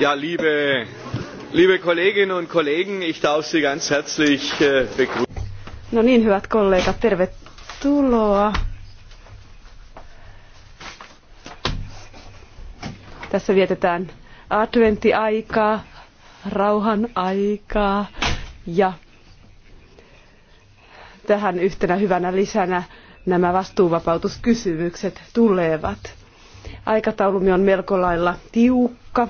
Ja, liebe, liebe Kolleginnen und Kollegen, ich darf Sie ganz herzlich äh, begrüßen. No niin, hyvät kollegat, tervetuloa. Tässä vietetään adventtiaikaa, rauhan aikaa ja tähän yhtenä hyvänä lisänä nämä vastuuvapautuskysymykset tulevat. Aikataulumme on melko lailla tiukka.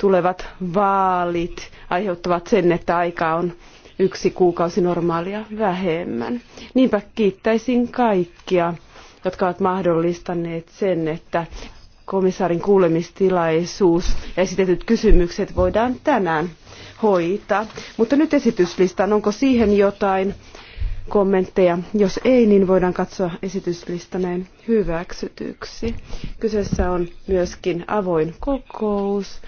Tulevat vaalit aiheuttavat sen, että aikaa on yksi kuukausi normaalia vähemmän. Niinpä kiittäisin kaikkia, jotka ovat mahdollistaneet sen, että komissaarin kuulemistilaisuus ja esitetyt kysymykset voidaan tänään hoitaa. Mutta nyt esityslistaan, onko siihen jotain kommentteja? Jos ei, niin voidaan katsoa esityslista näin hyväksytyksi. Kyseessä on myöskin avoin kokous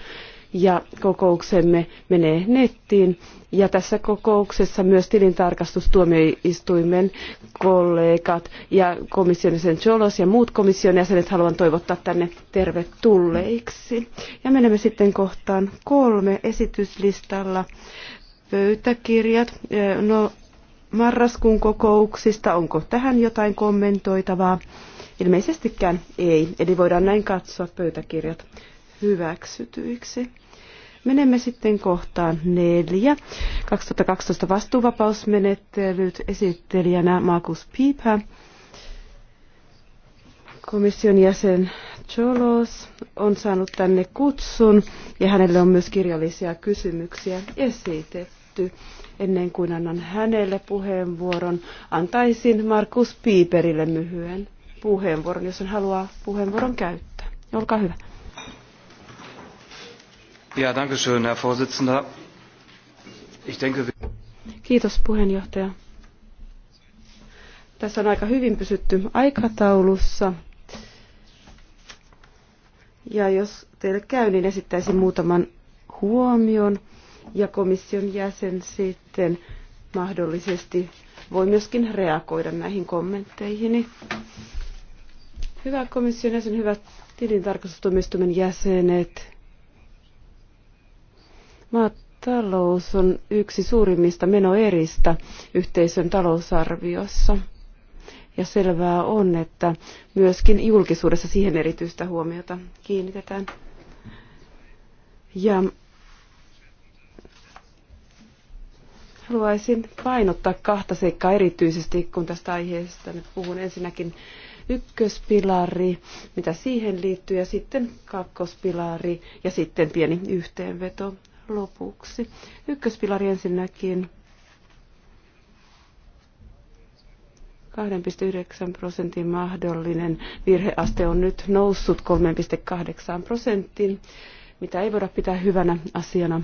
ja kokouksemme menee nettiin. Ja tässä kokouksessa myös tilintarkastustuomioistuimen kollegat ja komission jäsen Jolos ja muut komission jäsenet haluan toivottaa tänne tervetulleiksi. Ja menemme sitten kohtaan kolme esityslistalla. Pöytäkirjat. Eh, no, marraskuun kokouksista. Onko tähän jotain kommentoitavaa? Ilmeisestikään ei, eli voidaan näin katsoa pöytäkirjat hyväksytyiksi. Menemme sitten kohtaan neljä. 2012 vastuuvapausmenettelyt esittelijänä Markus Piipä. Komission jäsen Cholos on saanut tänne kutsun ja hänelle on myös kirjallisia kysymyksiä esitetty. Ennen kuin annan hänelle puheenvuoron, antaisin Markus Piiperille myhyen puheenvuoron, jos hän haluaa puheenvuoron käyttää. Olkaa hyvä. Kiitos puheenjohtaja. Tässä on aika hyvin pysytty aikataulussa. Ja jos teille käy, niin esittäisin muutaman huomion ja komission jäsen sitten mahdollisesti voi myöskin reagoida näihin kommentteihin. Hyvä komission jäsen, hyvät tilintarkastustuomioistuimen jäsenet. Maatalous on yksi suurimmista menoeristä yhteisön talousarviossa. Ja selvää on, että myöskin julkisuudessa siihen erityistä huomiota kiinnitetään. Ja haluaisin painottaa kahta seikkaa erityisesti, kun tästä aiheesta nyt puhun. Ensinnäkin ykköspilari, mitä siihen liittyy, ja sitten kakkospilari, ja sitten pieni yhteenveto lopuksi. Ykköspilari ensinnäkin 2,9 prosentin mahdollinen virheaste on nyt noussut 3,8 prosenttiin, mitä ei voida pitää hyvänä asiana.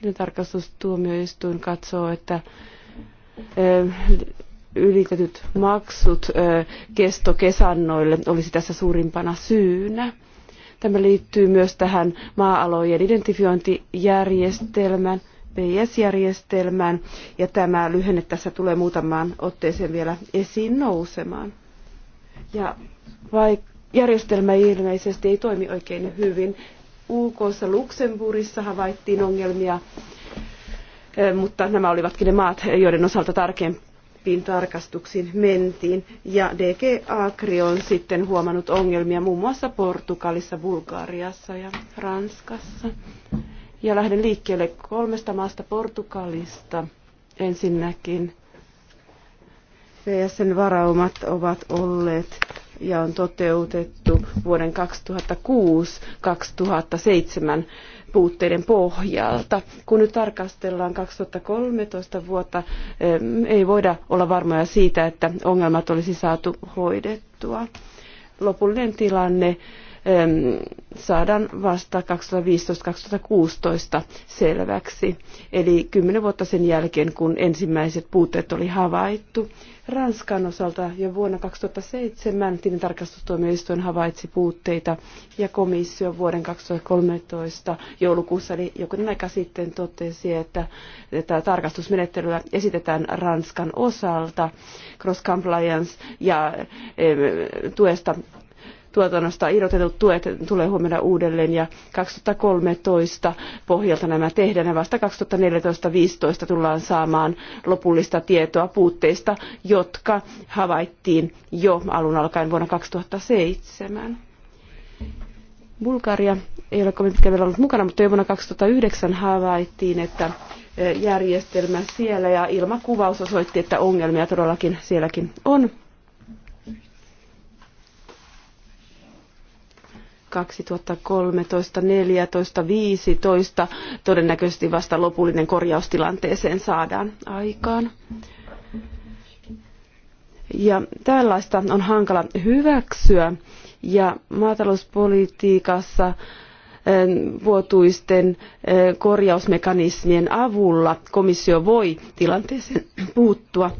Tilintarkastustuomioistuin katsoo, että ylitetyt maksut kesto kesannoille olisi tässä suurimpana syynä. Tämä liittyy myös tähän maa-alojen identifiointijärjestelmään, PS-järjestelmään, ja tämä lyhenne tässä tulee muutamaan otteeseen vielä esiin nousemaan. Ja vaikka järjestelmä ilmeisesti ei toimi oikein hyvin, UKssa Luxemburgissa havaittiin ongelmia, eh, mutta nämä olivatkin ne maat, joiden osalta tarkempi tarkastuksiin mentiin ja DG Agri on sitten huomannut ongelmia muun muassa Portugalissa, Bulgariassa ja Ranskassa. Ja lähden liikkeelle kolmesta maasta Portugalista. Ensinnäkin VSN varaumat ovat olleet ja on toteutettu vuoden 2006-2007 puutteiden pohjalta. Kun nyt tarkastellaan 2013 vuotta, ei voida olla varmoja siitä, että ongelmat olisi saatu hoidettua. Lopullinen tilanne saadaan vasta 2015-2016 selväksi, eli kymmenen vuotta sen jälkeen, kun ensimmäiset puutteet oli havaittu. Ranskan osalta jo vuonna 2007 tilintarkastustuomioistuin havaitsi puutteita ja komissio vuoden 2013 joulukuussa, eli jokin aika sitten totesi, että tätä tarkastusmenettelyä esitetään Ranskan osalta cross compliance ja tuesta tuotannosta irrotetut tuet tulee huomioida uudelleen ja kolmetoista pohjalta nämä tehdään ja vasta 2014 viisitoista tullaan saamaan lopullista tietoa puutteista, jotka havaittiin jo alun alkaen vuonna 2007. Bulgaria ei ole kovin pitkään vielä ollut mukana, mutta jo vuonna 2009 havaittiin, että eh, järjestelmä siellä ja ilmakuvaus osoitti, että ongelmia todellakin sielläkin on. 2013, 14, 15 todennäköisesti vasta lopullinen korjaustilanteeseen saadaan aikaan. Ja tällaista on hankala hyväksyä ja maatalouspolitiikassa eh, vuotuisten eh, korjausmekanismien avulla komissio voi tilanteeseen puuttua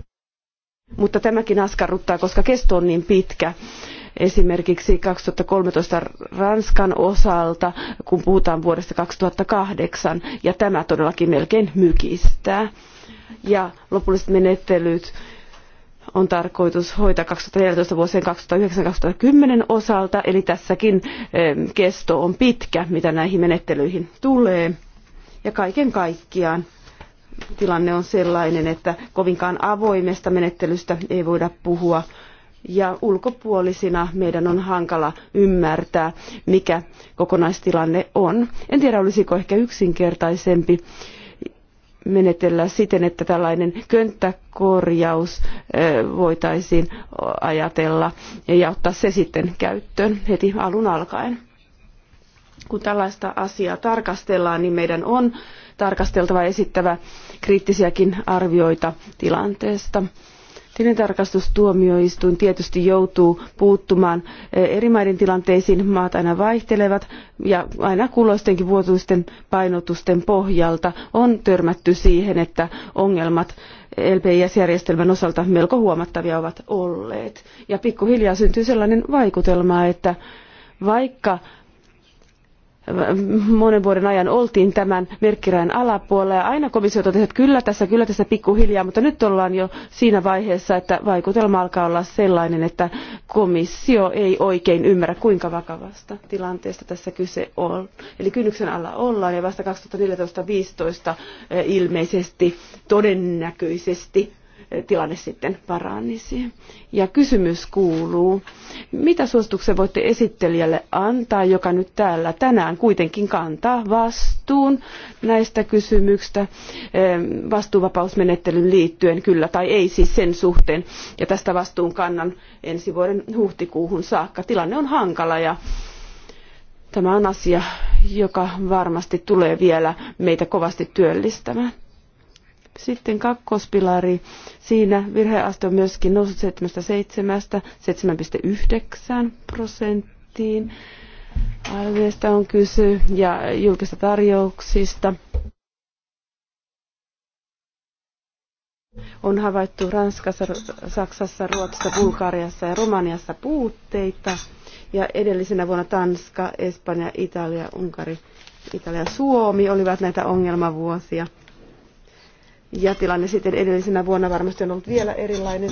mutta tämäkin askarruttaa koska kesto on niin pitkä esimerkiksi kolmetoista Ranskan osalta, kun puhutaan vuodesta 2008, ja tämä todellakin melkein mykistää. Ja lopulliset menettelyt on tarkoitus hoitaa neljätoista vuosien kaksituhatta 2010 osalta, eli tässäkin kesto on pitkä, mitä näihin menettelyihin tulee. Ja kaiken kaikkiaan tilanne on sellainen, että kovinkaan avoimesta menettelystä ei voida puhua, ja ulkopuolisina meidän on hankala ymmärtää, mikä kokonaistilanne on. En tiedä, olisiko ehkä yksinkertaisempi menetellä siten, että tällainen könttäkorjaus voitaisiin ajatella ja ottaa se sitten käyttöön heti alun alkaen. Kun tällaista asiaa tarkastellaan, niin meidän on tarkasteltava ja esittävä kriittisiäkin arvioita tilanteesta. Tilintarkastustuomioistuin tietysti joutuu puuttumaan eh, eri maiden tilanteisiin, maat aina vaihtelevat ja aina kulloistenkin vuotuisten painotusten pohjalta on törmätty siihen, että ongelmat LPIS-järjestelmän osalta melko huomattavia ovat olleet. Ja pikkuhiljaa syntyy sellainen vaikutelma, että vaikka monen vuoden ajan oltiin tämän merkkirajan alapuolella ja aina komissio totesi, että kyllä tässä, kyllä tässä pikkuhiljaa, mutta nyt ollaan jo siinä vaiheessa, että vaikutelma alkaa olla sellainen, että komissio ei oikein ymmärrä, kuinka vakavasta tilanteesta tässä kyse on. Eli kynnyksen alla ollaan ja vasta 2014-2015 eh, ilmeisesti todennäköisesti tilanne sitten paranisi. Ja kysymys kuuluu, mitä suosituksen voitte esittelijälle antaa, joka nyt täällä tänään kuitenkin kantaa vastuun näistä kysymyksistä vastuuvapausmenettelyn liittyen, kyllä tai ei siis sen suhteen, ja tästä kannan ensi vuoden huhtikuuhun saakka. Tilanne on hankala ja tämä on asia, joka varmasti tulee vielä meitä kovasti työllistämään. Sitten kakkospilari, siinä virheaste on myöskin noussut 77, 7,9 prosenttiin. Alveesta on kysy ja julkista tarjouksista. On havaittu Ranskassa, Saksassa, Ruotsissa, Bulgariassa ja Romaniassa puutteita. Ja edellisenä vuonna Tanska, Espanja, Italia, Unkari, Italia, Suomi olivat näitä ongelmavuosia ja tilanne sitten edellisenä vuonna varmasti on ollut vielä erilainen.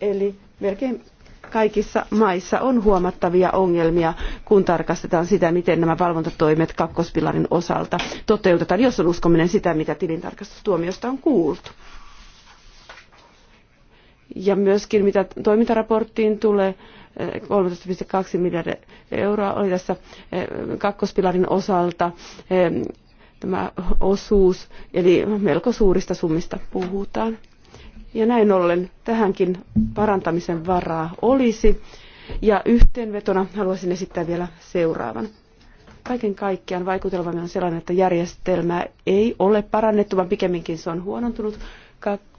Eli melkein kaikissa maissa on huomattavia ongelmia, kun tarkastetaan sitä, miten nämä valvontatoimet kakkospilarin osalta toteutetaan, jos on uskominen sitä, mitä tilintarkastustuomiosta on kuultu. Ja myöskin mitä toimintaraporttiin tulee, 13,2 miljardia euroa oli tässä eh, kakkospilarin osalta eh, tämä osuus, eli melko suurista summista puhutaan. Ja näin ollen tähänkin parantamisen varaa olisi. Ja yhteenvetona haluaisin esittää vielä seuraavan. Kaiken kaikkiaan vaikutelma on sellainen, että järjestelmää ei ole parannettu, vaan pikemminkin se on huonontunut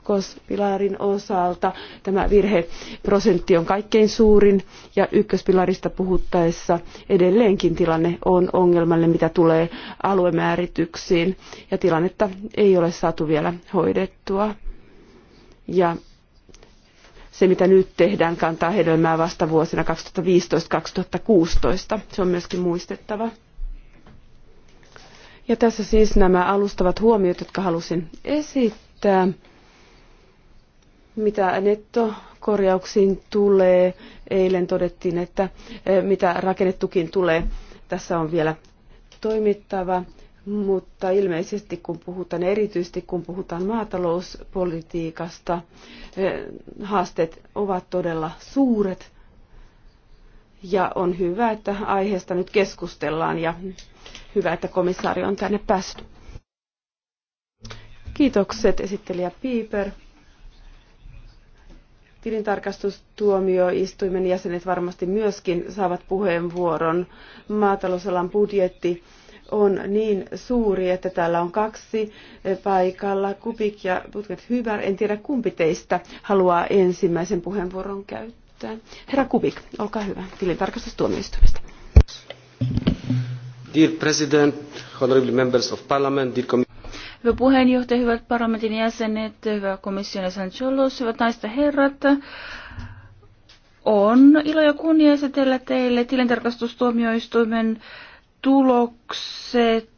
kakkospilarin osalta tämä virheprosentti on kaikkein suurin ja ykköspilarista puhuttaessa edelleenkin tilanne on ongelmallinen mitä tulee aluemäärityksiin ja tilannetta ei ole saatu vielä hoidettua. Ja se, mitä nyt tehdään, kantaa hedelmää vasta vuosina 2015-2016. Se on myöskin muistettava. Ja tässä siis nämä alustavat huomiot, jotka halusin esittää. Mitä nettokorjauksiin tulee, eilen todettiin, että eh, mitä rakennetukin tulee, tässä on vielä toimittava, mutta ilmeisesti kun puhutaan, erityisesti kun puhutaan maatalouspolitiikasta, eh, haasteet ovat todella suuret. Ja on hyvä, että aiheesta nyt keskustellaan ja hyvä, että komissaari on tänne päässyt. Kiitokset esittelijä Piiper. Tilintarkastustuomioistuimen jäsenet varmasti myöskin saavat puheenvuoron. Maatalousalan budjetti on niin suuri, että täällä on kaksi paikalla, Kupik ja Putket Hyvär. En tiedä kumpi teistä haluaa ensimmäisen puheenvuoron käyttää. Herra Kupik, olkaa hyvä, tilintarkastustuomioistuimesta. Dear President, honorable members of parliament, dear Hyvä puheenjohtaja, hyvät parlamentin jäsenet, hyvä komission jäsen Cholos, hyvät naista herrat. On ilo ja kunnia esitellä teille tilintarkastustuomioistuimen tulokset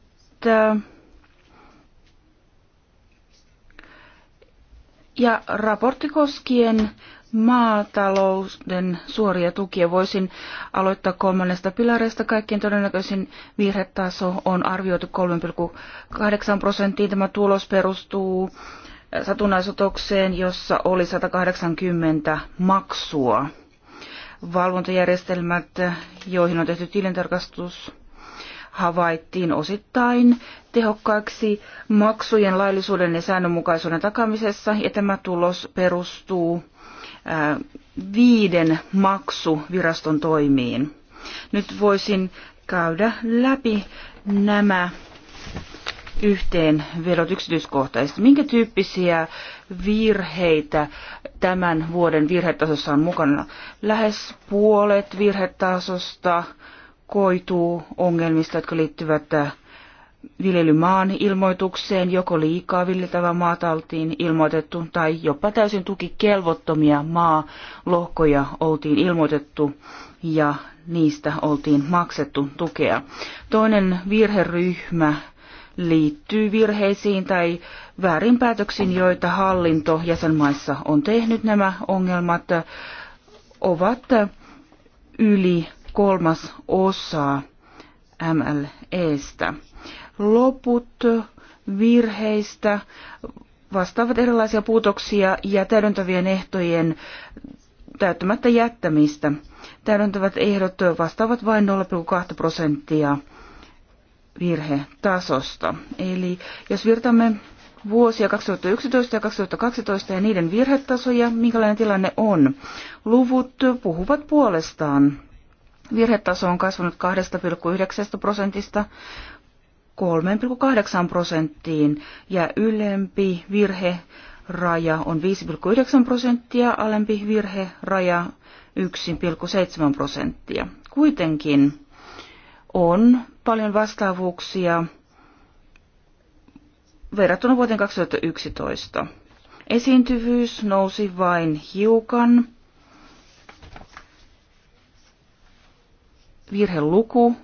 ja raportti koskien maatalouden suoria tukia. Voisin aloittaa kolmannesta pilarista. Kaikkien todennäköisin virhetaso on arvioitu 3,8 prosenttiin. Tämä tulos perustuu satunnaisotokseen, jossa oli 180 maksua. Valvontajärjestelmät, joihin on tehty tilintarkastus, havaittiin osittain tehokkaaksi maksujen laillisuuden ja säännönmukaisuuden takamisessa, ja tämä tulos perustuu viiden maksuviraston toimiin. Nyt voisin käydä läpi nämä yhteenvedot yksityiskohtaisesti. Minkä tyyppisiä virheitä tämän vuoden virhetasossa on mukana? Lähes puolet virhetasosta koituu ongelmista, jotka liittyvät viljelymaan ilmoitukseen joko liikaa viljeltävää maataltiin ilmoitettu tai jopa täysin tukikelvottomia maalohkoja oltiin ilmoitettu ja niistä oltiin maksettu tukea. Toinen virheryhmä liittyy virheisiin tai väärinpäätöksiin, joita hallinto jäsenmaissa on tehnyt. Nämä ongelmat ovat yli kolmas osa MLEstä loput virheistä vastaavat erilaisia puutoksia ja täydentävien ehtojen täyttämättä jättämistä. Täydentävät ehdot vastaavat vain 0,2 prosenttia virhetasosta. Eli jos virtamme vuosia 2011 ja 2012 ja niiden virhetasoja, minkälainen tilanne on. Luvut puhuvat puolestaan. Virhetaso on kasvanut 2,9 prosentista 3,8 prosenttiin ja ylempi virhe raja on 5,9 prosenttia, alempi virhe raja 1,7 prosenttia. Kuitenkin on paljon vastaavuuksia verrattuna vuoteen 2011. Esiintyvyys nousi vain hiukan. Virheluku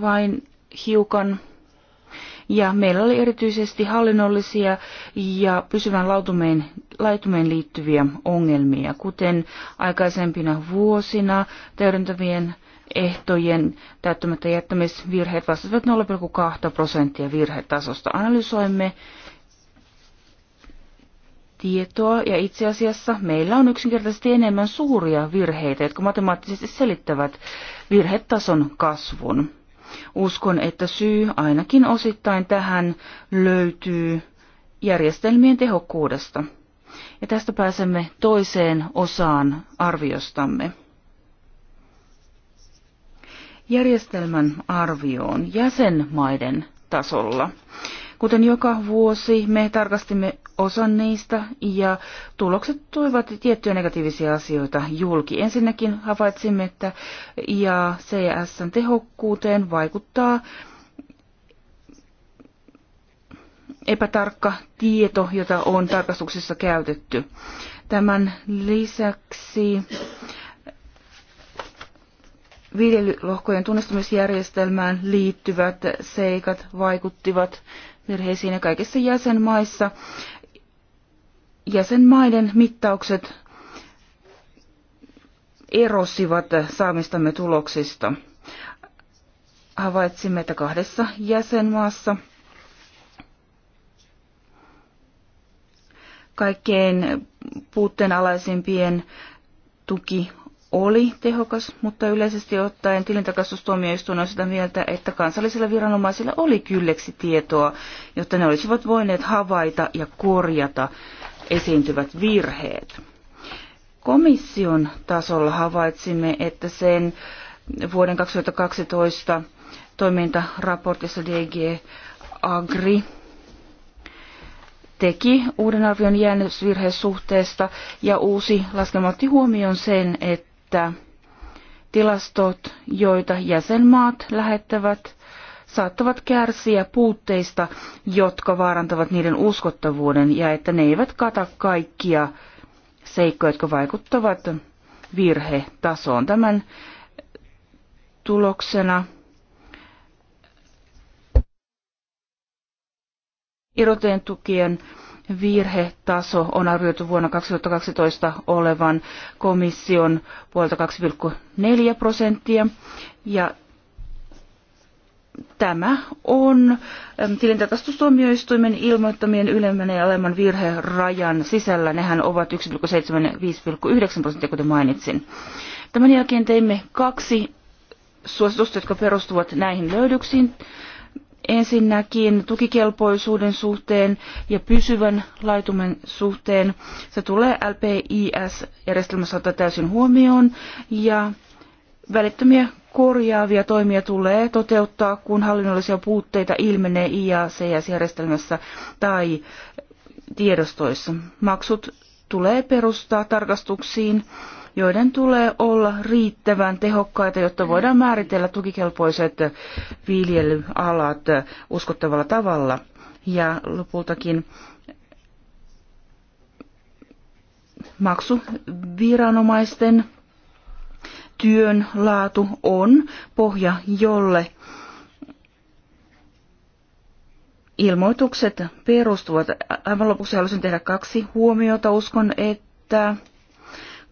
vain hiukan ja meillä oli erityisesti hallinnollisia ja pysyvän lautumeen, laitumeen liittyviä ongelmia, kuten aikaisempina vuosina täydentävien ehtojen täyttämättä jättämisvirheet vastasivat 0,2 prosenttia virhetasosta. Analysoimme tietoa ja itse asiassa meillä on yksinkertaisesti enemmän suuria virheitä, jotka matemaattisesti selittävät virhetason kasvun. Uskon, että syy ainakin osittain tähän löytyy järjestelmien tehokkuudesta. Ja tästä pääsemme toiseen osaan arviostamme. Järjestelmän arvioon jäsenmaiden tasolla. Kuten joka vuosi, me tarkastimme osan niistä ja tulokset tuivat tiettyjä negatiivisia asioita julki. Ensinnäkin havaitsimme, että ja CSn tehokkuuteen vaikuttaa epätarkka tieto, jota on tarkastuksissa käytetty. Tämän lisäksi viljelylohkojen tunnistamisjärjestelmään liittyvät seikat vaikuttivat virheisiin ja kaikissa jäsenmaissa jäsenmaiden mittaukset erosivat saamistamme tuloksista. Havaitsimme, että kahdessa jäsenmaassa kaikkein puutteenalaisimpien tuki oli tehokas, mutta yleisesti ottaen tilintarkastustuomioistuin on sitä mieltä, että kansallisilla viranomaisilla oli kylleksi tietoa, jotta ne olisivat voineet havaita ja korjata esiintyvät virheet. Komission tasolla havaitsimme, että sen vuoden 2012 toimintaraportissa DG Agri teki uuden arvion suhteesta ja uusi laskelma otti huomioon sen, että että tilastot, joita jäsenmaat lähettävät, saattavat kärsiä puutteista, jotka vaarantavat niiden uskottavuuden ja että ne eivät kata kaikkia seikkoja, jotka vaikuttavat virhetasoon. Tämän tuloksena irroteen tukien virhetaso on arvioitu vuonna 2012 olevan komission puolta 2,4 prosenttia. Ja tämä on tilintarkastustuomioistuimen ilmoittamien ylemmän ja alemman virherajan sisällä. Nehän ovat 17 prosenttia, kuten mainitsin. Tämän jälkeen teimme kaksi suositusta, jotka perustuvat näihin löydöksiin. Ensinnäkin tukikelpoisuuden suhteen ja pysyvän laitumen suhteen se tulee LPIS-järjestelmässä ottaa täysin huomioon ja välittömiä korjaavia toimia tulee toteuttaa, kun hallinnollisia puutteita ilmenee IACS-järjestelmässä tai tiedostoissa. Maksut tulee perustaa tarkastuksiin joiden tulee olla riittävän tehokkaita, jotta voidaan määritellä tukikelpoiset viljelyalat uskottavalla tavalla. Ja lopultakin maksuviranomaisten työn laatu on pohja, jolle ilmoitukset perustuvat. Aivan lopuksi haluaisin tehdä kaksi huomiota. Uskon, että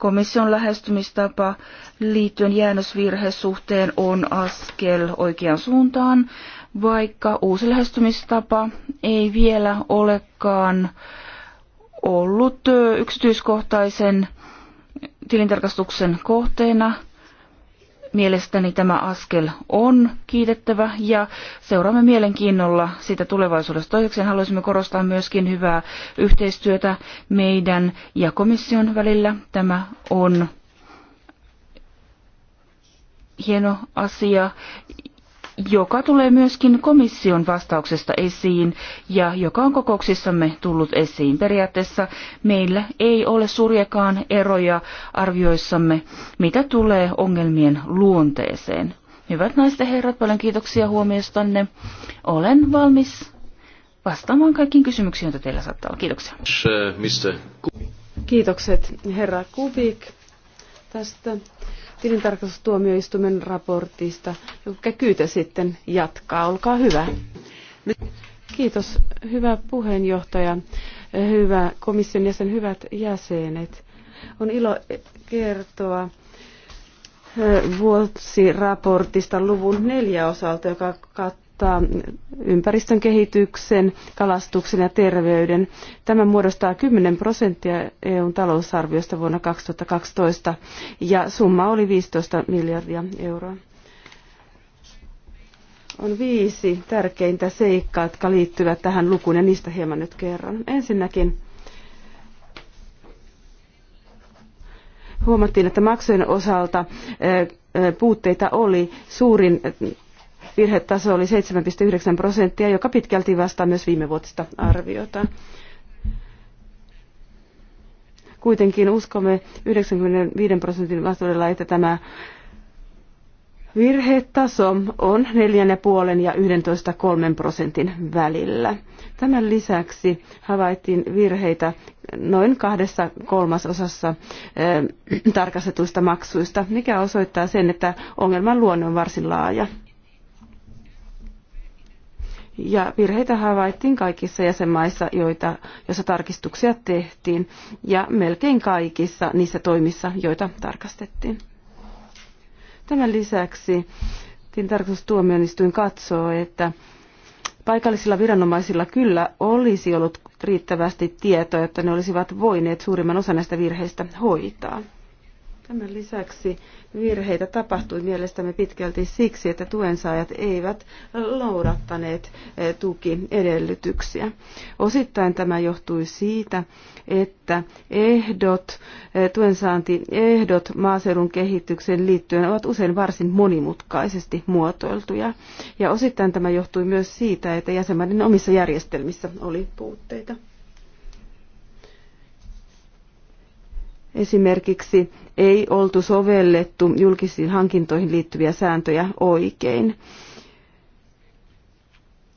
komission lähestymistapa liittyen jäännösvirhesuhteen on askel oikeaan suuntaan, vaikka uusi lähestymistapa ei vielä olekaan ollut yksityiskohtaisen tilintarkastuksen kohteena – Mielestäni tämä askel on kiitettävä ja seuraamme mielenkiinnolla sitä tulevaisuudessa. Toiseksi haluaisimme korostaa myöskin hyvää yhteistyötä meidän ja komission välillä. Tämä on hieno asia joka tulee myöskin komission vastauksesta esiin ja joka on kokouksissamme tullut esiin. Periaatteessa meillä ei ole surjekaan eroja arvioissamme, mitä tulee ongelmien luonteeseen. Hyvät naiset ja herrat, paljon kiitoksia huomiostanne. Olen valmis vastaamaan kaikkiin kysymyksiin, joita teillä saattaa olla. Kiitoksia. Kiitokset herra Kubik tästä tilintarkastustuomioistuimen raportista, joka Kyytä sitten jatkaa. Olkaa hyvä. Kiitos, hyvä puheenjohtaja, hyvä komission jäsen, hyvät jäsenet. On ilo kertoa eh, vuosiraportista luvun neljä osalta, joka kat vaikuttaa ympäristön kehityksen, kalastuksen ja terveyden. Tämä muodostaa 10 prosenttia EUn talousarviosta vuonna 2012 ja summa oli 15 miljardia euroa. On viisi tärkeintä seikkaa, jotka liittyvät tähän lukuun ja niistä hieman nyt kerron. Ensinnäkin huomattiin, että maksujen osalta eh, eh, puutteita oli. Suurin virhetaso oli 7,9 prosenttia, joka pitkälti vastaa myös viime vuotista arviota. Kuitenkin uskomme 95 prosentin vastuudella, että tämä Virhetaso on 4,5 ja 11,3 prosentin välillä. Tämän lisäksi havaittiin virheitä noin kahdessa kolmasosassa eh, tarkastetuista maksuista, mikä osoittaa sen, että ongelman luonne on varsin laaja ja virheitä havaittiin kaikissa jäsenmaissa, joita, joissa tarkistuksia tehtiin, ja melkein kaikissa niissä toimissa, joita tarkastettiin. Tämän lisäksi tarkastustuomioistuin katsoo, että paikallisilla viranomaisilla kyllä olisi ollut riittävästi tietoa, että ne olisivat voineet suurimman osan näistä virheistä hoitaa. Tämän lisäksi virheitä tapahtui mielestämme pitkälti siksi, että tuensaajat eivät noudattaneet eh, tukiedellytyksiä. Osittain tämä johtui siitä, että ehdot, eh, tuensaantiehdot maaseudun kehitykseen liittyen ovat usein varsin monimutkaisesti muotoiltuja. Ja osittain tämä johtui myös siitä, että jäsenmaiden omissa järjestelmissä oli puutteita. Esimerkiksi ei oltu sovellettu julkisiin hankintoihin liittyviä sääntöjä oikein.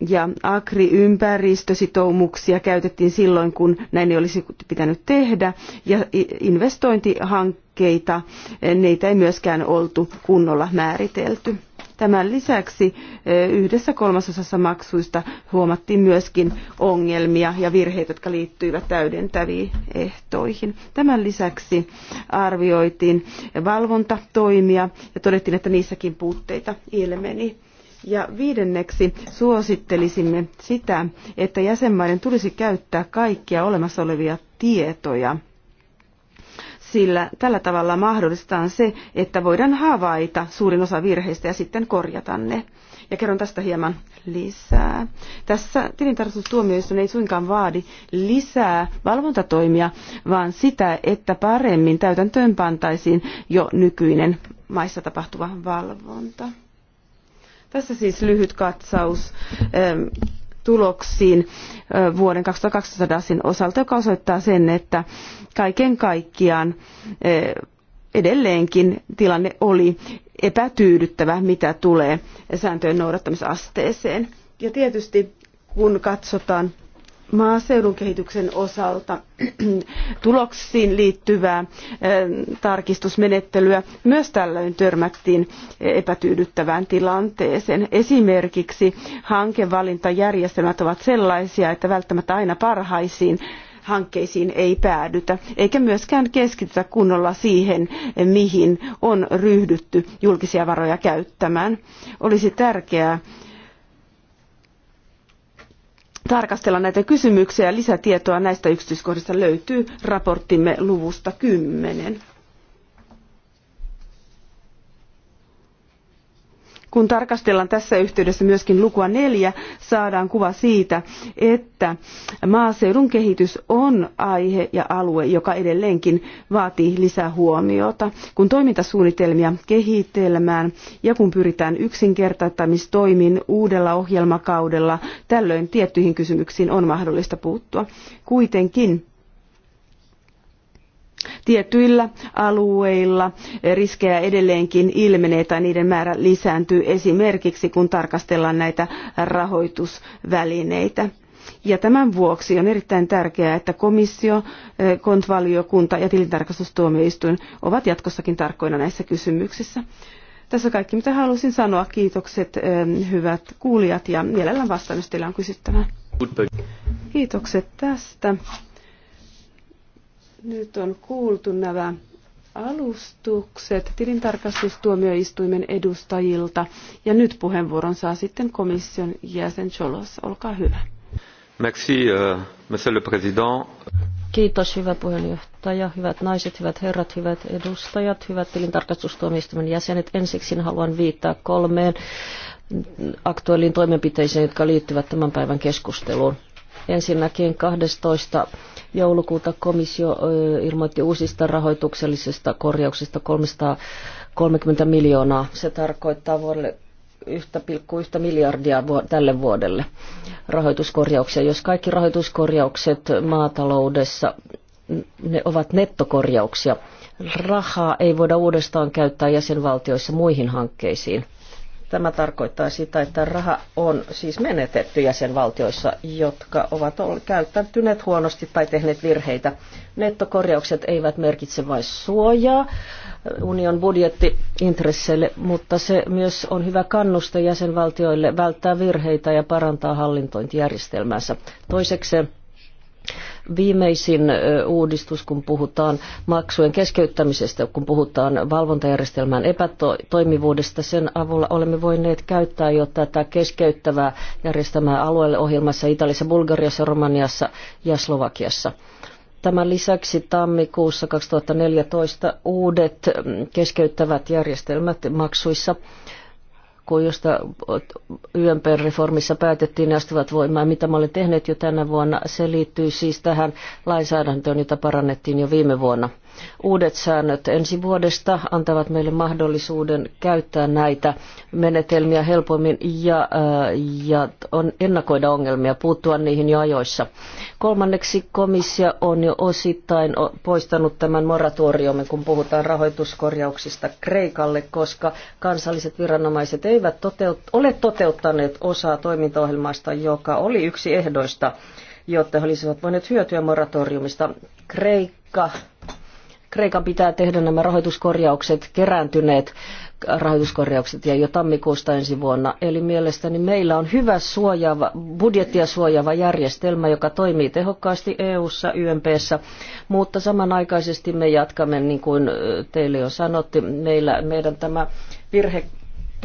Ja agriympäristösitoumuksia käytettiin silloin, kun näin ei olisi pitänyt tehdä. Ja investointihankkeita, eh, neitä ei myöskään oltu kunnolla määritelty. Tämän lisäksi eh, yhdessä kolmasosassa maksuista huomattiin myöskin ongelmia ja virheitä, jotka liittyivät täydentäviin ehtoihin. Tämän lisäksi arvioitiin valvontatoimia ja todettiin, että niissäkin puutteita ilmeni. Ja viidenneksi suosittelisimme sitä, että jäsenmaiden tulisi käyttää kaikkia olemassa olevia tietoja – sillä tällä tavalla mahdollistetaan se, että voidaan havaita suurin osa virheistä ja sitten korjata ne. Ja kerron tästä hieman lisää. Tässä tilintarkastustuomioistuin ei suinkaan vaadi lisää valvontatoimia, vaan sitä, että paremmin täytäntöön pantaisiin jo nykyinen maissa tapahtuva valvonta. Tässä siis lyhyt katsaus ehm, tuloksiin vuoden 2012 DASin osalta, joka osoittaa sen, että kaiken kaikkiaan edelleenkin tilanne oli epätyydyttävä, mitä tulee sääntöjen noudattamisasteeseen. Ja tietysti kun katsotaan maaseudun kehityksen osalta tuloksiin liittyvää eh, tarkistusmenettelyä myös tällöin törmättiin epätyydyttävään tilanteeseen. Esimerkiksi hankevalintajärjestelmät ovat sellaisia, että välttämättä aina parhaisiin hankkeisiin ei päädytä, eikä myöskään keskitytä kunnolla siihen, mihin on ryhdytty julkisia varoja käyttämään. Olisi tärkeää, tarkastella näitä kysymyksiä. ja Lisätietoa näistä yksityiskohdista löytyy raporttimme luvusta 10. kun tarkastellaan tässä yhteydessä myöskin lukua neljä, saadaan kuva siitä, että maaseudun kehitys on aihe ja alue, joka edelleenkin vaatii lisää huomiota. Kun toimintasuunnitelmia kehitellään ja kun pyritään yksinkertaistamistoimiin uudella ohjelmakaudella, tällöin tiettyihin kysymyksiin on mahdollista puuttua. Kuitenkin tietyillä alueilla riskejä edelleenkin ilmenee tai niiden määrä lisääntyy esimerkiksi kun tarkastellaan näitä rahoitusvälineitä. Ja tämän vuoksi on erittäin tärkeää, että komissio, eh, kontvaliokunta ja tilintarkastustuomioistuin ovat jatkossakin tarkkoina näissä kysymyksissä. Tässä kaikki, mitä halusin sanoa. Kiitokset eh, hyvät kuulijat ja mielellään vastaan, jos teillä on kysyttävää. Kiitokset tästä. Nyt on kuultu nämä alustukset tilintarkastustuomioistuimen edustajilta. Ja nyt puheenvuoron saa sitten komission jäsen Cholos. Olkaa hyvä. Merci, uh, monsieur le président. Kiitos, hyvä puheenjohtaja, hyvät naiset, hyvät herrat, hyvät edustajat, hyvät tilintarkastustuomioistuimen jäsenet. Ensiksi haluan viittaa kolmeen aktuaaliin toimenpiteisiin, jotka liittyvät tämän päivän keskusteluun. Ensinnäkin 12 joulukuuta komissio ilmoitti uusista rahoituksellisista korjauksista 330 miljoonaa. Se tarkoittaa vuodelle 1,1 miljardia tälle vuodelle rahoituskorjauksia. Jos kaikki rahoituskorjaukset maataloudessa, ne ovat nettokorjauksia. Rahaa ei voida uudestaan käyttää jäsenvaltioissa muihin hankkeisiin. Tämä tarkoittaa sitä, että raha on siis menetetty jäsenvaltioissa, jotka ovat käyttäytyneet huonosti tai tehneet virheitä. Nettokorjaukset eivät merkitse vain suojaa union budjettiintresseille, mutta se myös on hyvä kannuste jäsenvaltioille välttää virheitä ja parantaa hallintointijärjestelmäänsä. Toiseksi Viimeisin uudistus, kun puhutaan maksujen keskeyttämisestä, kun puhutaan valvontajärjestelmän epätoimivuudesta, sen avulla olemme voineet käyttää jo tätä keskeyttävää järjestelmää alueelle ohjelmassa Italiassa, Bulgariassa, Romaniassa ja Slovakiassa. Tämän lisäksi tammikuussa 2014 uudet mm, keskeyttävät järjestelmät maksuissa – lakkoon, josta YMP-reformissa päätettiin, ne astuvat voimaan, mitä me olen tehnyt jo tänä vuonna. Se liittyy siis tähän lainsäädäntöön, jota parannettiin jo viime vuonna. Uudet säännöt ensi vuodesta antavat meille mahdollisuuden käyttää näitä menetelmiä helpommin ja, äh, ja on ennakoida ongelmia, puuttua niihin jo ajoissa. Kolmanneksi komissio on jo osittain poistanut tämän moratoriumin, kun puhutaan rahoituskorjauksista Kreikalle, koska kansalliset viranomaiset eivät toteut- ole toteuttaneet osaa toimintaohjelmasta, joka oli yksi ehdoista jotta he olisivat voineet hyötyä moratoriumista. Kreikka Kreikan pitää tehdä nämä rahoituskorjaukset, kerääntyneet rahoituskorjaukset ja jo tammikuusta ensi vuonna. Eli mielestäni meillä on hyvä suojaava, budjettia suojaava järjestelmä, joka toimii tehokkaasti EU-ssa, YMPssä, mutta samanaikaisesti me jatkamme, niin kuin teille jo sanottiin, meillä, meidän tämä virhe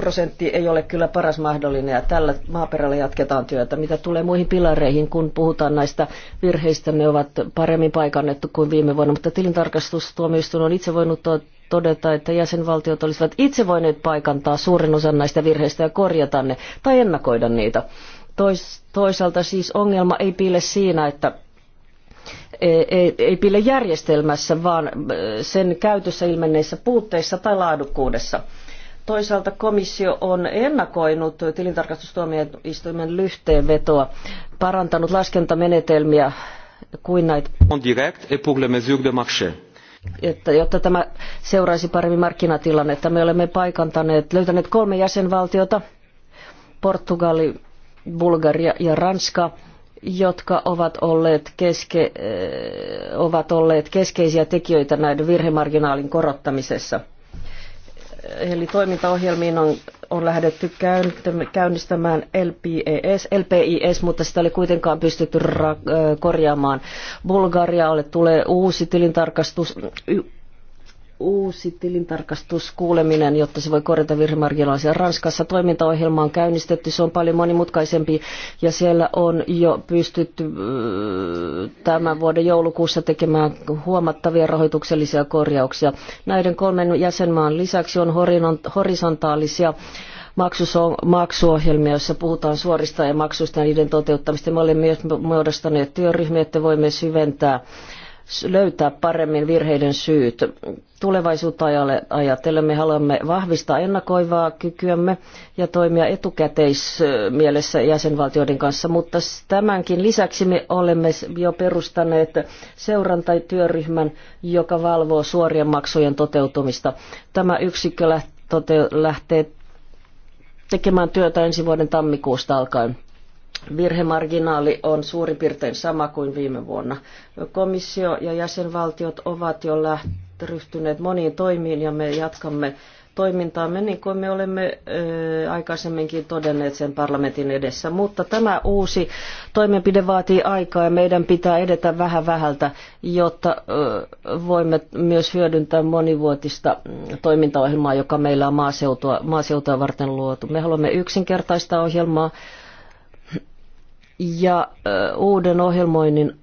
prosentti ei ole kyllä paras mahdollinen ja tällä maaperällä jatketaan työtä. Mitä tulee muihin pilareihin, kun puhutaan näistä virheistä, ne ovat paremmin paikannettu kuin viime vuonna, mutta tilintarkastustuomioistuin on itse voinut todeta, että jäsenvaltiot olisivat itse voineet paikantaa suurin osan näistä virheistä ja korjata ne tai ennakoida niitä. Tois, toisaalta siis ongelma ei piile siinä, että e-, e-, ei, ei pille järjestelmässä, vaan sen käytössä ilmenneissä puutteissa tai laadukkuudessa. Toisaalta komissio on ennakoinut tilintarkastustuomioistuimen lyhteenvetoa, parantanut laskentamenetelmiä kuin näitä, että, jotta tämä seuraisi paremmin markkinatilannetta. Me olemme paikantaneet, löytäneet kolme jäsenvaltiota, Portugali, Bulgaria ja Ranska, jotka ovat olleet, keske, eh, ovat olleet keskeisiä tekijöitä näiden virhemarginaalin korottamisessa – Eli toimintaohjelmiin on, on lähdetty käynnistämään LPIS, e LPIS, mutta sitä oli kuitenkaan pystytty ra- korjaamaan. Bulgarialle tulee uusi tilintarkastus uusi tilintarkastuskuuleminen, jotta se voi korjata virhemarginaalisia. Ranskassa toimintaohjelma on käynnistetty, se on paljon monimutkaisempi ja siellä on jo pystytty tämän vuoden joulukuussa tekemään huomattavia rahoituksellisia korjauksia. Näiden kolmen jäsenmaan lisäksi on horisontaalisia maksuohjelmia, joissa puhutaan suorista ja maksuista ja niiden toteuttamista. Me olemme myös muodostaneet työryhmiä, että voimme syventää löytää paremmin virheiden syyt tulevaisuutta ajatellen me haluamme vahvistaa ennakoivaa kykyämme ja toimia etukäteismielessä jäsenvaltioiden kanssa, mutta tämänkin lisäksi me olemme jo perustaneet seurantatyöryhmän, joka valvoo suorien maksujen toteutumista. Tämä yksikkö lähtee tekemään työtä ensi vuoden tammikuusta alkaen. Virhemarginaali on suurin piirtein sama kuin viime vuonna. Komissio ja jäsenvaltiot ovat jo lähteneet ryhtyneet moniin toimiin ja me jatkamme toimintaamme niin kuin me olemme ö, aikaisemminkin todenneet sen parlamentin edessä. Mutta tämä uusi toimenpide vaatii aikaa ja meidän pitää edetä vähän vähältä, jotta ö, voimme myös hyödyntää monivuotista mm, toimintaohjelmaa, joka meillä on maaseutua, maaseutua varten luotu. Me haluamme yksinkertaista ohjelmaa ja uuden ohjelmoinnin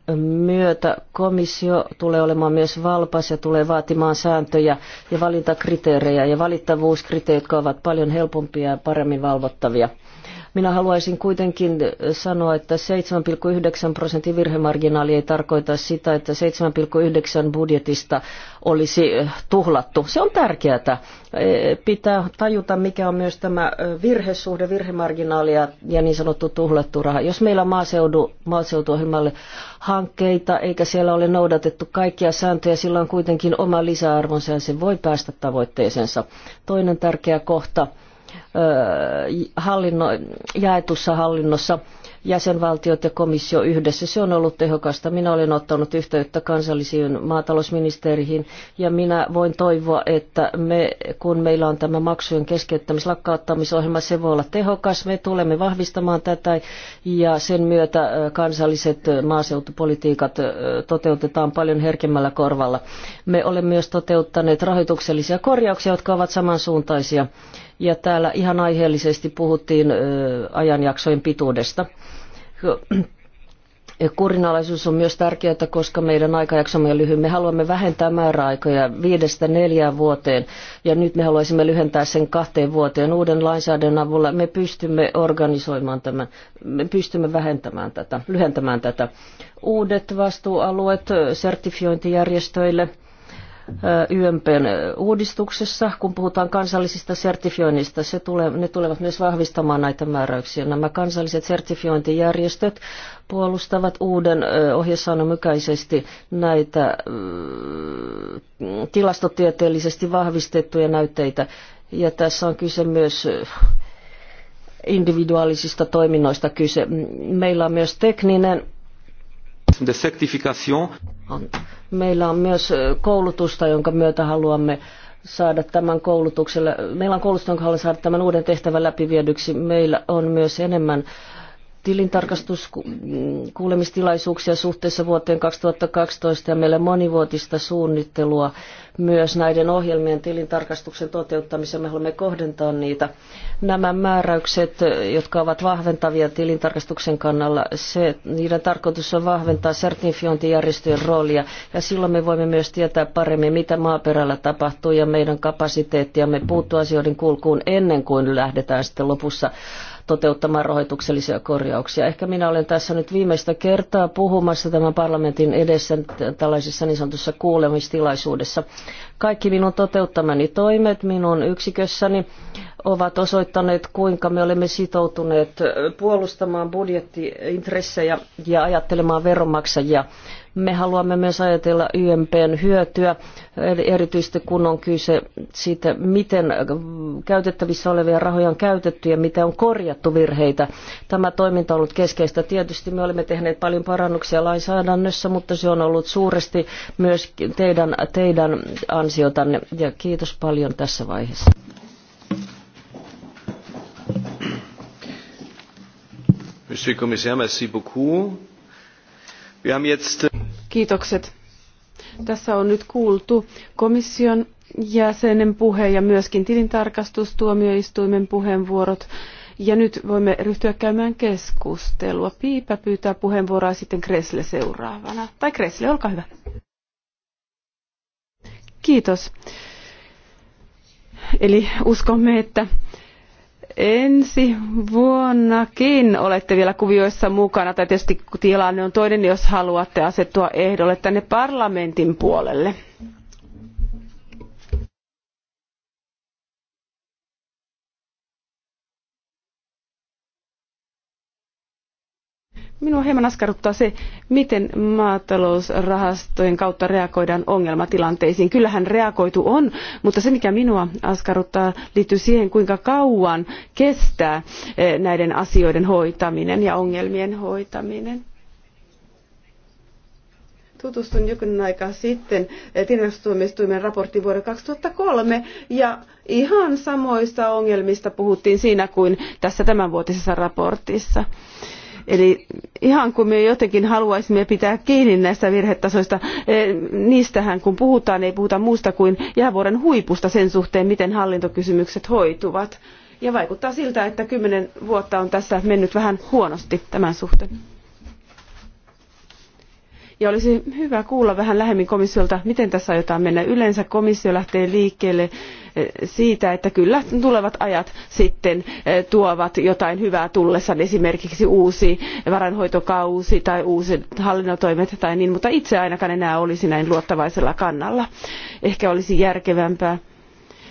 myötä komissio tulee olemaan myös valpas ja tulee vaatimaan sääntöjä ja valintakriteerejä ja valittavuuskriteerit, jotka ovat paljon helpompia ja paremmin valvottavia. Minä haluaisin kuitenkin sanoa, että 7,9 prosentin virhemarginaali ei tarkoita sitä, että 7,9 budjetista olisi eh, tuhlattu. Se on tärkeää. Eh, pitää tajuta, mikä on myös tämä eh, virhesuhde, virhemarginaali ja niin sanottu tuhlattu raha. Jos meillä on maaseudu, maaseutuohjelmalle hankkeita, eikä siellä ole noudatettu kaikkia sääntöjä, sillä on kuitenkin oma lisäarvonsa ja se voi päästä tavoitteeseensa. Toinen tärkeä kohta hallinno, jaetussa hallinnossa jäsenvaltiot ja komissio yhdessä. Se on ollut tehokasta. Minä olen ottanut yhteyttä kansallisiin maatalousministeriin ja minä voin toivoa, että me, kun meillä on tämä maksujen keskeyttämislakkauttamisohjelma, se voi olla tehokas. Me tulemme vahvistamaan tätä ja sen myötä kansalliset maaseutupolitiikat toteutetaan paljon herkemmällä korvalla. Me olemme myös toteuttaneet rahoituksellisia korjauksia, jotka ovat samansuuntaisia. Ja täällä ihan aiheellisesti puhuttiin ajanjaksojen pituudesta. Kurinalaisuus on myös tärkeää, koska meidän aikajaksomme on lyhyt. Me haluamme vähentää määräaikoja viidestä neljään vuoteen ja nyt me haluaisimme lyhentää sen kahteen vuoteen. Uuden lainsäädännön avulla me pystymme organisoimaan tämän, me pystymme vähentämään tätä, lyhentämään tätä. Uudet vastuualueet sertifiointijärjestöille – YMPn uudistuksessa, kun puhutaan kansallisista sertifioinnista. Se tulee, ne tulevat myös vahvistamaan näitä määräyksiä. Nämä kansalliset sertifiointijärjestöt puolustavat uuden ohjesaanon mukaisesti näitä tilastotieteellisesti vahvistettuja näytteitä. Ja tässä on kyse myös individuaalisista toiminnoista kyse. Meillä on myös tekninen Meillä on myös koulutusta, jonka myötä haluamme saada tämän koulutukselle. Meillä on koulutusta, jonka haluamme saada tämän uuden tehtävän läpiviedyksi. Meillä on myös enemmän äh, tilintarkastuskuulemistilaisuuksia suhteessa vuoteen 2012 ja meillä monivuotista suunnittelua myös näiden ohjelmien tilintarkastuksen toteuttamiseen. Me haluamme kohdentaa niitä. Nämä määräykset, jotka ovat vahventavia tilintarkastuksen kannalla, se, niiden tarkoitus on vahventaa sertifiointijärjestöjen roolia ja silloin me voimme myös tietää paremmin, mitä maaperällä tapahtuu ja meidän kapasiteettiamme puuttua asioiden kulkuun ennen kuin lähdetään sitten lopussa toteuttamaan rahoituksellisia korjauksia. Ehkä minä olen tässä nyt viimeistä kertaa puhumassa tämän parlamentin edessä tällaisessa niin sanotussa kuulemistilaisuudessa. Kaikki minun toteuttamani toimet minun yksikössäni ovat osoittaneet, kuinka me olemme sitoutuneet puolustamaan budjettiintressejä ja ajattelemaan veronmaksajia me haluamme myös ajatella YMPn hyötyä, erityisesti kun on kyse siitä, miten käytettävissä olevia rahoja on käytetty ja mitä on korjattu virheitä. Tämä toiminta on ollut keskeistä. Tietysti me olemme tehneet paljon parannuksia lainsäädännössä, mutta se on ollut suuresti myös teidän, teidän ansiotanne. Ja kiitos paljon tässä vaiheessa. Monsieur le commissaire, merci beaucoup. Äh, Kiitokset. Tässä on nyt kuultu komission jäsenen puhe ja myöskin tilintarkastustuomioistuimen puheenvuorot. Ja nyt voimme ryhtyä käymään keskustelua. Piipä pyytää puheenvuoroa sitten Kresle seuraavana. Tai Kresle, olkaa hyvä. Kiitos. Eli uskomme, että ensi vuonnakin olette vielä kuvioissa mukana tai tietysti tilanne on toinen niin jos haluatte asettua ehdolle tänne parlamentin puolelle. Minua hieman askarruttaa se, miten maatalousrahastojen kautta reagoidaan ongelmatilanteisiin. Kyllähän reagoitu on, mutta se mikä minua askarruttaa liittyy siihen, kuinka kauan kestää eh, näiden asioiden hoitaminen ja ongelmien hoitaminen. Tutustuin jokin aika sitten eh, tilintarkastustuomioistuimen raporttiin vuoden 2003 ja ihan samoista ongelmista puhuttiin siinä kuin tässä tämänvuotisessa raportissa. Eli ihan kun me jotenkin haluaisimme pitää kiinni näistä virhetasoista, e, niistähän kun puhutaan, ei puhuta muusta kuin jäävuoren huipusta sen suhteen, miten hallintokysymykset hoituvat. Ja vaikuttaa siltä, että kymmenen vuotta on tässä mennyt vähän huonosti tämän suhteen. Ja olisi hyvä kuulla vähän lähemmin komissiolta, miten tässä aiotaan mennä. Yleensä komissio lähtee liikkeelle eh, siitä, että kyllä tulevat ajat sitten eh, tuovat jotain hyvää tullessaan, esimerkiksi uusi varainhoitokausi tai uusi hallinnotoimet tai niin, mutta itse ainakaan enää olisi näin luottavaisella kannalla. Ehkä olisi järkevämpää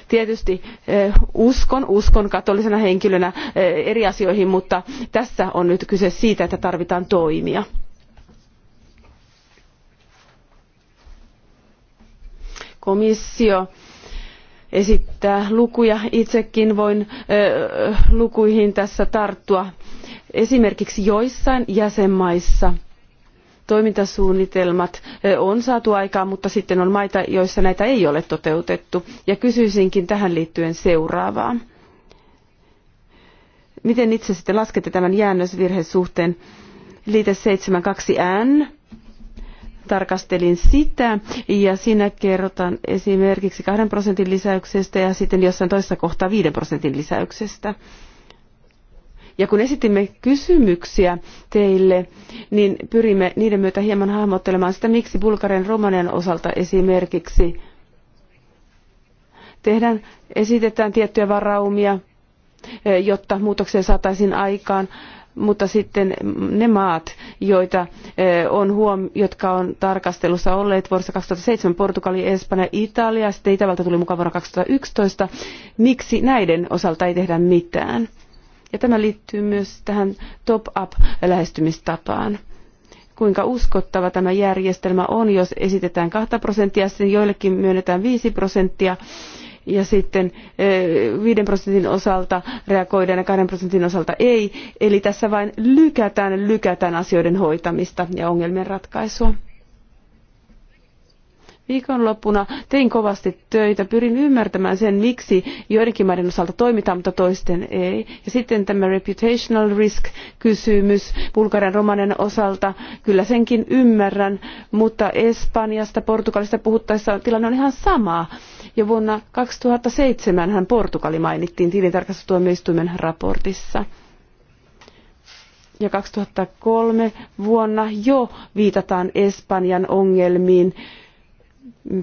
tietysti eh, uskon uskon katolisena henkilönä eri asioihin mutta tässä on nyt kyse siitä että tarvitaan toimia. komissio esittää lukuja. Itsekin voin lukuihin tässä tarttua. Esimerkiksi joissain jäsenmaissa toimintasuunnitelmat on saatu aikaan, mutta sitten on maita, joissa näitä ei ole toteutettu. Ja kysyisinkin tähän liittyen seuraavaa. Miten itse sitten laskette tämän jäännösvirhesuhteen? Liite 72N tarkastelin sitä ja siinä kerrotaan esimerkiksi kahden prosentin lisäyksestä ja sitten jossain toisessa kohtaa viiden prosentin lisäyksestä. Ja kun esitimme kysymyksiä teille, niin pyrimme niiden myötä hieman hahmottelemaan sitä, miksi Bulgarian Romanian osalta esimerkiksi tehdään, esitetään tiettyjä varaumia, eh, jotta muutoksia saataisiin aikaan mutta sitten ne maat, joita eh, on huom- jotka on tarkastelussa olleet vuodesta 2007, Portugali, Espanja, Italia, sitten Itävalta tuli mukaan vuonna 2011, miksi näiden osalta ei tehdä mitään? Ja tämä liittyy myös tähän top-up-lähestymistapaan kuinka uskottava tämä järjestelmä on, jos esitetään 2 prosenttia, sitten joillekin myönnetään 5 prosenttia ja sitten eh, viisi prosentin osalta reagoidaan ja kaksi prosentin osalta ei. Eli tässä vain lykätään, lykätään asioiden hoitamista ja ongelmien ratkaisua. Viikonloppuna tein kovasti töitä, pyrin ymmärtämään sen, miksi joidenkin maiden osalta toimitaan, mutta toisten ei. Ja sitten tämä reputational risk-kysymys Bulgarian romanen osalta, kyllä senkin ymmärrän, mutta Espanjasta, Portugalista puhuttaessa tilanne on ihan sama. Jo vuonna 2007 hän Portugali mainittiin tilintarkastustuomioistuimen raportissa. Ja 2003 vuonna jo viitataan Espanjan ongelmiin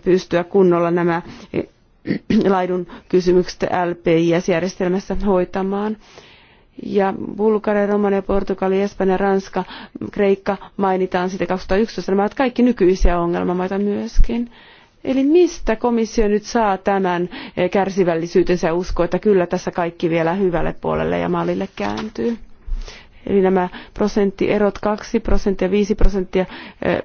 pystyä kunnolla nämä laidun kysymykset LPIS-järjestelmässä hoitamaan. Ja Bulgaria, Romania, Portugali, Espanja, Ranska, Kreikka mainitaan sitten 2011. Nämä ovat kaikki nykyisiä ongelmamaita myöskin. Eli mistä komissio nyt saa tämän eh, kärsivällisyytensä ja uskoo, että kyllä tässä kaikki vielä hyvälle puolelle ja mallille kääntyy? Eli nämä prosenttierot 2 prosenttia, 5 prosenttia, eh,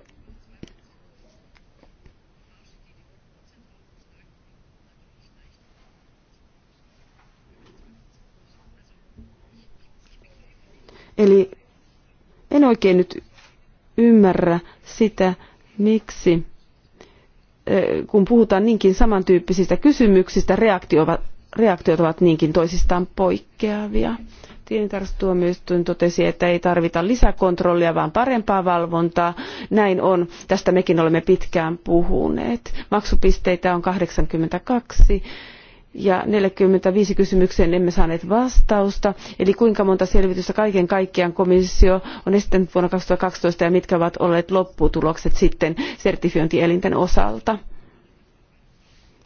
Eli en oikein nyt ymmärrä sitä, miksi kun puhutaan niinkin samantyyppisistä kysymyksistä, reaktiot ovat niinkin toisistaan poikkeavia. Tilintarkastustuomioistuin totesi, että ei tarvita lisäkontrollia, vaan parempaa valvontaa. Näin on. Tästä mekin olemme pitkään puhuneet. Maksupisteitä on 82 ja 45 kysymykseen emme saaneet vastausta. Eli kuinka monta selvitystä kaiken kaikkiaan komissio on esittänyt vuonna kaksitoista ja mitkä ovat olleet lopputulokset sitten sertifiointielinten osalta?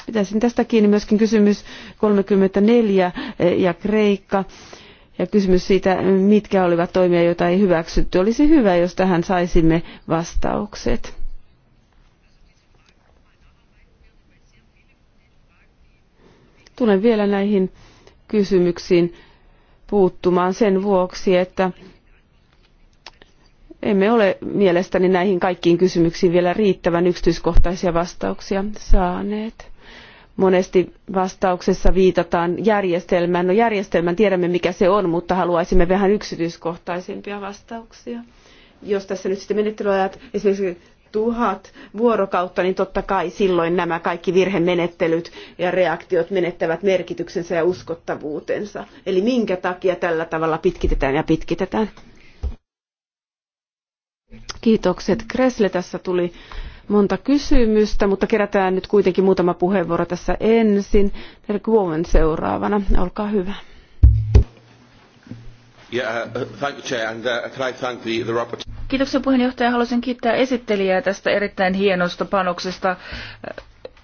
Pitäisin tästä kiinni myöskin kysymys 34 eh, ja Kreikka ja kysymys siitä, mitkä olivat toimia, joita ei hyväksytty. Olisi hyvä, jos tähän saisimme vastaukset Tulen vielä näihin kysymyksiin puuttumaan sen vuoksi, että emme ole mielestäni näihin kaikkiin kysymyksiin vielä riittävän yksityiskohtaisia vastauksia saaneet. Monesti vastauksessa viitataan järjestelmään. No järjestelmän tiedämme mikä se on, mutta haluaisimme vähän yksityiskohtaisempia vastauksia. Jos tässä nyt sitten menettelyajat esimerkiksi tuhat vuorokautta, niin totta kai silloin nämä kaikki virhemenettelyt ja reaktiot menettävät merkityksensä ja uskottavuutensa. Eli minkä takia tällä tavalla pitkitetään ja pitkitetään? Kiitokset Kresle. Tässä tuli monta kysymystä, mutta kerätään nyt kuitenkin muutama puheenvuoro tässä ensin. Derek seuraavana. Olkaa hyvä. Kiitoksia puheenjohtaja. Haluaisin kiittää esittelijää tästä erittäin hienosta panoksesta.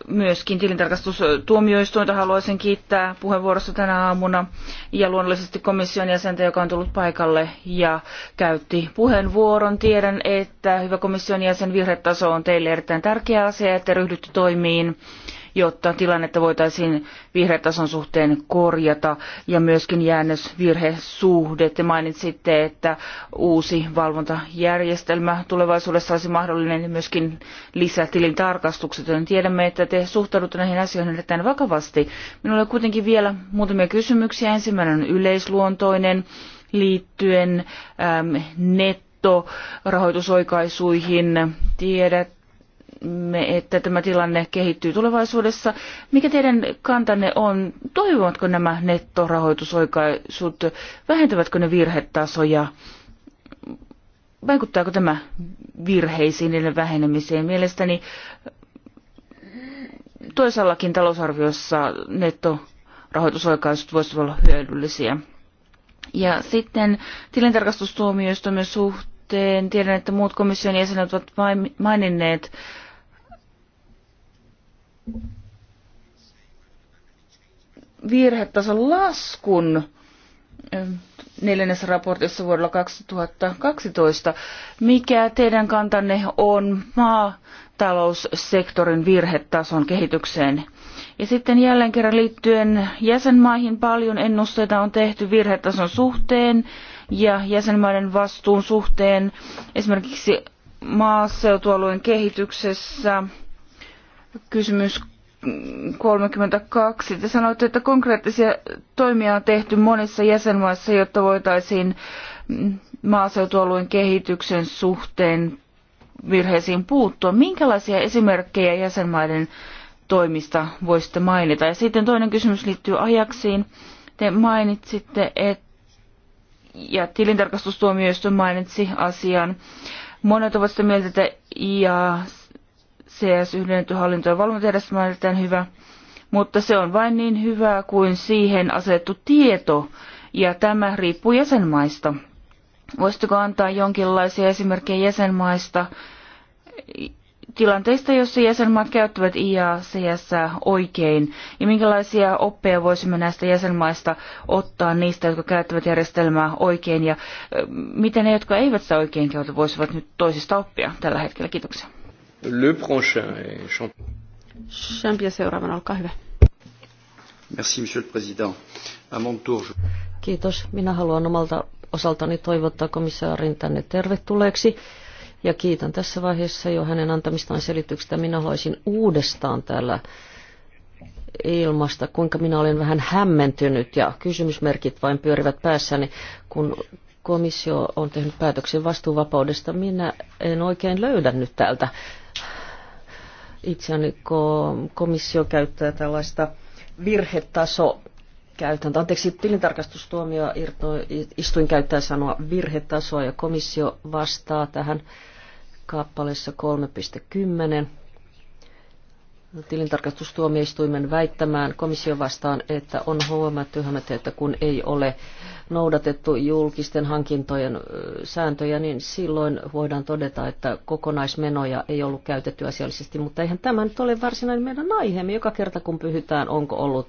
Myöskin tilintarkastustuomioistuinta haluaisin kiittää puheenvuorossa tänä aamuna ja luonnollisesti komission jäsentä, joka on tullut paikalle ja käytti puheenvuoron. Tiedän, että hyvä komission jäsen vihreä taso on teille erittäin tärkeä asia, että ryhdytte toimiin jotta tilannetta voitaisiin vihreätason suhteen korjata ja myöskin jäännösvirhesuhde. Te mainitsitte, että uusi valvontajärjestelmä tulevaisuudessa olisi mahdollinen ja myöskin lisätilintarkastukset. Joten tiedämme, että te suhtaudutte näihin asioihin erittäin vakavasti. Minulla on kuitenkin vielä muutamia kysymyksiä. Ensimmäinen on yleisluontoinen liittyen ähm, netto rahoitusoikaisuihin. Tiedät, me, että tämä tilanne kehittyy tulevaisuudessa. Mikä teidän kantanne on? Toivovatko nämä nettorahoitusoikaisut? Vähentävätkö ne virhetasoja? Vaikuttaako tämä virheisiin ja vähenemiseen? Mielestäni toisaallakin talousarviossa nettorahoitusoikaisut voisivat olla hyödyllisiä. Ja sitten tilintarkastustuomioistuimen suhteen. Tiedän, että muut komission jäsenet ovat maininneet virhetason laskun eh, neljännessä raportissa vuodella 2012. Mikä teidän kantanne on maataloussektorin virhetason kehitykseen? Ja sitten jälleen kerran liittyen jäsenmaihin paljon ennusteita on tehty virhetason suhteen ja jäsenmaiden vastuun suhteen esimerkiksi maaseutualueen kehityksessä – kysymys 32. Te sanoitte, että konkreettisia toimia on tehty monissa jäsenmaissa, jotta voitaisiin maaseutualueen kehityksen suhteen virheisiin puuttua. Minkälaisia esimerkkejä jäsenmaiden toimista voisitte mainita? Ja sitten toinen kysymys liittyy ajaksiin. Te mainitsitte, että ja tilintarkastustuomioistuin mainitsi asian. Monet ovat sitä mieltä, että ja CS yhdennetty hallinto ja valvontajärjestelmä on erittäin hyvä, mutta se on vain niin hyvä kuin siihen asettu tieto, ja tämä riippuu jäsenmaista. Voisitko antaa jonkinlaisia esimerkkejä jäsenmaista, tilanteista, joissa jäsenmaat käyttävät IACS oikein, ja minkälaisia oppeja voisimme näistä jäsenmaista ottaa niistä, jotka käyttävät järjestelmää oikein, ja miten ne, jotka eivät sitä oikein käytä, voisivat nyt toisista oppia tällä hetkellä. Kiitoksia. Le prochain est Champion. seuraavana, olkaa hyvä. Merci, monsieur le président. À mon tour, je... Kiitos. Minä haluan omalta osaltani toivottaa komissaarin tänne tervetulleeksi. Ja kiitän tässä vaiheessa jo hänen antamistaan selityksistä. Minä haluaisin uudestaan täällä ilmasta, kuinka minä olen vähän hämmentynyt ja kysymysmerkit vain pyörivät päässäni, kun komissio on tehnyt päätöksen vastuuvapaudesta. Minä en oikein löydä nyt täältä itseäni, komissio käyttää tällaista virhetaso käytäntö. Anteeksi, tilintarkastustuomio istuin käyttää sanoa virhetasoa ja komissio vastaa tähän kappaleessa tilintarkastustuomioistuimen väittämään komission vastaan, että on huomattu, että kun ei ole noudatettu julkisten hankintojen sääntöjä, niin silloin voidaan todeta, että kokonaismenoja ei ollut käytetty asiallisesti. Mutta eihän tämä nyt ole varsinainen meidän aiheemme. Joka kerta kun pyhytään, onko ollut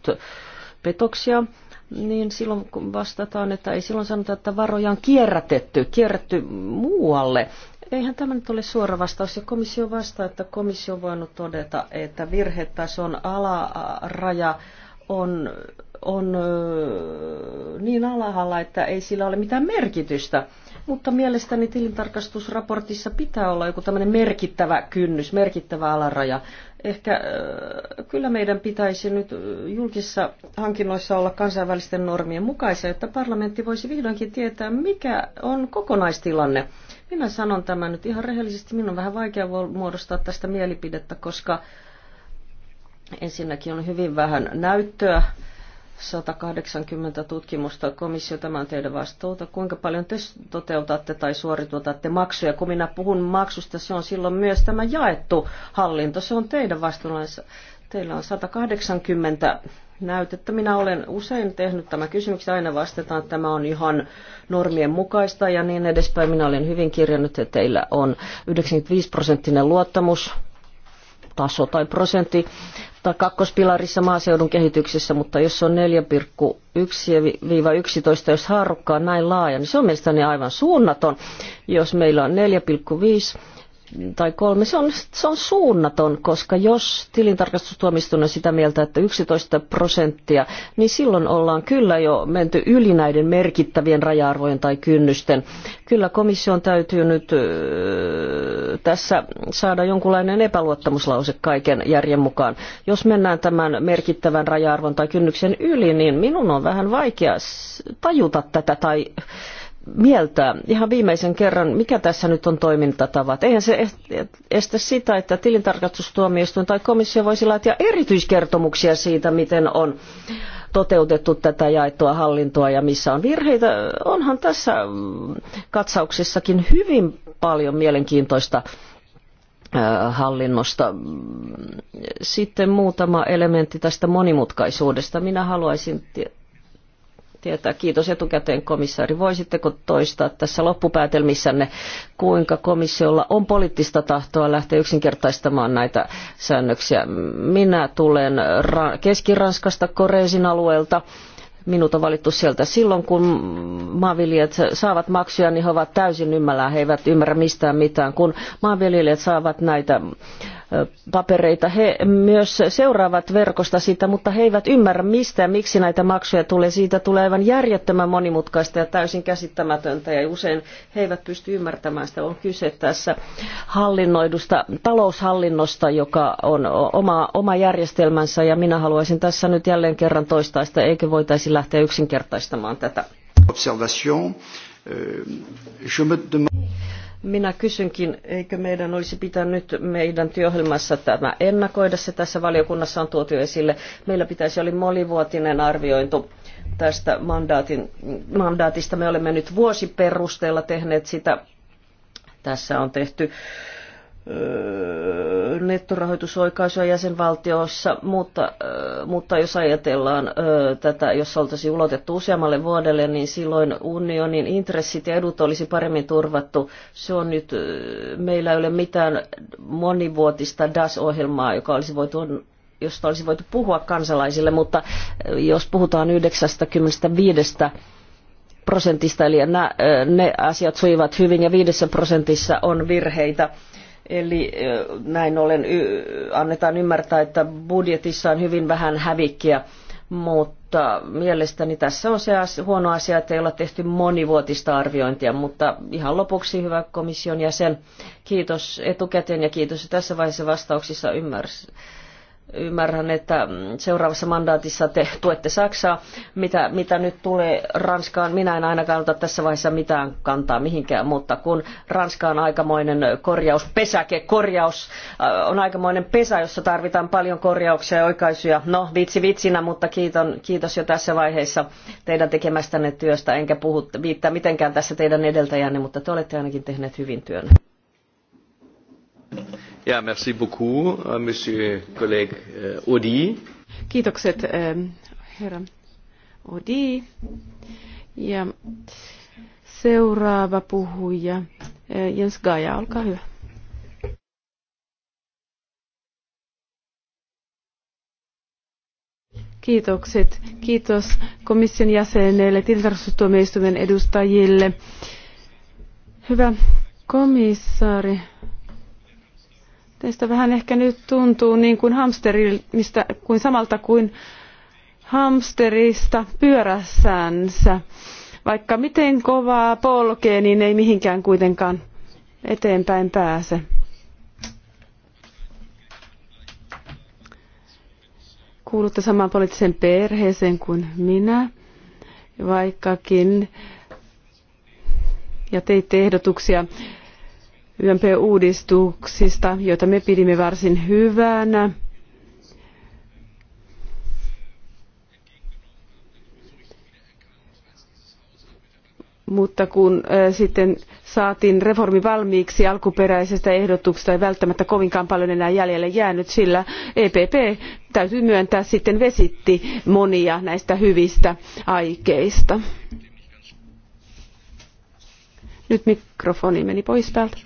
petoksia, niin silloin kun vastataan, että ei silloin sanota, että varoja on kierrätetty, kierrätty muualle. Eihän tämä nyt ole suora vastaus. Ja komissio vastaa, että komissio on voinut todeta, että virhetason alaraja on, on niin alhaalla, että ei sillä ole mitään merkitystä. Mutta mielestäni tilintarkastusraportissa pitää olla joku tämmöinen merkittävä kynnys, merkittävä alaraja. Ehkä kyllä meidän pitäisi nyt julkisissa hankinnoissa olla kansainvälisten normien mukaisia, että parlamentti voisi vihdoinkin tietää, mikä on kokonaistilanne minä sanon tämän nyt ihan rehellisesti. Minun on vähän vaikea muodostaa tästä mielipidettä, koska ensinnäkin on hyvin vähän näyttöä. 180 tutkimusta komissio, tämä on teidän vastuuta. Kuinka paljon te toteutatte tai suoritutatte maksuja? Kun minä puhun maksusta, se on silloin myös tämä jaettu hallinto. Se on teidän vastuullansa. Teillä on 180 näytettä. Minä olen usein tehnyt tämä kysymys, aina vastataan, että tämä on ihan normien mukaista ja niin edespäin. Minä olen hyvin kirjannut, että teillä on 95 prosenttinen luottamus taso tai prosentti tai kakkospilarissa maaseudun kehityksessä, mutta jos se on 4,1-11, jos haarukka on näin laaja, niin se on mielestäni aivan suunnaton. Jos meillä on 4,5 tai kolme, se on, se on suunnaton, koska jos tilintarkastustuomistun on sitä mieltä, että 11 prosenttia, niin silloin ollaan kyllä jo menty yli näiden merkittävien raja-arvojen tai kynnysten. Kyllä komission täytyy nyt äh, tässä saada jonkunlainen epäluottamuslause kaiken järjen mukaan. Jos mennään tämän merkittävän raja-arvon tai kynnyksen yli, niin minun on vähän vaikea tajuta tätä tai mieltää ihan viimeisen kerran, mikä tässä nyt on toimintatavat. Eihän se estä sitä, että tilintarkastustuomioistuin tai komissio voisi laatia erityiskertomuksia siitä, miten on toteutettu tätä jaettua hallintoa ja missä on virheitä. Onhan tässä mm, katsauksessakin hyvin paljon mielenkiintoista hallinnosta. Sitten muutama elementti tästä monimutkaisuudesta. Minä haluaisin tietää. Kiitos etukäteen komissaari. Voisitteko toistaa tässä loppupäätelmissänne, kuinka komissiolla on poliittista tahtoa lähteä yksinkertaistamaan näitä säännöksiä? Minä tulen Keski-Ranskasta Koreesin alueelta minut on valittu sieltä. Silloin kun maanviljelijät saavat maksuja, niin he ovat täysin ymmällään. He eivät ymmärrä mistään mitään. Kun maanviljelijät saavat näitä papereita. He myös seuraavat verkosta sitä, mutta he eivät ymmärrä mistä ja miksi näitä maksuja tulee. Siitä tulee aivan järjettömän monimutkaista ja täysin käsittämätöntä ja usein he eivät pysty ymmärtämään sitä. On kyse tässä hallinnoidusta taloushallinnosta, joka on oma, oma järjestelmänsä ja minä haluaisin tässä nyt jälleen kerran toistaa sitä, eikö voitaisi lähteä yksinkertaistamaan tätä. Observation. Euh, je me demande... Minä kysynkin, eikö meidän olisi pitänyt meidän työohjelmassa tämä ennakoida. Se tässä valiokunnassa on tuotu esille. Meillä pitäisi olla monivuotinen arviointi tästä mandaatin, mandaatista. Me olemme nyt vuosiperusteella tehneet sitä. Tässä on tehty nettorahoitusoikaisua jäsenvaltioissa, mutta, mutta jos ajatellaan tätä, jos oltaisiin ulotettu useammalle vuodelle, niin silloin unionin intressit ja edut olisi paremmin turvattu. Se on nyt, meillä ei ole mitään monivuotista DAS-ohjelmaa, joka olisi voitu josta olisi voitu puhua kansalaisille, mutta jos puhutaan 95 prosentista, eli ne asiat sujuvat hyvin ja 5 prosentissa on virheitä Eli näin ollen annetaan ymmärtää, että budjetissa on hyvin vähän hävikkiä, mutta mielestäni tässä on se huono asia, että ei olla tehty monivuotista arviointia, mutta ihan lopuksi hyvä komission jäsen, kiitos etukäteen ja kiitos tässä vaiheessa vastauksissa ymmärsin Ymmärrän, että seuraavassa mandaatissa te tuette Saksaa. Mitä, mitä nyt tulee Ranskaan, minä en ainakaan ota tässä vaiheessa mitään kantaa mihinkään, mutta kun Ranska on aikamoinen pesäke, korjaus äh, on aikamoinen pesä, jossa tarvitaan paljon korjauksia ja oikaisuja. No, vitsi vitsinä, mutta kiiton, kiitos jo tässä vaiheessa teidän tekemästänne työstä, enkä puhu viittaa mitenkään tässä teidän edeltäjänne, mutta te olette ainakin tehneet hyvin työn. Ja, merci beaucoup, euh, monsieur collègue Odi. Euh, Kiitokset, ähm, herra Odi. Ja seuraava puhuja, äh, Jens Gaja, olkaa hyvä. Kiitokset. Kiitos komission jäsenelle, tilintarkastustuomioistuimen edustajille. Hyvä komissaari, Teistä vähän ehkä nyt tuntuu niin kuin hamsterista, kuin samalta kuin hamsterista pyörässänsä. Vaikka miten kovaa polkee, niin ei mihinkään kuitenkaan eteenpäin pääse. Kuulutte samaan poliittiseen perheeseen kuin minä, vaikkakin, ja teitte ehdotuksia YMP-uudistuksista, joita me pidimme varsin hyvänä. mutta kun sitten saatiin reformi valmiiksi alkuperäisestä ehdotuksesta ei välttämättä kovinkaan paljon enää jäljelle jäänyt sillä epp täytyy myöntää sitten vesitti monia näistä hyvistä aikeista. Nyt mikrofoni meni pois päältä.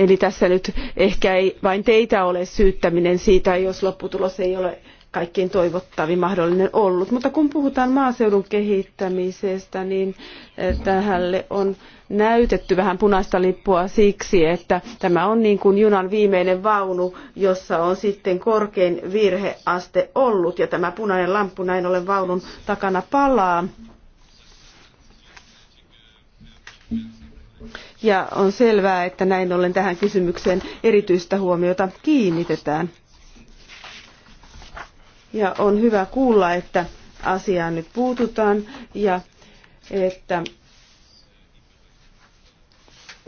Eli tässä nyt ehkä ei vain teitä ole syyttäminen siitä, jos lopputulos ei ole kaikkein toivottavin mahdollinen ollut. Mutta kun puhutaan maaseudun kehittämisestä, niin eh, tähälle on näytetty vähän punaista lippua siksi, että tämä on niin kuin junan viimeinen vaunu, jossa on sitten korkein virheaste ollut ja tämä punainen lamppu näin ollen vaunun takana palaa ja on selvää, että näin ollen tähän kysymykseen erityistä huomiota kiinnitetään. Ja on hyvä kuulla, että asiaan nyt puututaan ja että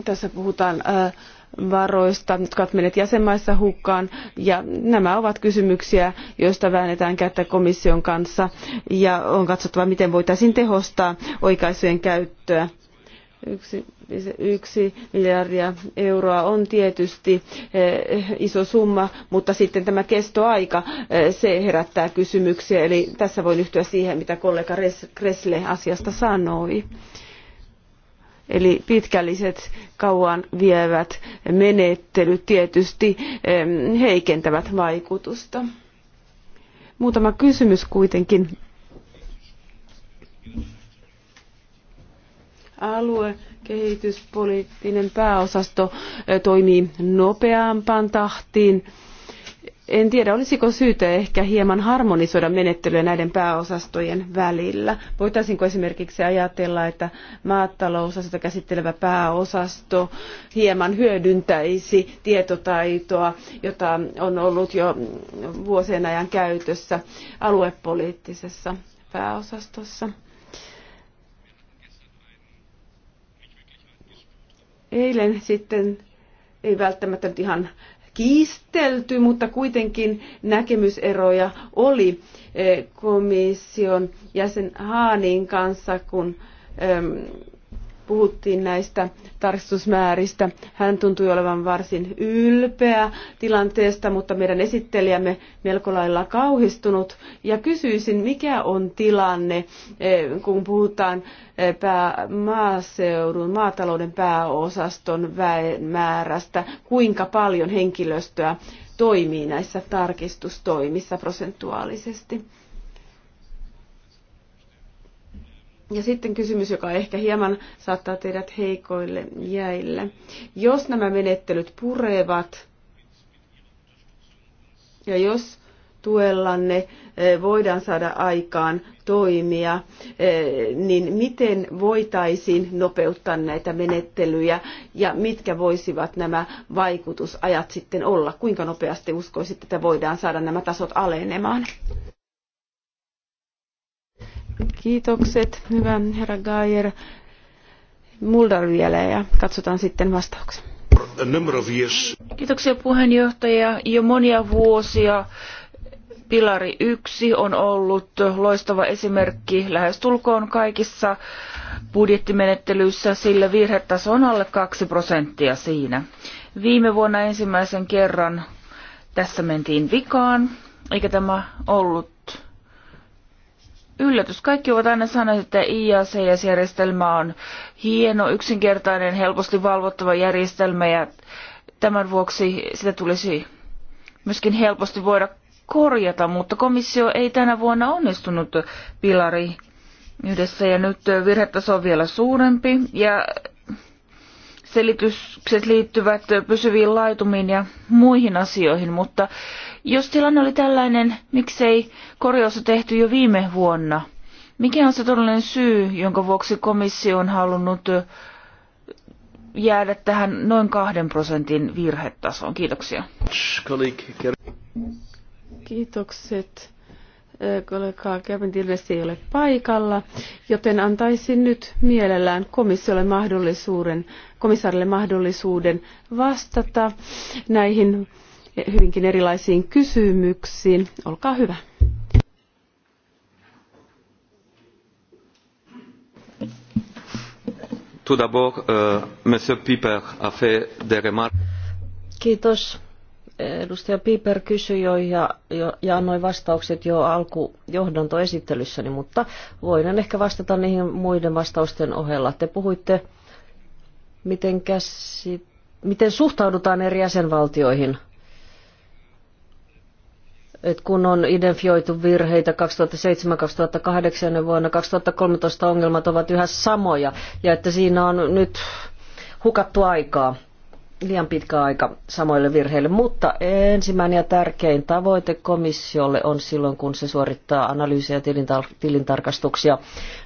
tässä puhutaan äh, varoista, jotka ovat menneet jäsenmaissa hukkaan. Ja nämä ovat kysymyksiä, joista väännetään kättä komission kanssa ja on katsottava, miten voitaisiin tehostaa oikaisujen käyttöä Yksi, miljardia euroa on tietysti eh, iso summa, mutta sitten tämä kestoaika, eh, se herättää kysymyksiä. Eli tässä voin yhtyä siihen, mitä kollega Kresle asiasta sanoi. Eli pitkälliset kauan vievät menettelyt tietysti eh, heikentävät vaikutusta. Muutama kysymys kuitenkin Aluekehityspoliittinen pääosasto toimii nopeampaan tahtiin. En tiedä, olisiko syytä ehkä hieman harmonisoida menettelyä näiden pääosastojen välillä. Voitaisinko esimerkiksi ajatella, että maatalousasioita käsittelevä pääosasto hieman hyödyntäisi tietotaitoa, jota on ollut jo vuosien ajan käytössä aluepoliittisessa pääosastossa? Eilen sitten ei välttämättä nyt ihan kiistelty, mutta kuitenkin näkemyseroja oli eh, komission jäsen Haanin kanssa, kun puhuttiin näistä tarkistusmääristä. Hän tuntui olevan varsin ylpeä tilanteesta, mutta meidän esittelijämme melko lailla kauhistunut. Ja kysyisin, mikä on tilanne, eh, kun puhutaan eh, pää, maaseudun, maatalouden pääosaston väen määrästä, kuinka paljon henkilöstöä toimii näissä tarkistustoimissa prosentuaalisesti. Ja sitten kysymys, joka ehkä hieman saattaa teidät heikoille jäille. Jos nämä menettelyt purevat, ja jos tuellanne e, voidaan saada aikaan toimia, e, niin miten voitaisiin nopeuttaa näitä menettelyjä ja mitkä voisivat nämä vaikutusajat sitten olla? Kuinka nopeasti uskoisitte, että voidaan saada nämä tasot alenemaan? Kiitokset, hyvä herra Gaier. Muldar vielä ja katsotaan sitten vastauksen. Kiitoksia puheenjohtaja. Jo monia vuosia Pilari yksi on ollut loistava esimerkki lähestulkoon kaikissa budjettimenettelyissä, sillä virhetaso on alle 2 prosenttia siinä. Viime vuonna ensimmäisen kerran tässä mentiin vikaan, eikä tämä ollut yllätys. Kaikki ovat aina sanoneet, että IACS-järjestelmä on hieno, yksinkertainen, helposti valvottava järjestelmä ja tämän vuoksi sitä tulisi myöskin helposti voida korjata, mutta komissio ei tänä vuonna onnistunut pilari yhdessä ja nyt virhetaso on vielä suurempi ja selitykset liittyvät pysyviin laitumiin ja muihin asioihin, mutta jos tilanne oli tällainen, miksei korjausta tehty jo viime vuonna? Mikä on se todellinen syy, jonka vuoksi komissio on halunnut jäädä tähän noin kahden prosentin virhetasoon? Kiitoksia. Kiitokset. Kollega Kevin Tilvesti ei ole paikalla, joten antaisin nyt mielellään komissiolle mahdollisuuden, komissaarille mahdollisuuden vastata näihin hyvinkin erilaisiin kysymyksiin. Olkaa hyvä. Tout d'abord, euh, Monsieur Piper a fait des remarques. Kiitos. Edustaja Piper kysyi jo ja, jo, ja annoi vastaukset jo alkujohdantoesittelyssäni, mutta voin ehkä vastata niihin muiden vastausten ohella. Te puhuitte, miten, käsi, miten suhtaudutaan eri jäsenvaltioihin että kun on identifioitu virheitä 2007-2008 ja vuonna 2013 ongelmat ovat yhä samoja ja että siinä on nyt hukattu aikaa, liian pitkä aika samoille virheille. Mutta ensimmäinen ja tärkein tavoite komissiolle on silloin, kun se suorittaa analyysiä ja tilintarkastuksia,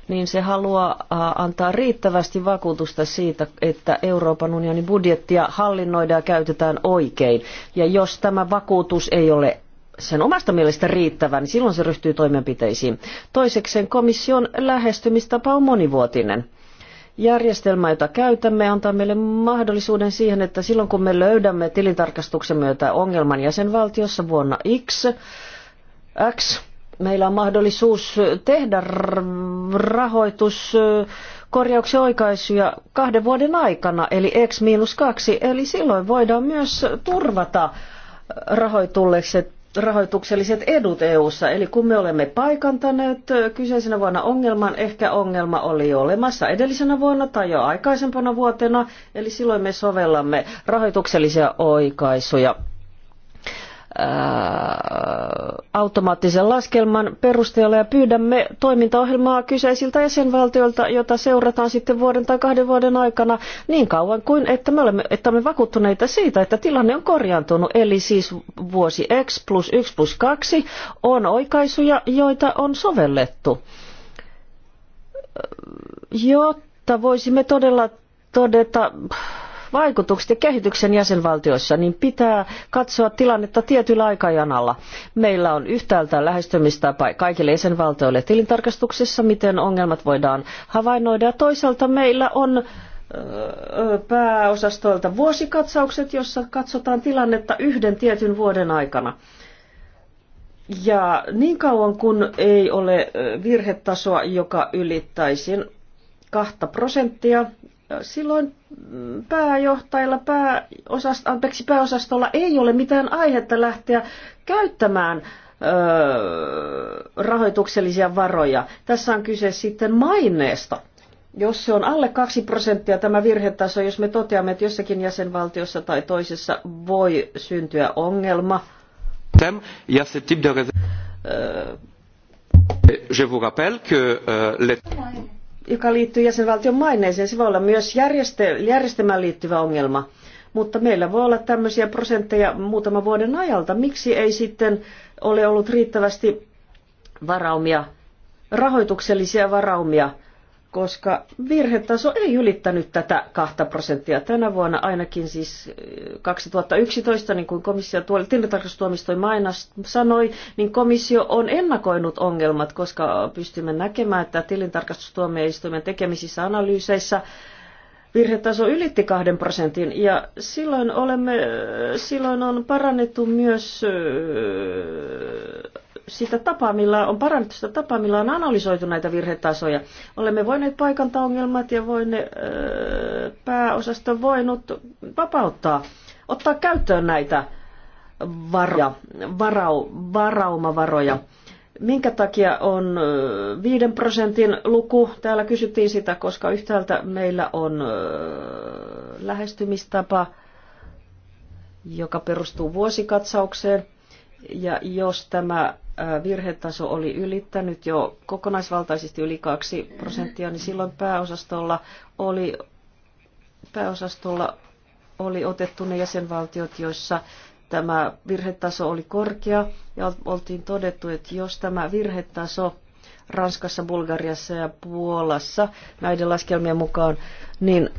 niin se haluaa antaa riittävästi vakuutusta siitä, että Euroopan unionin budjettia hallinnoidaan ja käytetään oikein. Ja jos tämä vakuutus ei ole sen omasta mielestä riittävän, niin silloin se ryhtyy toimenpiteisiin. Toisekseen komission lähestymistapa on monivuotinen. Järjestelmä, jota käytämme, antaa meille mahdollisuuden siihen, että silloin kun me löydämme tilintarkastuksen myötä ongelman jäsenvaltiossa vuonna X, X meillä on mahdollisuus tehdä rahoitus korjauksen oikaisuja kahden vuoden aikana, eli X-2, eli silloin voidaan myös turvata rahoitulleet rahoitukselliset edut EU:ssa. Eli kun me olemme paikantaneet kyseisenä vuonna ongelman, ehkä ongelma oli jo olemassa edellisenä vuonna tai jo aikaisempana vuotena, eli silloin me sovellamme rahoituksellisia oikaisuja automaattisen laskelman perusteella ja pyydämme toimintaohjelmaa kyseisiltä jäsenvaltioilta, jota seurataan sitten vuoden tai kahden vuoden aikana niin kauan kuin, että me olemme että me vakuuttuneita siitä, että tilanne on korjaantunut. Eli siis vuosi X plus 1 plus 2 on oikaisuja, joita on sovellettu. Jotta voisimme todella todeta vaikutukset ja kehityksen jäsenvaltioissa, niin pitää katsoa tilannetta tietyllä aikajanalla. Meillä on yhtäältä lähestymistapa kaikille jäsenvaltioille tilintarkastuksessa, miten ongelmat voidaan havainnoida, ja toisaalta meillä on pääosastoilta vuosikatsaukset, jossa katsotaan tilannetta yhden tietyn vuoden aikana. Ja niin kauan kun ei ole virhetasoa, joka ylittäisi 2 prosenttia, silloin pääjohtajilla, pääosasto, anteeksi, pääosastolla ei ole mitään aihetta lähteä käyttämään öö, rahoituksellisia varoja. Tässä on kyse sitten maineesta. Jos se on alle 2 prosenttia tämä virhetaso, jos me toteamme, että jossakin jäsenvaltiossa tai toisessa voi syntyä ongelma. Je vous rappelle que euh, les joka liittyy jäsenvaltion maineeseen. Se voi olla myös järjestelmään liittyvä ongelma. Mutta meillä voi olla tämmöisiä prosentteja muutaman vuoden ajalta. Miksi ei sitten ole ollut riittävästi varaumia, rahoituksellisia varaumia – koska virhetaso ei ylittänyt tätä kahta prosenttia tänä vuonna, ainakin siis 2011, eh, niin kuin komissio tilintarkastustuomistoi mainas sanoi, niin komissio on ennakoinut ongelmat, koska pystymme näkemään, että tilintarkastustuomioistuimen tekemisissä analyyseissa virhetaso ylitti kahden prosentin ja silloin, olemme, eh, silloin on parannettu myös eh, sitä tapaa, millä on parannettu sitä tapaa, millä on analysoitu näitä virhetasoja. Olemme voineet paikantaa ongelmat ja öö, pääosasto voinut vapauttaa, ottaa käyttöön näitä varoja, varau, varaumavaroja. Minkä takia on 5 prosentin luku? Täällä kysyttiin sitä, koska yhtäältä meillä on lähestymistapa, joka perustuu vuosikatsaukseen. Ja jos tämä virhetaso oli ylittänyt jo kokonaisvaltaisesti yli 2 prosenttia, niin silloin pääosastolla oli, pääosastolla oli otettu ne jäsenvaltiot, joissa tämä virhetaso oli korkea ja oltiin todettu, että jos tämä virhetaso Ranskassa, Bulgariassa ja Puolassa näiden laskelmien mukaan, niin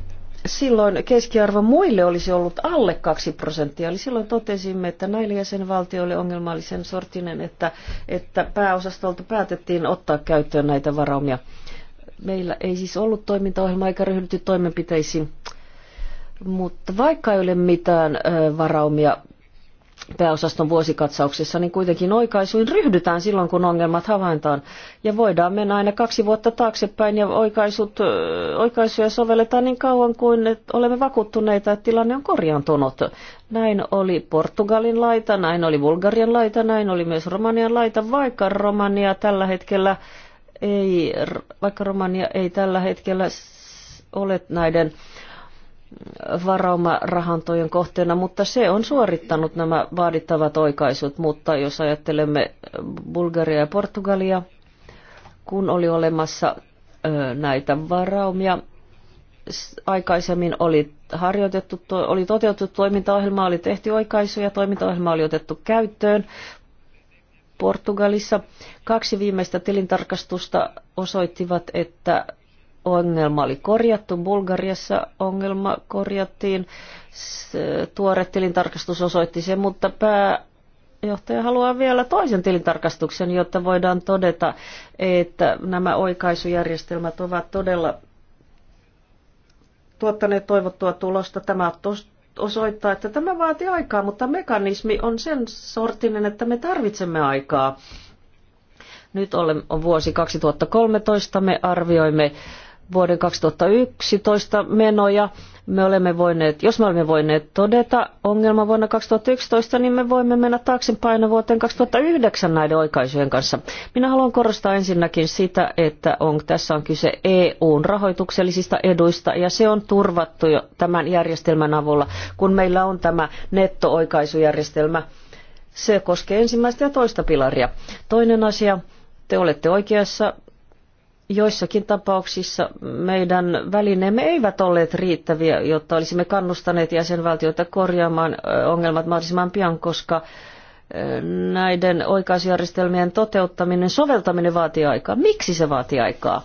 silloin keskiarvo muille olisi ollut alle 2 prosenttia. Eli silloin totesimme, että näille jäsenvaltioille ongelma oli sen sortinen, että, että pääosastolta päätettiin ottaa käyttöön näitä varaumia. Meillä ei siis ollut toimintaohjelma eikä ryhdytty toimenpiteisiin. Mutta vaikka ei ole mitään varaumia pääosaston vuosikatsauksessa, niin kuitenkin oikaisuin ryhdytään silloin, kun ongelmat havaintaan. Ja voidaan mennä aina kaksi vuotta taaksepäin ja oikaisut, oikaisuja sovelletaan niin kauan kuin olemme vakuuttuneita, että tilanne on korjaantunut. Näin oli Portugalin laita, näin oli Bulgarian laita, näin oli myös Romanian laita, vaikka Romania tällä hetkellä ei, vaikka Romania ei tällä hetkellä ole näiden varaumarahantojen rahantojen kohteena, mutta se on suorittanut nämä vaadittavat oikaisut. Mutta jos ajattelemme Bulgaria ja Portugalia, kun oli olemassa näitä varaumia, aikaisemmin oli harjoitettu, oli toteutettu toimintaohjelma, oli tehty oikaisuja, toimintaohjelma oli otettu käyttöön Portugalissa. Kaksi viimeistä tilintarkastusta osoittivat, että ongelma oli korjattu. Bulgariassa ongelma korjattiin. Tuore tilintarkastus osoitti sen, mutta pääjohtaja haluaa vielä toisen tilintarkastuksen, jotta voidaan todeta, että nämä oikaisujärjestelmät ovat todella tuottaneet toivottua tulosta. Tämä osoittaa, että tämä vaatii aikaa, mutta mekanismi on sen sortinen, että me tarvitsemme aikaa. Nyt on vuosi 2013, me arvioimme vuoden 2011 menoja. Me olemme voineet, jos me olemme voineet todeta ongelman vuonna 2011, niin me voimme mennä taaksepäin vuoteen 2009 näiden oikaisujen kanssa. Minä haluan korostaa ensinnäkin sitä, että on, tässä on kyse EUn rahoituksellisista eduista ja se on turvattu jo tämän järjestelmän avulla, kun meillä on tämä netto-oikaisujärjestelmä. Se koskee ensimmäistä ja toista pilaria. Toinen asia, te olette oikeassa, joissakin tapauksissa meidän välineemme eivät olleet riittäviä, jotta olisimme kannustaneet jäsenvaltioita korjaamaan ongelmat mahdollisimman pian, koska näiden oikaisujärjestelmien toteuttaminen, soveltaminen vaatii aikaa. Miksi se vaatii aikaa?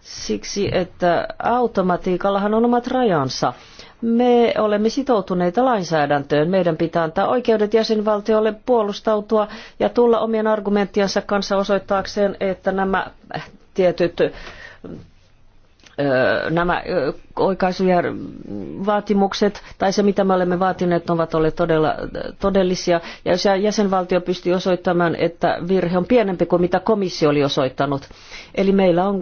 Siksi, että automatiikallahan on omat rajansa. Me olemme sitoutuneita lainsäädäntöön. Meidän pitää antaa oikeudet jäsenvaltiolle puolustautua ja tulla omien argumenttiansa kanssa osoittaakseen, että nämä tietyt nämä oikaisuvaatimukset tai se, mitä me olemme vaatineet, ovat olleet todella todellisia. Ja jos jäsenvaltio pystyy osoittamaan, että virhe on pienempi kuin mitä komissio oli osoittanut. Eli meillä on,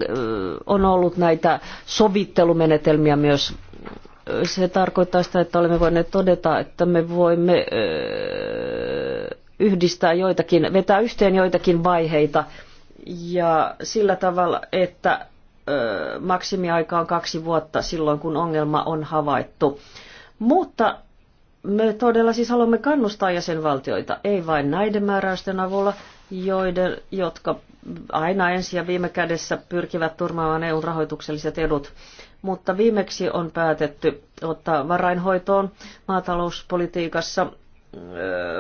on ollut näitä sovittelumenetelmiä myös. Se tarkoittaa sitä, että olemme voineet todeta, että me voimme yhdistää joitakin, vetää yhteen joitakin vaiheita – ja sillä tavalla, että maksimiaika on kaksi vuotta silloin, kun ongelma on havaittu. Mutta me todella siis haluamme kannustaa jäsenvaltioita, ei vain näiden määräysten avulla, joiden, jotka aina ensi ja viime kädessä pyrkivät turmaamaan EUn rahoitukselliset edut. Mutta viimeksi on päätetty ottaa varainhoitoon maatalouspolitiikassa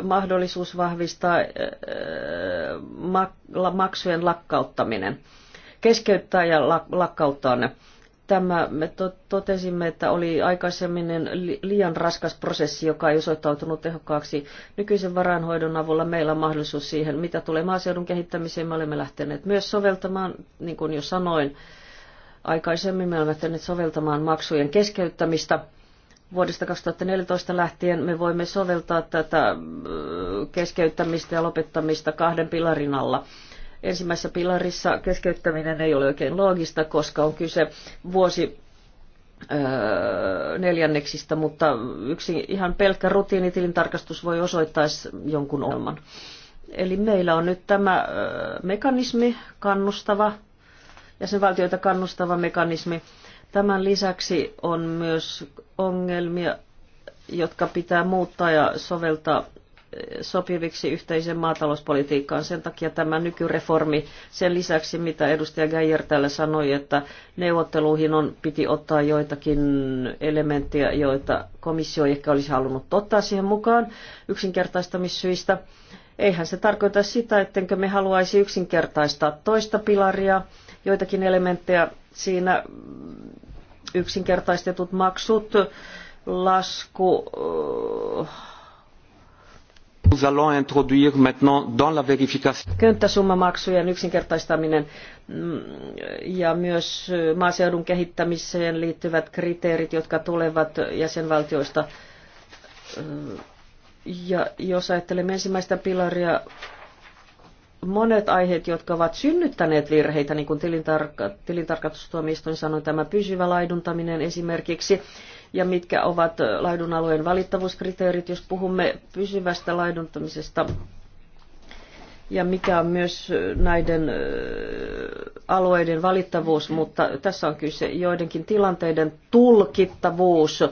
mahdollisuus vahvistaa maksujen lakkauttaminen, keskeyttää ja lakkauttaa ne. Tämä me totesimme, että oli aikaisemmin liian raskas prosessi, joka ei osoittautunut tehokkaaksi. Nykyisen varainhoidon avulla meillä on mahdollisuus siihen, mitä tulee maaseudun kehittämiseen. Me olemme lähteneet myös soveltamaan, niin kuin jo sanoin, aikaisemmin me olemme lähteneet soveltamaan maksujen keskeyttämistä – vuodesta 2014 lähtien me voimme soveltaa tätä äh, keskeyttämistä ja lopettamista kahden pilarin alla. Ensimmäisessä pilarissa keskeyttäminen ei ole oikein loogista, koska on kyse vuosi äh, neljänneksistä, mutta yksi ihan pelkkä rutiinitilintarkastus voi osoittaa jonkun ongelman. Eli meillä on nyt tämä äh, mekanismi, kannustava, jäsenvaltioita kannustava mekanismi, Tämän lisäksi on myös ongelmia, jotka pitää muuttaa ja soveltaa eh, sopiviksi yhteisen maatalouspolitiikkaan. Sen takia tämä nykyreformi, sen lisäksi mitä edustaja Geijer täällä sanoi, että neuvotteluihin on, piti ottaa joitakin elementtejä, joita komissio ehkä olisi halunnut ottaa siihen mukaan yksinkertaistamissyistä. Eihän se tarkoita sitä, ettenkö me haluaisi yksinkertaistaa toista pilaria, joitakin elementtejä siinä yksinkertaistetut maksut, lasku, Nous allons introduire maintenant dans la vérification. Könttäsummamaksujen yksinkertaistaminen mm, ja myös maaseudun kehittämiseen liittyvät kriteerit, jotka tulevat jäsenvaltioista. Ja jos ajattelemme ensimmäistä pilaria, monet aiheet, jotka ovat synnyttäneet virheitä, niin kuin tilintarka- tilintarkastustuomioistuin sanoi, tämä pysyvä laiduntaminen esimerkiksi, ja mitkä ovat laidunalueen valittavuuskriteerit, jos puhumme pysyvästä laiduntamisesta, ja mikä on myös näiden alueiden valittavuus, mutta tässä on kyse joidenkin tilanteiden tulkittavuus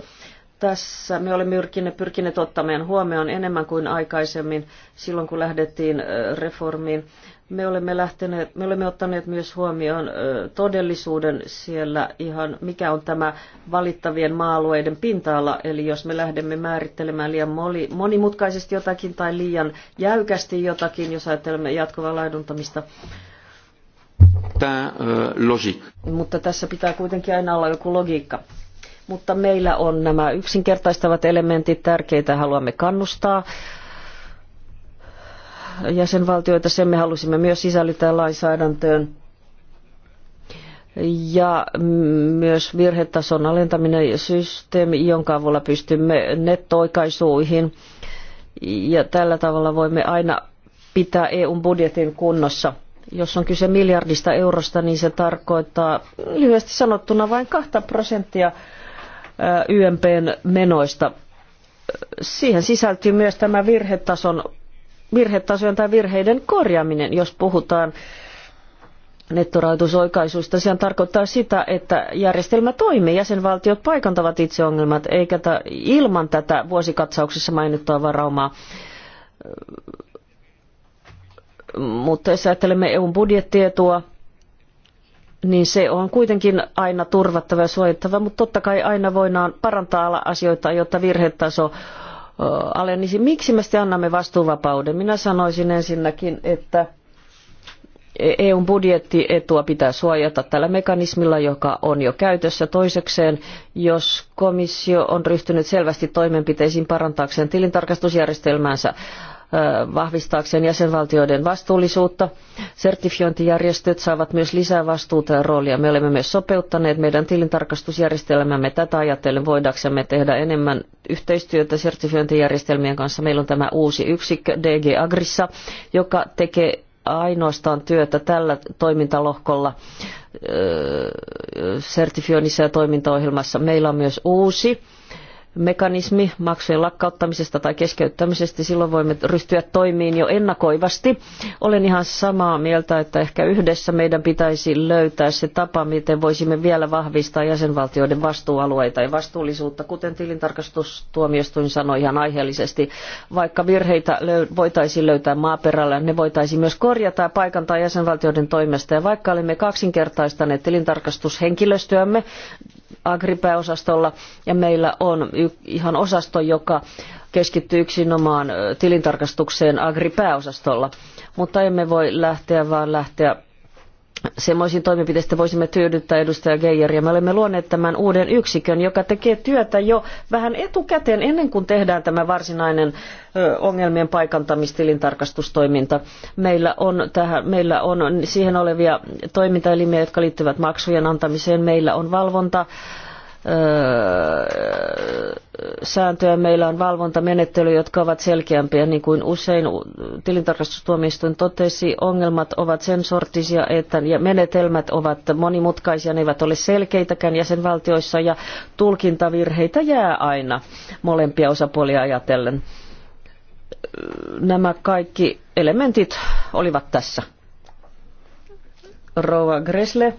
tässä me olemme pyrkineet, pyrkineet ottamaan huomioon enemmän kuin aikaisemmin silloin, kun lähdettiin reformiin. Me olemme, lähteneet, me olemme ottaneet myös huomioon todellisuuden siellä ihan, mikä on tämä valittavien maalueiden pinta-ala. Eli jos me lähdemme määrittelemään liian monimutkaisesti jotakin tai liian jäykästi jotakin, jos ajattelemme jatkuvaa laiduntamista, Tämä, äh, Mutta tässä pitää kuitenkin aina olla joku logiikka mutta meillä on nämä yksinkertaistavat elementit tärkeitä, haluamme kannustaa jäsenvaltioita, sen me halusimme myös sisällyttää lainsäädäntöön. Ja myös virhetason alentaminen ja systeemi, jonka avulla pystymme nettoikaisuihin. Ja tällä tavalla voimme aina pitää EUn budjetin kunnossa. Jos on kyse miljardista eurosta, niin se tarkoittaa lyhyesti sanottuna vain kahta prosenttia YMPn menoista. Siihen sisältyy myös tämä virhetason, virhetasojen tai virheiden korjaaminen, jos puhutaan nettorahoitusoikaisuista. Sehän tarkoittaa sitä, että järjestelmä toimii, jäsenvaltiot paikantavat itse ongelmat, eikä ta, ilman tätä vuosikatsauksessa mainittua varaumaa mutta jos ajattelemme EUn budjettietua, niin se on kuitenkin aina turvattava ja suojattava, mutta totta kai aina voidaan parantaa asioita, jotta virhetaso alenisi. Miksi me sitten annamme vastuuvapauden? Minä sanoisin ensinnäkin, että EUn budjettietua pitää suojata tällä mekanismilla, joka on jo käytössä. Toisekseen, jos komissio on ryhtynyt selvästi toimenpiteisiin parantaakseen tilintarkastusjärjestelmäänsä, vahvistaakseen jäsenvaltioiden vastuullisuutta. Sertifiointijärjestöt saavat myös lisää vastuuta ja roolia. Me olemme myös sopeuttaneet meidän tilintarkastusjärjestelmämme tätä ajatellen voidaksemme tehdä enemmän yhteistyötä sertifiointijärjestelmien kanssa. Meillä on tämä uusi yksikkö DG Agrissa, joka tekee ainoastaan työtä tällä toimintalohkolla sertifioinnissa ja toimintaohjelmassa. Meillä on myös uusi mekanismi maksujen lakkauttamisesta tai keskeyttämisestä, silloin voimme ryhtyä toimiin jo ennakoivasti. Olen ihan samaa mieltä, että ehkä yhdessä meidän pitäisi löytää se tapa, miten voisimme vielä vahvistaa jäsenvaltioiden vastuualueita ja vastuullisuutta, kuten tilintarkastustuomioistuin sanoi ihan aiheellisesti. Vaikka virheitä voitaisiin löytää maaperällä, ne voitaisiin myös korjata ja paikantaa jäsenvaltioiden toimesta. Ja vaikka olemme kaksinkertaistaneet tilintarkastushenkilöstöämme agripääosastolla ja meillä on ihan osasto, joka keskittyy yksinomaan tilintarkastukseen Agri-pääosastolla. Mutta emme voi lähteä vaan lähteä semmoisiin toimenpiteistä voisimme tyydyttää edustaja Geijeriä. Me olemme luoneet tämän uuden yksikön, joka tekee työtä jo vähän etukäteen ennen kuin tehdään tämä varsinainen ongelmien paikantamistilintarkastustoiminta. Meillä on, tähän, meillä on siihen olevia toimintaelimiä, jotka liittyvät maksujen antamiseen. Meillä on valvonta sääntöjä. Meillä on valvontamenettely, jotka ovat selkeämpiä, niin kuin usein tilintarkastustuomioistuin totesi. Ongelmat ovat sen sortisia, että ja menetelmät ovat monimutkaisia, ne eivät ole selkeitäkään jäsenvaltioissa ja tulkintavirheitä jää aina molempia osapuolia ajatellen. Nämä kaikki elementit olivat tässä. Rova Gresle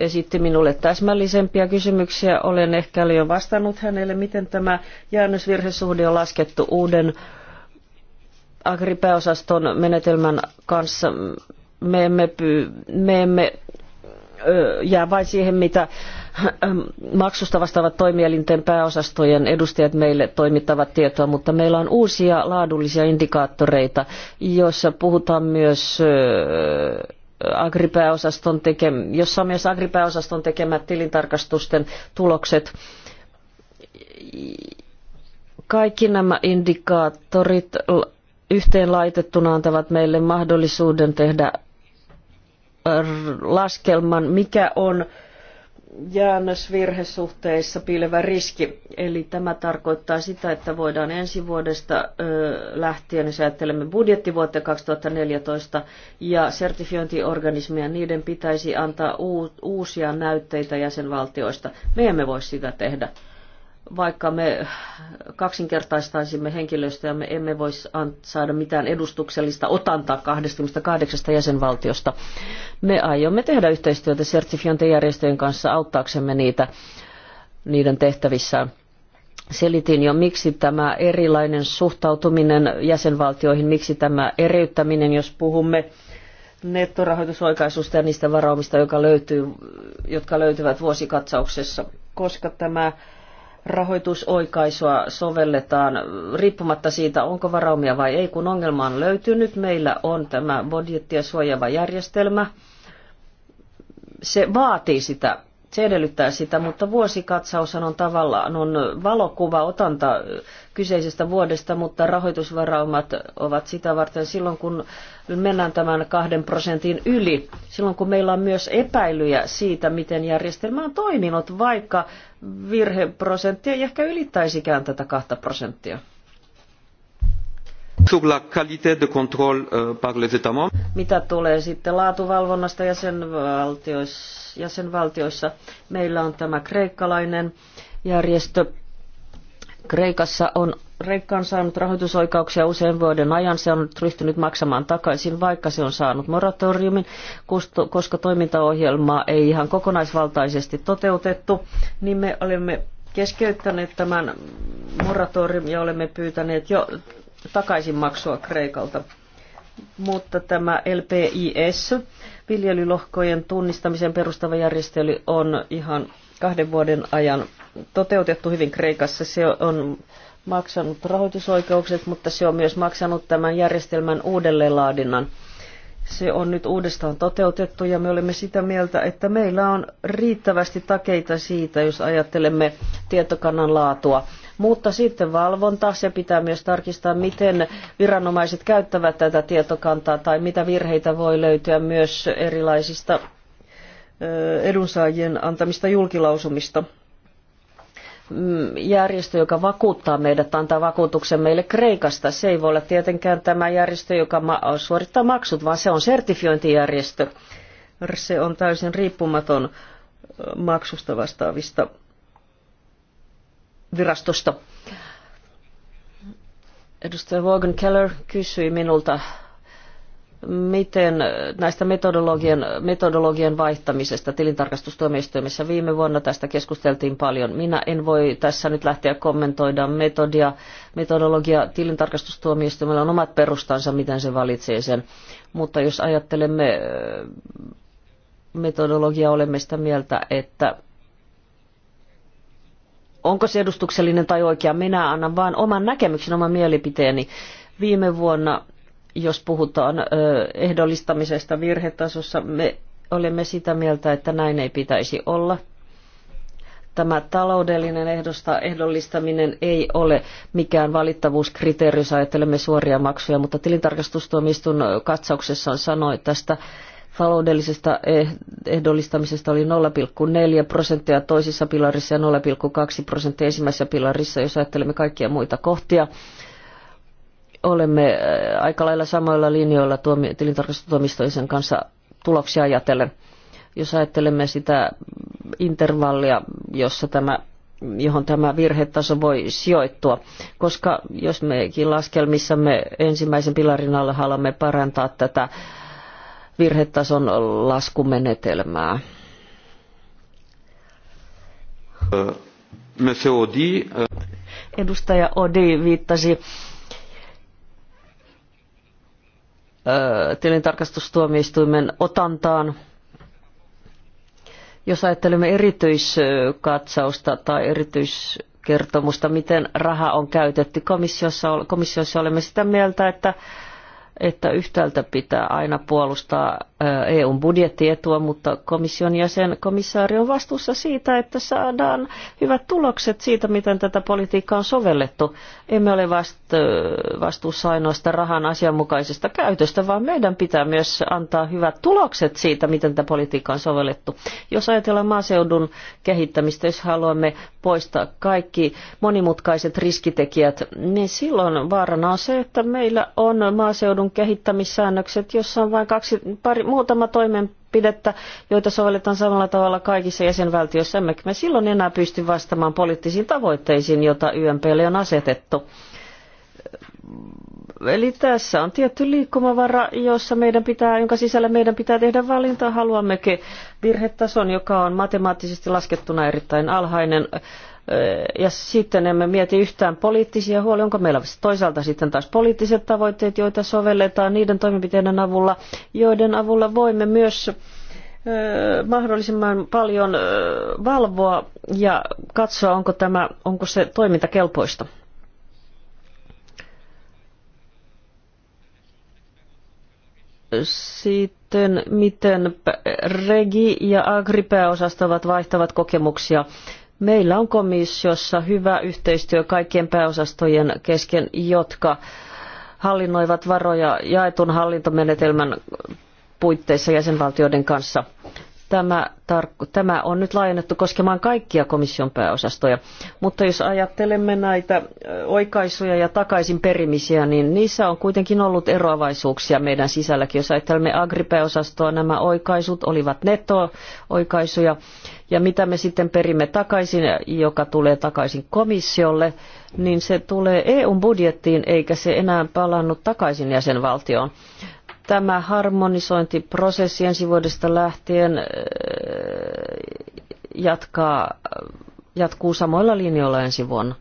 esitti minulle täsmällisempiä kysymyksiä. Olen ehkä jo vastannut hänelle, miten tämä jäännösvirhesuhde on laskettu uuden agripääosaston menetelmän kanssa. Me emme, pyy, me emme ö, jää vain siihen, mitä ähm, maksusta vastaavat toimielinten pääosastojen edustajat meille toimittavat tietoa, mutta meillä on uusia laadullisia indikaattoreita, joissa puhutaan myös ö, agripääosaston teke, jossa on myös agripääosaston tekemät tilintarkastusten tulokset. Kaikki nämä indikaattorit yhteenlaitettuna antavat meille mahdollisuuden tehdä laskelman, mikä on jäännösvirhesuhteissa piilevä riski. Eli tämä tarkoittaa sitä, että voidaan ensi vuodesta lähtien, jos ajattelemme budjettivuotta 2014, ja sertifiointiorganismia, niiden pitäisi antaa uusia näytteitä jäsenvaltioista. Me emme voi sitä tehdä vaikka me kaksinkertaistaisimme henkilöstöä, me emme voisi saada mitään edustuksellista otantaa 28 jäsenvaltiosta. Me aiomme tehdä yhteistyötä sertifiointijärjestöjen kanssa auttaaksemme niitä niiden tehtävissään. Selitin jo, miksi tämä erilainen suhtautuminen jäsenvaltioihin, miksi tämä eriyttäminen, jos puhumme nettorahoitusoikaisusta ja niistä varaumista, jotka löytyvät vuosikatsauksessa, koska tämä rahoitusoikaisua sovelletaan riippumatta siitä, onko varaumia vai ei, kun ongelma on löytynyt. Meillä on tämä budjettia suojaava järjestelmä. Se vaatii sitä, se edellyttää sitä, mutta vuosikatsaus on tavallaan on valokuva otanta kyseisestä vuodesta, mutta rahoitusvaraumat ovat sitä varten silloin, kun mennään tämän kahden prosentin yli, silloin kun meillä on myös epäilyjä siitä, miten järjestelmä on toiminut, vaikka virheprosentti ei ehkä ylittäisikään tätä kahta prosenttia. Euh, Mitä tulee sitten laatuvalvonnasta jäsenvaltioissa, jäsenvaltioissa, meillä on tämä kreikkalainen järjestö. Kreikassa on Kreikka on saanut rahoitusoikauksia usein vuoden ajan. Se on ryhtynyt maksamaan takaisin, vaikka se on saanut moratoriumin, koska toimintaohjelmaa ei ihan kokonaisvaltaisesti toteutettu. Niin me olemme keskeyttäneet tämän moratorium ja olemme pyytäneet jo takaisinmaksua Kreikalta. Mutta tämä LPIS, viljelylohkojen tunnistamisen perustava järjestely, on ihan kahden vuoden ajan toteutettu hyvin Kreikassa. Se on maksanut rahoitusoikeukset, mutta se on myös maksanut tämän järjestelmän uudelleenlaadinnan. Se on nyt uudestaan toteutettu ja me olemme sitä mieltä, että meillä on riittävästi takeita siitä, jos ajattelemme tietokannan laatua. Mutta sitten valvonta, se pitää myös tarkistaa, miten viranomaiset käyttävät tätä tietokantaa tai mitä virheitä voi löytyä myös erilaisista edunsaajien antamista julkilausumista järjestö, joka vakuuttaa meidät, antaa vakuutuksen meille Kreikasta. Se ei voi olla tietenkään tämä järjestö, joka suorittaa maksut, vaan se on sertifiointijärjestö. Se on täysin riippumaton maksusta vastaavista virastosta. Edustaja Vaughan Keller kysyi minulta miten näistä metodologian, metodologian vaihtamisesta tilintarkastustuomioistuimessa viime vuonna tästä keskusteltiin paljon. Minä en voi tässä nyt lähteä kommentoida metodia. Metodologia tilintarkastustuomioistuimella on omat perustansa, miten se valitsee sen. Mutta jos ajattelemme metodologiaa, olemme sitä mieltä, että onko se edustuksellinen tai oikea. Minä annan vain oman näkemyksen, oman mielipiteeni. Viime vuonna jos puhutaan ehdollistamisesta virhetasossa, me olemme sitä mieltä, että näin ei pitäisi olla. Tämä taloudellinen ehdosta, ehdollistaminen ei ole mikään valittavuuskriteeri, jos ajattelemme suoria maksuja, mutta tilintarkastustuomistun on sanoi tästä taloudellisesta eh-, ehdollistamisesta oli 0,4 prosenttia toisessa pilarissa ja 0,2 prosenttia ensimmäisessä pilarissa, jos ajattelemme kaikkia muita kohtia olemme äh, aika lailla samoilla linjoilla tilintarkastustoimistoisen kanssa tuloksia ajatellen. Jos ajattelemme sitä intervallia, jossa tämä, johon tämä virhetaso voi sijoittua, koska jos mekin laskelmissamme ensimmäisen pilarin alla haluamme parantaa tätä virhetason laskumenetelmää. Äh. Edustaja Odi viittasi tilintarkastustuomioistuimen otantaan. Jos ajattelemme erityiskatsausta tai erityiskertomusta, miten raha on käytetty komissiossa, komissiossa olemme sitä mieltä, että että yhtäältä pitää aina puolustaa EUn budjettietua, mutta komission jäsen komissaari on vastuussa siitä, että saadaan hyvät tulokset siitä, miten tätä politiikkaa on sovellettu. Emme ole vastuussa ainoastaan rahan asianmukaisesta käytöstä, vaan meidän pitää myös antaa hyvät tulokset siitä, miten tätä politiikkaa on sovellettu. Jos ajatellaan maaseudun kehittämistä, jos haluamme poistaa kaikki monimutkaiset riskitekijät, niin silloin vaarana on se, että meillä on maaseudun on kehittämissäännökset, jossa on vain kaksi, pari, muutama toimenpidettä, joita sovelletaan samalla tavalla kaikissa jäsenvaltioissa. Emmekä me silloin enää pysty vastaamaan poliittisiin tavoitteisiin, joita YMPlle on asetettu. Eli tässä on tietty liikkumavara, jossa meidän pitää, jonka sisällä meidän pitää tehdä valinta. Haluammeko virhetason, joka on matemaattisesti laskettuna erittäin alhainen, ja sitten emme mieti yhtään poliittisia huolia, onko meillä toisaalta sitten taas poliittiset tavoitteet, joita sovelletaan niiden toimenpiteiden avulla, joiden avulla voimme myös mahdollisimman paljon valvoa ja katsoa, onko, tämä, onko se toimintakelpoista. Sitten miten Regi ja Agri-pääosastavat vaihtavat kokemuksia Meillä on komissiossa hyvä yhteistyö kaikkien pääosastojen kesken, jotka hallinnoivat varoja jaetun hallintomenetelmän puitteissa jäsenvaltioiden kanssa. Tämä, tämä on nyt laajennettu koskemaan kaikkia komission pääosastoja. Mutta jos ajattelemme näitä oikaisuja ja takaisin perimisiä, niin niissä on kuitenkin ollut eroavaisuuksia meidän sisälläkin. Jos ajattelemme agripääosastoa, nämä oikaisut olivat netto-oikaisuja. oikaisuja ja mitä me sitten perimme takaisin, joka tulee takaisin komissiolle, niin se tulee eu budjettiin eikä se enää palannut takaisin jäsenvaltioon. Tämä harmonisointiprosessi ensi vuodesta lähtien äh, jatkaa, äh, jatkuu samoilla linjoilla ensi vuonna.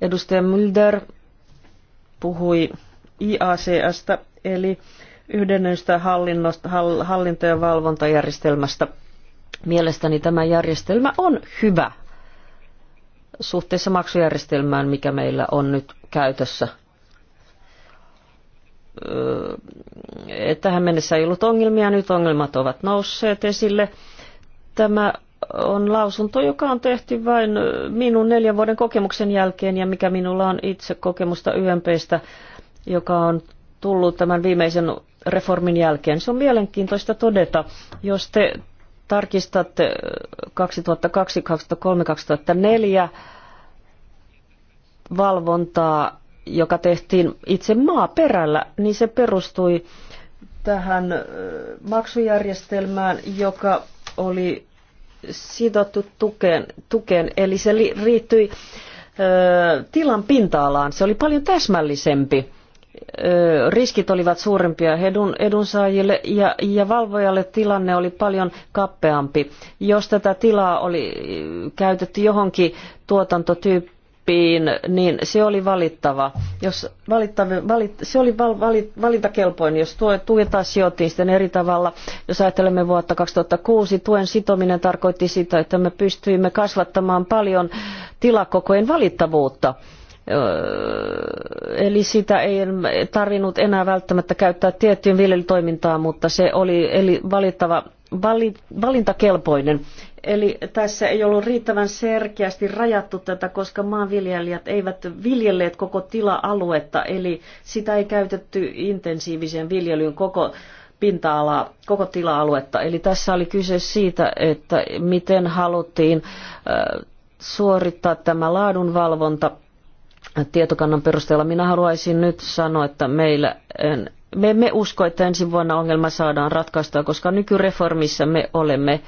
Edustaja Mulder puhui IACstä eli yhdennystä hallinto- ja valvontajärjestelmästä – Mielestäni tämä järjestelmä on hyvä suhteessa maksujärjestelmään, mikä meillä on nyt käytössä. Tähän mennessä ei ollut ongelmia, nyt ongelmat ovat nousseet esille. Tämä on lausunto, joka on tehty vain minun neljän vuoden kokemuksen jälkeen ja mikä minulla on itse kokemusta YMPstä, joka on tullut tämän viimeisen reformin jälkeen. Se on mielenkiintoista todeta, jos te tarkistat 2002, 2003, 2004 valvontaa, joka tehtiin itse maaperällä, niin se perustui tähän maksujärjestelmään, joka oli sidottu tukeen, tukeen eli se liittyi tilan pinta-alaan. Se oli paljon täsmällisempi riskit olivat suurempia edun, edunsaajille ja, ja valvojalle tilanne oli paljon kappeampi. Jos tätä tilaa oli käytetty johonkin tuotantotyyppiin, niin se oli valittava. Jos valittava, valit, se oli val, valit, valintakelpoinen, jos tue, sijoittiin sitten eri tavalla. Jos ajattelemme vuotta 2006, tuen sitominen tarkoitti sitä, että me pystyimme kasvattamaan paljon tilakokojen valittavuutta. Eli sitä ei tarvinnut enää välttämättä käyttää tiettyyn viljelytoimintaan, mutta se oli eli valittava, vali, valintakelpoinen. Eli tässä ei ollut riittävän selkeästi rajattu tätä, koska maanviljelijät eivät viljelleet koko tila-aluetta, eli sitä ei käytetty intensiiviseen viljelyyn koko pinta-alaa, koko tila-aluetta. Eli tässä oli kyse siitä, että miten haluttiin suorittaa tämä laadunvalvonta – tietokannan perusteella. Minä haluaisin nyt sanoa, että meillä me emme usko, että ensi vuonna ongelma saadaan ratkaistua, koska nykyreformissa me olemme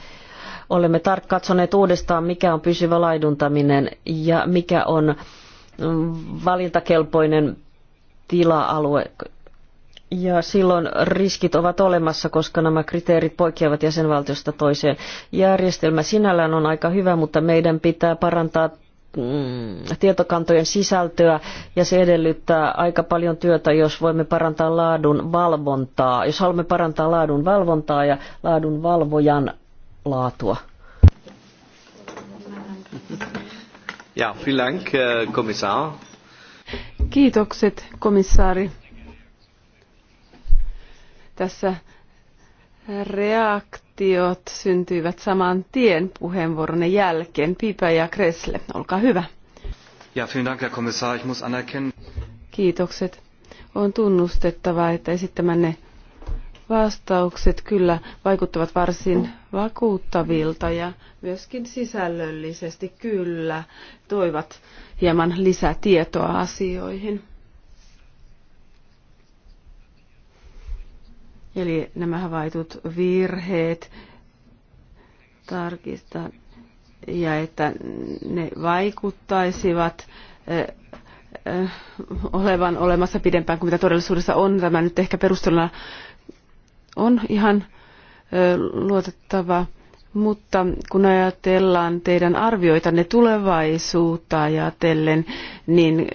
olemme tarkkaan katsoneet uudestaan, mikä on pysyvä laiduntaminen ja mikä on mm, valintakelpoinen tila-alue. Ja silloin riskit ovat olemassa, koska nämä kriteerit poikkeavat jäsenvaltiosta toiseen. Järjestelmä sinällään on aika hyvä, mutta meidän pitää parantaa Mm, tietokantojen sisältöä ja se edellyttää aika paljon työtä, jos voimme parantaa laadun valvontaa, jos haluamme parantaa laadun valvontaa ja laadun valvojan laatua. Ja, Dank, äh, Kiitokset, komissaari. Tässä reaktio reaktiot syntyivät saman tien puheenvuoronne jälkeen. Piipä ja Kresle, olkaa hyvä. Ja, Dank, Herr Kommissar. Ich muss anerkennen. Kiitokset. On tunnustettava, että esittämänne vastaukset kyllä vaikuttavat varsin vakuuttavilta ja myöskin sisällöllisesti kyllä toivat hieman lisätietoa asioihin. Eli nämä havaitut virheet tarkistaa ja että ne vaikuttaisivat eh, eh, olevan olemassa pidempään kuin mitä todellisuudessa on. Tämä nyt ehkä perusteluna on ihan eh, luotettava mutta kun ajatellaan teidän arvioitanne tulevaisuutta ajatellen, niin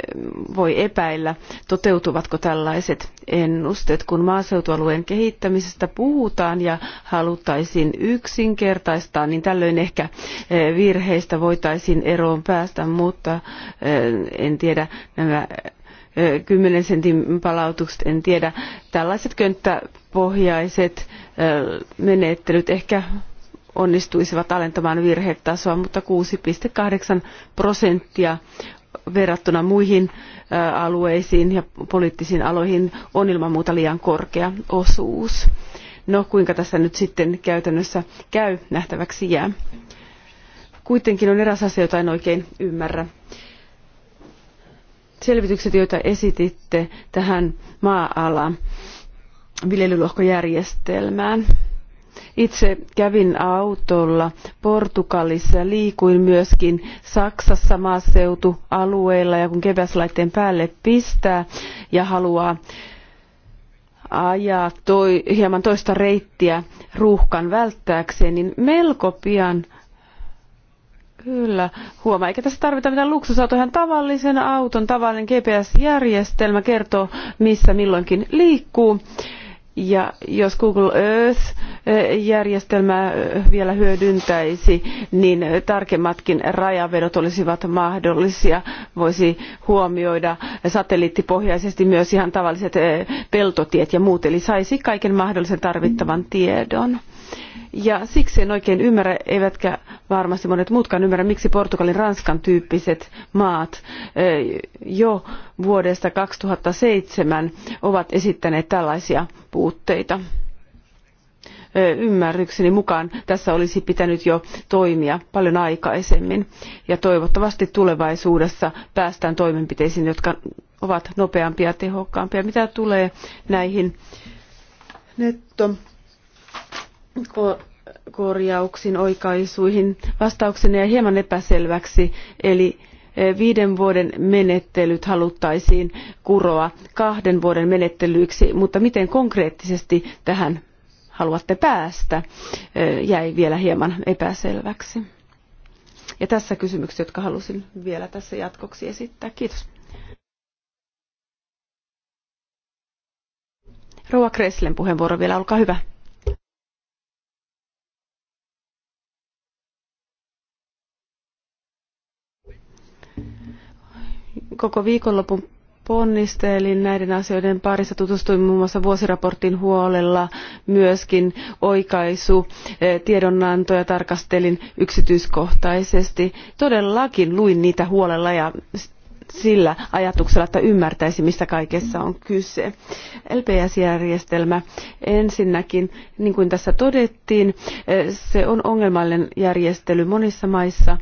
voi epäillä, toteutuvatko tällaiset ennusteet, kun maaseutualueen kehittämisestä puhutaan ja haluttaisiin yksinkertaistaa, niin tällöin ehkä eh, virheistä voitaisiin eroon päästä, mutta eh, en tiedä nämä eh, kymmenen sentin palautukset, en tiedä. Tällaiset könttäpohjaiset menettelyt ehkä onnistuisivat alentamaan virhetasoa, mutta 6,8 prosenttia verrattuna muihin alueisiin ja poliittisiin aloihin on ilman muuta liian korkea osuus. No kuinka tässä nyt sitten käytännössä käy, nähtäväksi jää. Kuitenkin on eräs asia, jota en oikein ymmärrä. Selvitykset, joita esititte tähän maa-ala viljelylohkojärjestelmään, itse kävin autolla Portugalissa ja liikuin myöskin Saksassa maaseutualueilla ja kun keväslaitteen päälle pistää ja haluaa ajaa toi, hieman toista reittiä ruuhkan välttääkseen, niin melko pian Kyllä, huomaa. Eikä tässä tarvita mitään luksusautoa, ihan tavallisen auton, tavallinen GPS-järjestelmä kertoo, missä milloinkin liikkuu. Ja jos Google Earth-järjestelmää eh, eh, vielä hyödyntäisi, niin tarkemmatkin rajavedot olisivat mahdollisia. Voisi huomioida satelliittipohjaisesti myös ihan tavalliset eh, peltotiet ja muut, eli saisi kaiken mahdollisen tarvittavan tiedon. Ja siksi en oikein ymmärrä, eivätkä varmasti monet muutkaan ymmärrä, miksi Portugalin Ranskan tyyppiset maat jo vuodesta seitsemän ovat esittäneet tällaisia puutteita ymmärrykseni mukaan tässä olisi pitänyt jo toimia paljon aikaisemmin ja toivottavasti tulevaisuudessa päästään toimenpiteisiin jotka ovat nopeampia ja tehokkaampia. mitä tulee näihin netto korjauksiin, oikaisuihin vastaukseni jäi hieman epäselväksi, eli eh, viiden vuoden menettelyt haluttaisiin kuroa kahden vuoden menettelyiksi, mutta miten konkreettisesti tähän haluatte päästä, eh, jäi vielä hieman epäselväksi. Ja tässä kysymykset, jotka halusin vielä tässä jatkoksi esittää. Kiitos. Rouva Kreslen puheenvuoro vielä, olkaa hyvä. koko viikonlopun ponnistelin näiden asioiden parissa, tutustuin muun muassa vuosiraportin huolella, myöskin oikaisu, eh, tiedonantoja tarkastelin yksityiskohtaisesti. Todellakin luin niitä huolella ja sillä ajatuksella, että ymmärtäisi, mistä kaikessa on kyse. LPS-järjestelmä ensinnäkin, niin kuin tässä todettiin, eh, se on ongelmallinen järjestely monissa maissa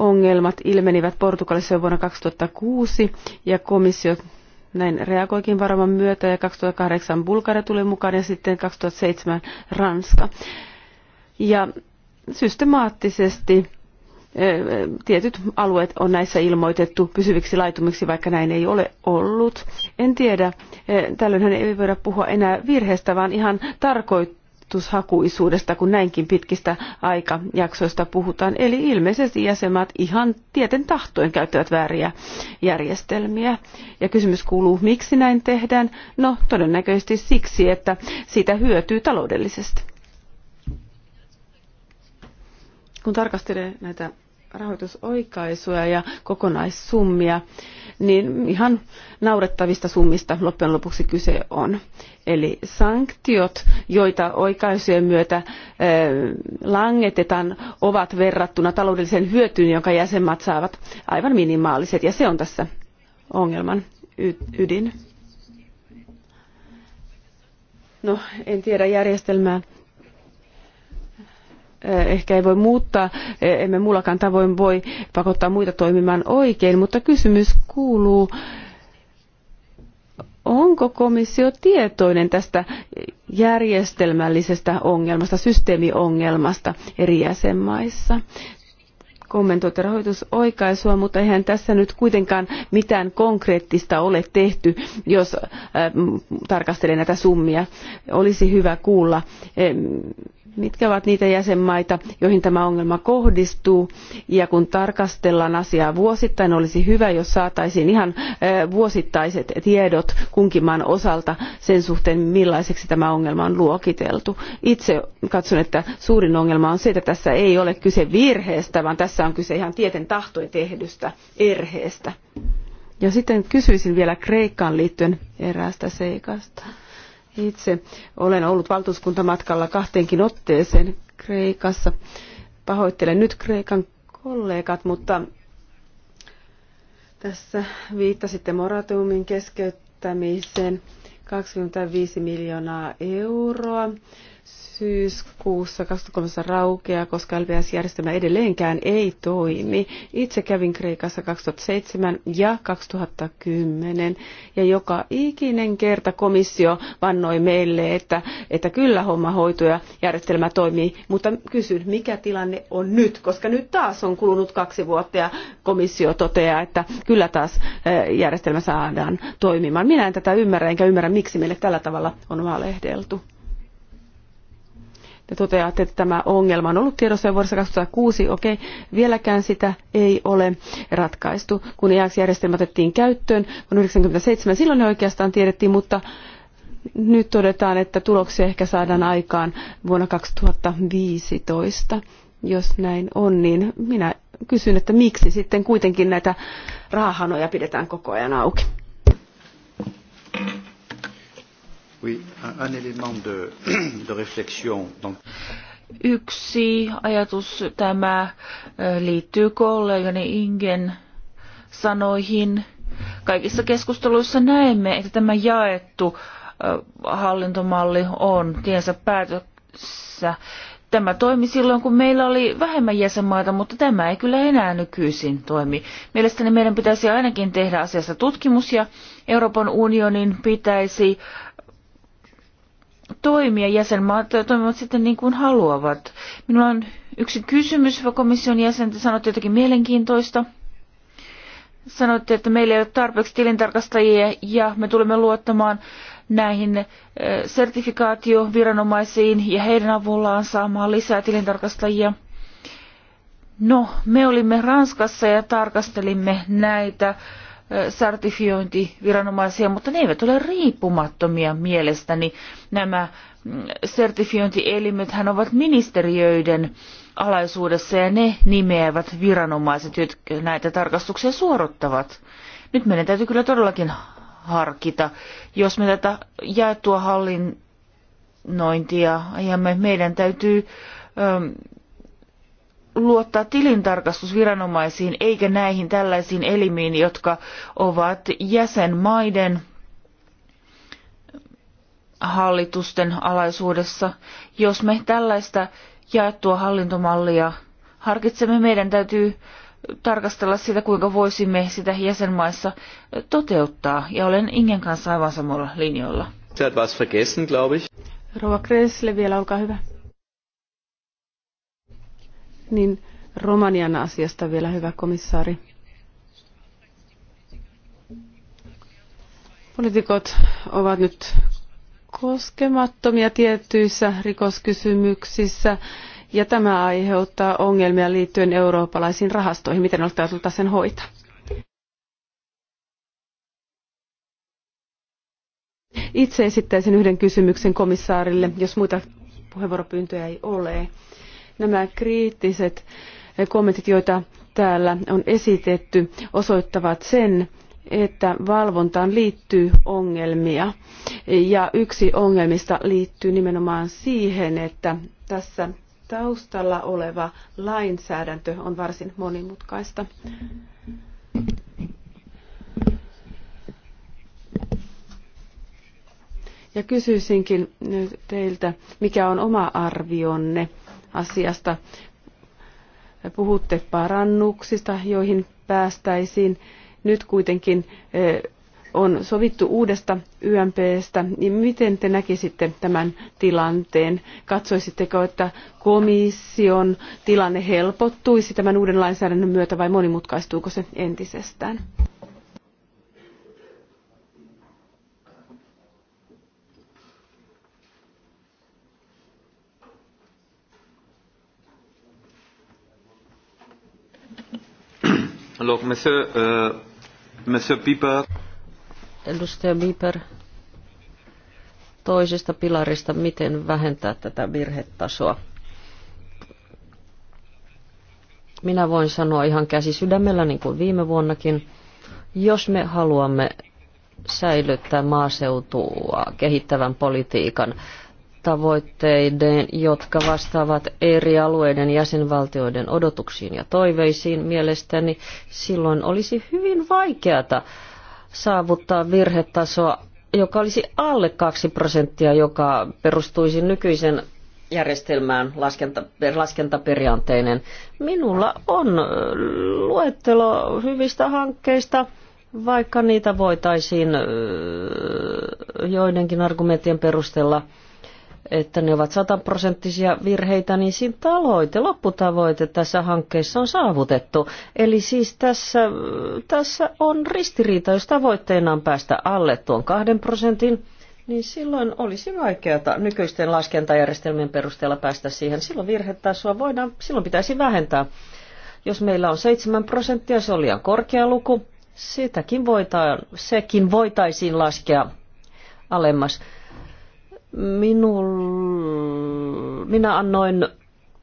ongelmat ilmenivät Portugalissa jo vuonna 2006 ja komissio näin reagoikin varmaan myötä ja 2008 Bulgaria tuli mukaan ja sitten 2007 Ranska. Ja systemaattisesti eh, tietyt alueet on näissä ilmoitettu pysyviksi laitumiksi, vaikka näin ei ole ollut. En tiedä, eh, tällöinhän ei voida puhua enää virheestä, vaan ihan tarkoittaa vaikutushakuisuudesta, kun näinkin pitkistä aikajaksoista puhutaan. Eli ilmeisesti jäsenmaat ihan tieten tahtojen käyttävät vääriä järjestelmiä. Ja kysymys kuuluu, miksi näin tehdään? No todennäköisesti siksi, että siitä hyötyy taloudellisesti. Kun tarkastelee näitä rahoitusoikaisuja ja kokonaissummia, niin ihan naurettavista summista loppujen lopuksi kyse on. Eli sanktiot, joita oikaisujen myötä langetetaan, ovat verrattuna taloudelliseen hyötyyn, jonka jäsenmaat saavat aivan minimaaliset, ja se on tässä ongelman ydin. No, en tiedä järjestelmää Eh, ehkä ei voi muuttaa, eh, emme muullakaan tavoin voi pakottaa muita toimimaan oikein, mutta kysymys kuuluu, onko komissio tietoinen tästä järjestelmällisestä ongelmasta, systeemiongelmasta eri jäsenmaissa? kommentoitte rahoitusoikaisua, mutta eihän tässä nyt kuitenkaan mitään konkreettista ole tehty, jos äh, tarkastelee näitä summia. Olisi hyvä kuulla, mitkä ovat niitä jäsenmaita, joihin tämä ongelma kohdistuu. Ja kun tarkastellaan asiaa vuosittain, olisi hyvä, jos saataisiin ihan vuosittaiset tiedot kunkin maan osalta sen suhteen, millaiseksi tämä ongelma on luokiteltu. Itse katson, että suurin ongelma on se, että tässä ei ole kyse virheestä, vaan tässä on kyse ihan tieten tahtoin tehdystä erheestä. Ja sitten kysyisin vielä Kreikkaan liittyen eräästä seikasta. Itse olen ollut valtuuskuntamatkalla kahteenkin otteeseen Kreikassa. Pahoittelen nyt Kreikan kollegat, mutta tässä viittasitte moratumin keskeyttämiseen 25 miljoonaa euroa syyskuussa 2003 raukeaa, koska LVS-järjestelmä edelleenkään ei toimi. Itse kävin Kreikassa 2007 ja 2010 ja joka ikinen kerta komissio vannoi meille, että, että kyllä homma hoituu ja järjestelmä toimii, mutta kysyn, mikä tilanne on nyt, koska nyt taas on kulunut kaksi vuotta ja komissio toteaa, että kyllä taas eh, järjestelmä saadaan toimimaan. Minä en tätä ymmärrä, enkä ymmärrä, miksi meille tällä tavalla on valehdeltu. Te toteatte, että tämä ongelma on ollut tiedossa jo vuodessa 2006, okei, vieläkään sitä ei ole ratkaistu. Kun EAX-järjestelmä otettiin käyttöön vuonna 1997, silloin oikeastaan tiedettiin, mutta nyt todetaan, että tuloksia ehkä saadaan aikaan vuonna 2015. Jos näin on, niin minä kysyn, että miksi sitten kuitenkin näitä rahahanoja pidetään koko ajan auki. Oui, un, un de, de réflexion. Donc... Yksi ajatus tämä liittyy kollegani Ingen sanoihin. Kaikissa keskusteluissa näemme, että tämä jaettu hallintomalli on tiensä päätössä. Tämä toimi silloin, kun meillä oli vähemmän jäsenmaita, mutta tämä ei kyllä enää nykyisin toimi. Mielestäni meidän pitäisi ainakin tehdä asiasta tutkimus ja Euroopan unionin pitäisi äh, toimia. Jäsenmaat toimivat sitten niin kuin haluavat. Minulla on yksi kysymys, hyvä komission jäsen, te sanotte jotakin mielenkiintoista. Sanoitte, että meillä ei ole tarpeeksi tilintarkastajia ja me tulemme luottamaan näihin eh, sertifikaatioviranomaisiin ja heidän avullaan saamaan lisää tilintarkastajia. No, me olimme Ranskassa ja tarkastelimme näitä sertifiointiviranomaisia, mutta ne eivät ole riippumattomia mielestäni. Nämä mm, sertifiointielimet ovat ministeriöiden alaisuudessa ja ne nimeävät viranomaiset, jotka näitä tarkastuksia suorittavat. Nyt meidän täytyy kyllä todellakin harkita. Jos me tätä jaettua hallinnointia ajamme, meidän täytyy luottaa tilintarkastusviranomaisiin eikä näihin tällaisiin elimiin, jotka ovat jäsenmaiden hallitusten alaisuudessa. Jos me tällaista jaettua hallintomallia harkitsemme, meidän täytyy tarkastella sitä, kuinka voisimme sitä jäsenmaissa toteuttaa. Ja olen Ingen kanssa aivan samalla linjoilla. Rova Kressle vielä, olkaa hyvä. Niin Romanian asiasta vielä hyvä komissaari. Poliitikot ovat nyt koskemattomia tiettyissä rikoskysymyksissä ja tämä aiheuttaa ongelmia liittyen eurooppalaisiin rahastoihin. Miten olette ajatellut sen hoitaa? Itse esittäisin yhden kysymyksen komissaarille, jos muita puheenvuoropyyntöjä ei ole. Nämä kriittiset kommentit, joita täällä on esitetty, osoittavat sen, että valvontaan liittyy ongelmia. Ja yksi ongelmista liittyy nimenomaan siihen, että tässä taustalla oleva lainsäädäntö on varsin monimutkaista. Ja kysyisinkin teiltä, mikä on oma arvionne asiasta. Puhutte parannuksista, joihin päästäisiin. Nyt kuitenkin on sovittu uudesta YMPstä, niin miten te näkisitte tämän tilanteen? Katsoisitteko, että komission tilanne helpottuisi tämän uuden lainsäädännön myötä vai monimutkaistuuko se entisestään? Alors, monsieur, euh, monsieur Piper. Edustaja Piper, toisesta pilarista, miten vähentää tätä virhetasoa? Minä voin sanoa ihan käsi sydämellä, niin kuin viime vuonnakin, jos me haluamme säilyttää maaseutua kehittävän politiikan, tavoitteiden, jotka vastaavat eri alueiden jäsenvaltioiden odotuksiin ja toiveisiin mielestäni, silloin olisi hyvin vaikeata saavuttaa virhetasoa, joka olisi alle 2 prosenttia, joka perustuisi nykyisen järjestelmään laskenta, laskentaperiaanteinen. Minulla on luettelo hyvistä hankkeista, vaikka niitä voitaisiin joidenkin argumenttien perusteella – että ne ovat sataprosenttisia virheitä, niin siinä tavoite, lopputavoite tässä hankkeessa on saavutettu. Eli siis tässä, tässä on ristiriita, jos tavoitteena on päästä alle tuon kahden prosentin, niin silloin olisi vaikeaa nykyisten laskentajärjestelmien perusteella päästä siihen. Silloin virhetasoa voidaan, silloin pitäisi vähentää. Jos meillä on 7 prosenttia, se on liian korkea luku, sitäkin voitaan, sekin voitaisiin laskea alemmas Minul, minä annoin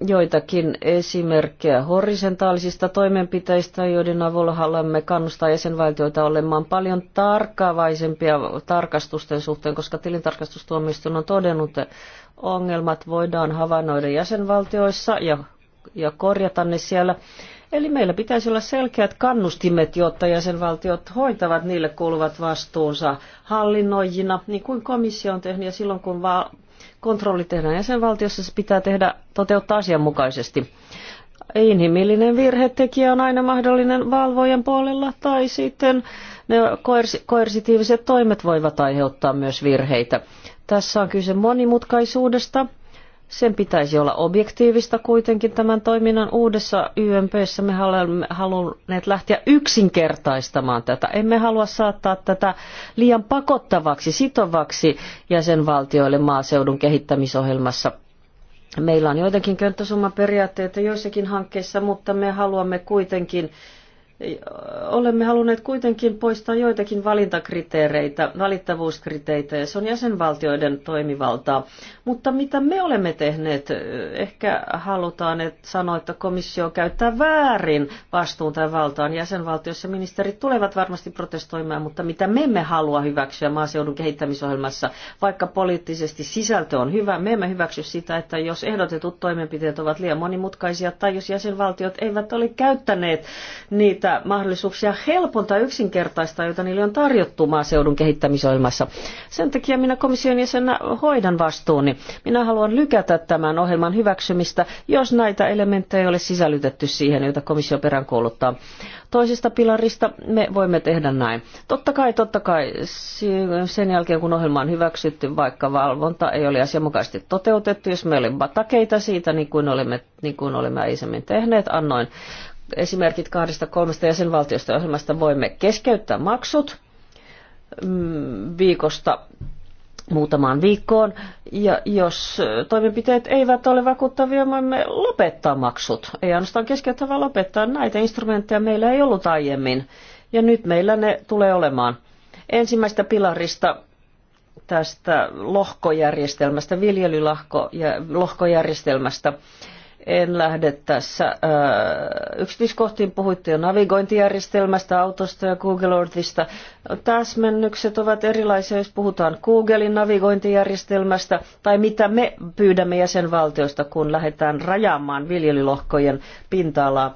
joitakin esimerkkejä horisontaalisista toimenpiteistä, joiden avulla haluamme kannustaa jäsenvaltioita olemaan paljon tarkkaavaisempia tarkastusten suhteen, koska tilintarkastustuomioistuin on todennut, että ongelmat voidaan havainnoida jäsenvaltioissa ja, ja korjata ne siellä. Eli meillä pitäisi olla selkeät kannustimet, jotta jäsenvaltiot hoitavat niille kuuluvat vastuunsa hallinnoijina, niin kuin komissio on tehnyt, ja silloin kun vaan kontrolli tehdään jäsenvaltiossa, se pitää tehdä, toteuttaa asianmukaisesti. Inhimillinen virhetekijä on aina mahdollinen valvojen puolella, tai sitten ne koersitiiviset toimet voivat aiheuttaa myös virheitä. Tässä on kyse monimutkaisuudesta, sen pitäisi olla objektiivista kuitenkin tämän toiminnan uudessa YMPssä. Me olemme halunneet lähteä yksinkertaistamaan tätä. Emme halua saattaa tätä liian pakottavaksi, sitovaksi jäsenvaltioille maaseudun kehittämisohjelmassa. Meillä on joitakin könttäsummaperiaatteita joissakin hankkeissa, mutta me haluamme kuitenkin olemme halunneet kuitenkin poistaa joitakin valintakriteereitä, valittavuuskriteitä, ja se on jäsenvaltioiden toimivaltaa. Mutta mitä me olemme tehneet? Ehkä halutaan että sanoa, että komissio käyttää väärin vastuun tai valtaan. Jäsenvaltioissa ministerit tulevat varmasti protestoimaan, mutta mitä me emme halua hyväksyä maaseudun kehittämisohjelmassa, vaikka poliittisesti sisältö on hyvä, me emme hyväksy sitä, että jos ehdotetut toimenpiteet ovat liian monimutkaisia tai jos jäsenvaltiot eivät ole käyttäneet niitä, niitä mahdollisuuksia helponta yksinkertaista, joita niille on tarjottu maaseudun kehittämisohjelmassa. Sen takia minä komission jäsenä hoidan vastuuni. Minä haluan lykätä tämän ohjelman hyväksymistä, jos näitä elementtejä ei ole sisällytetty siihen, joita komissio peräänkuuluttaa. Toisesta pilarista me voimme tehdä näin. Totta kai, totta kai, sen jälkeen kun ohjelma on hyväksytty, vaikka valvonta ei ole asianmukaisesti toteutettu, jos me olemme takeita siitä, niin kuin olemme, niin kuin olemme aiemmin tehneet, annoin esimerkit kahdesta kolmesta jäsenvaltiosta ohjelmasta voimme keskeyttää maksut mm, viikosta muutamaan viikkoon. Ja jos toimenpiteet eivät ole vakuuttavia, voimme lopettaa maksut. Ei ainoastaan keskeyttää, vaan lopettaa. Näitä instrumentteja meillä ei ollut aiemmin. Ja nyt meillä ne tulee olemaan. Ensimmäistä pilarista tästä lohkojärjestelmästä, viljelylohkojärjestelmästä. Viljelylohko- ja lohkojärjestelmästä en lähde tässä äh, yksityiskohtiin. Puhuitte jo navigointijärjestelmästä, autosta ja Google Earthista. Täsmennykset ovat erilaisia, jos puhutaan Googlein navigointijärjestelmästä tai mitä me pyydämme jäsenvaltiosta, kun lähdetään rajaamaan viljelylohkojen pinta-alaa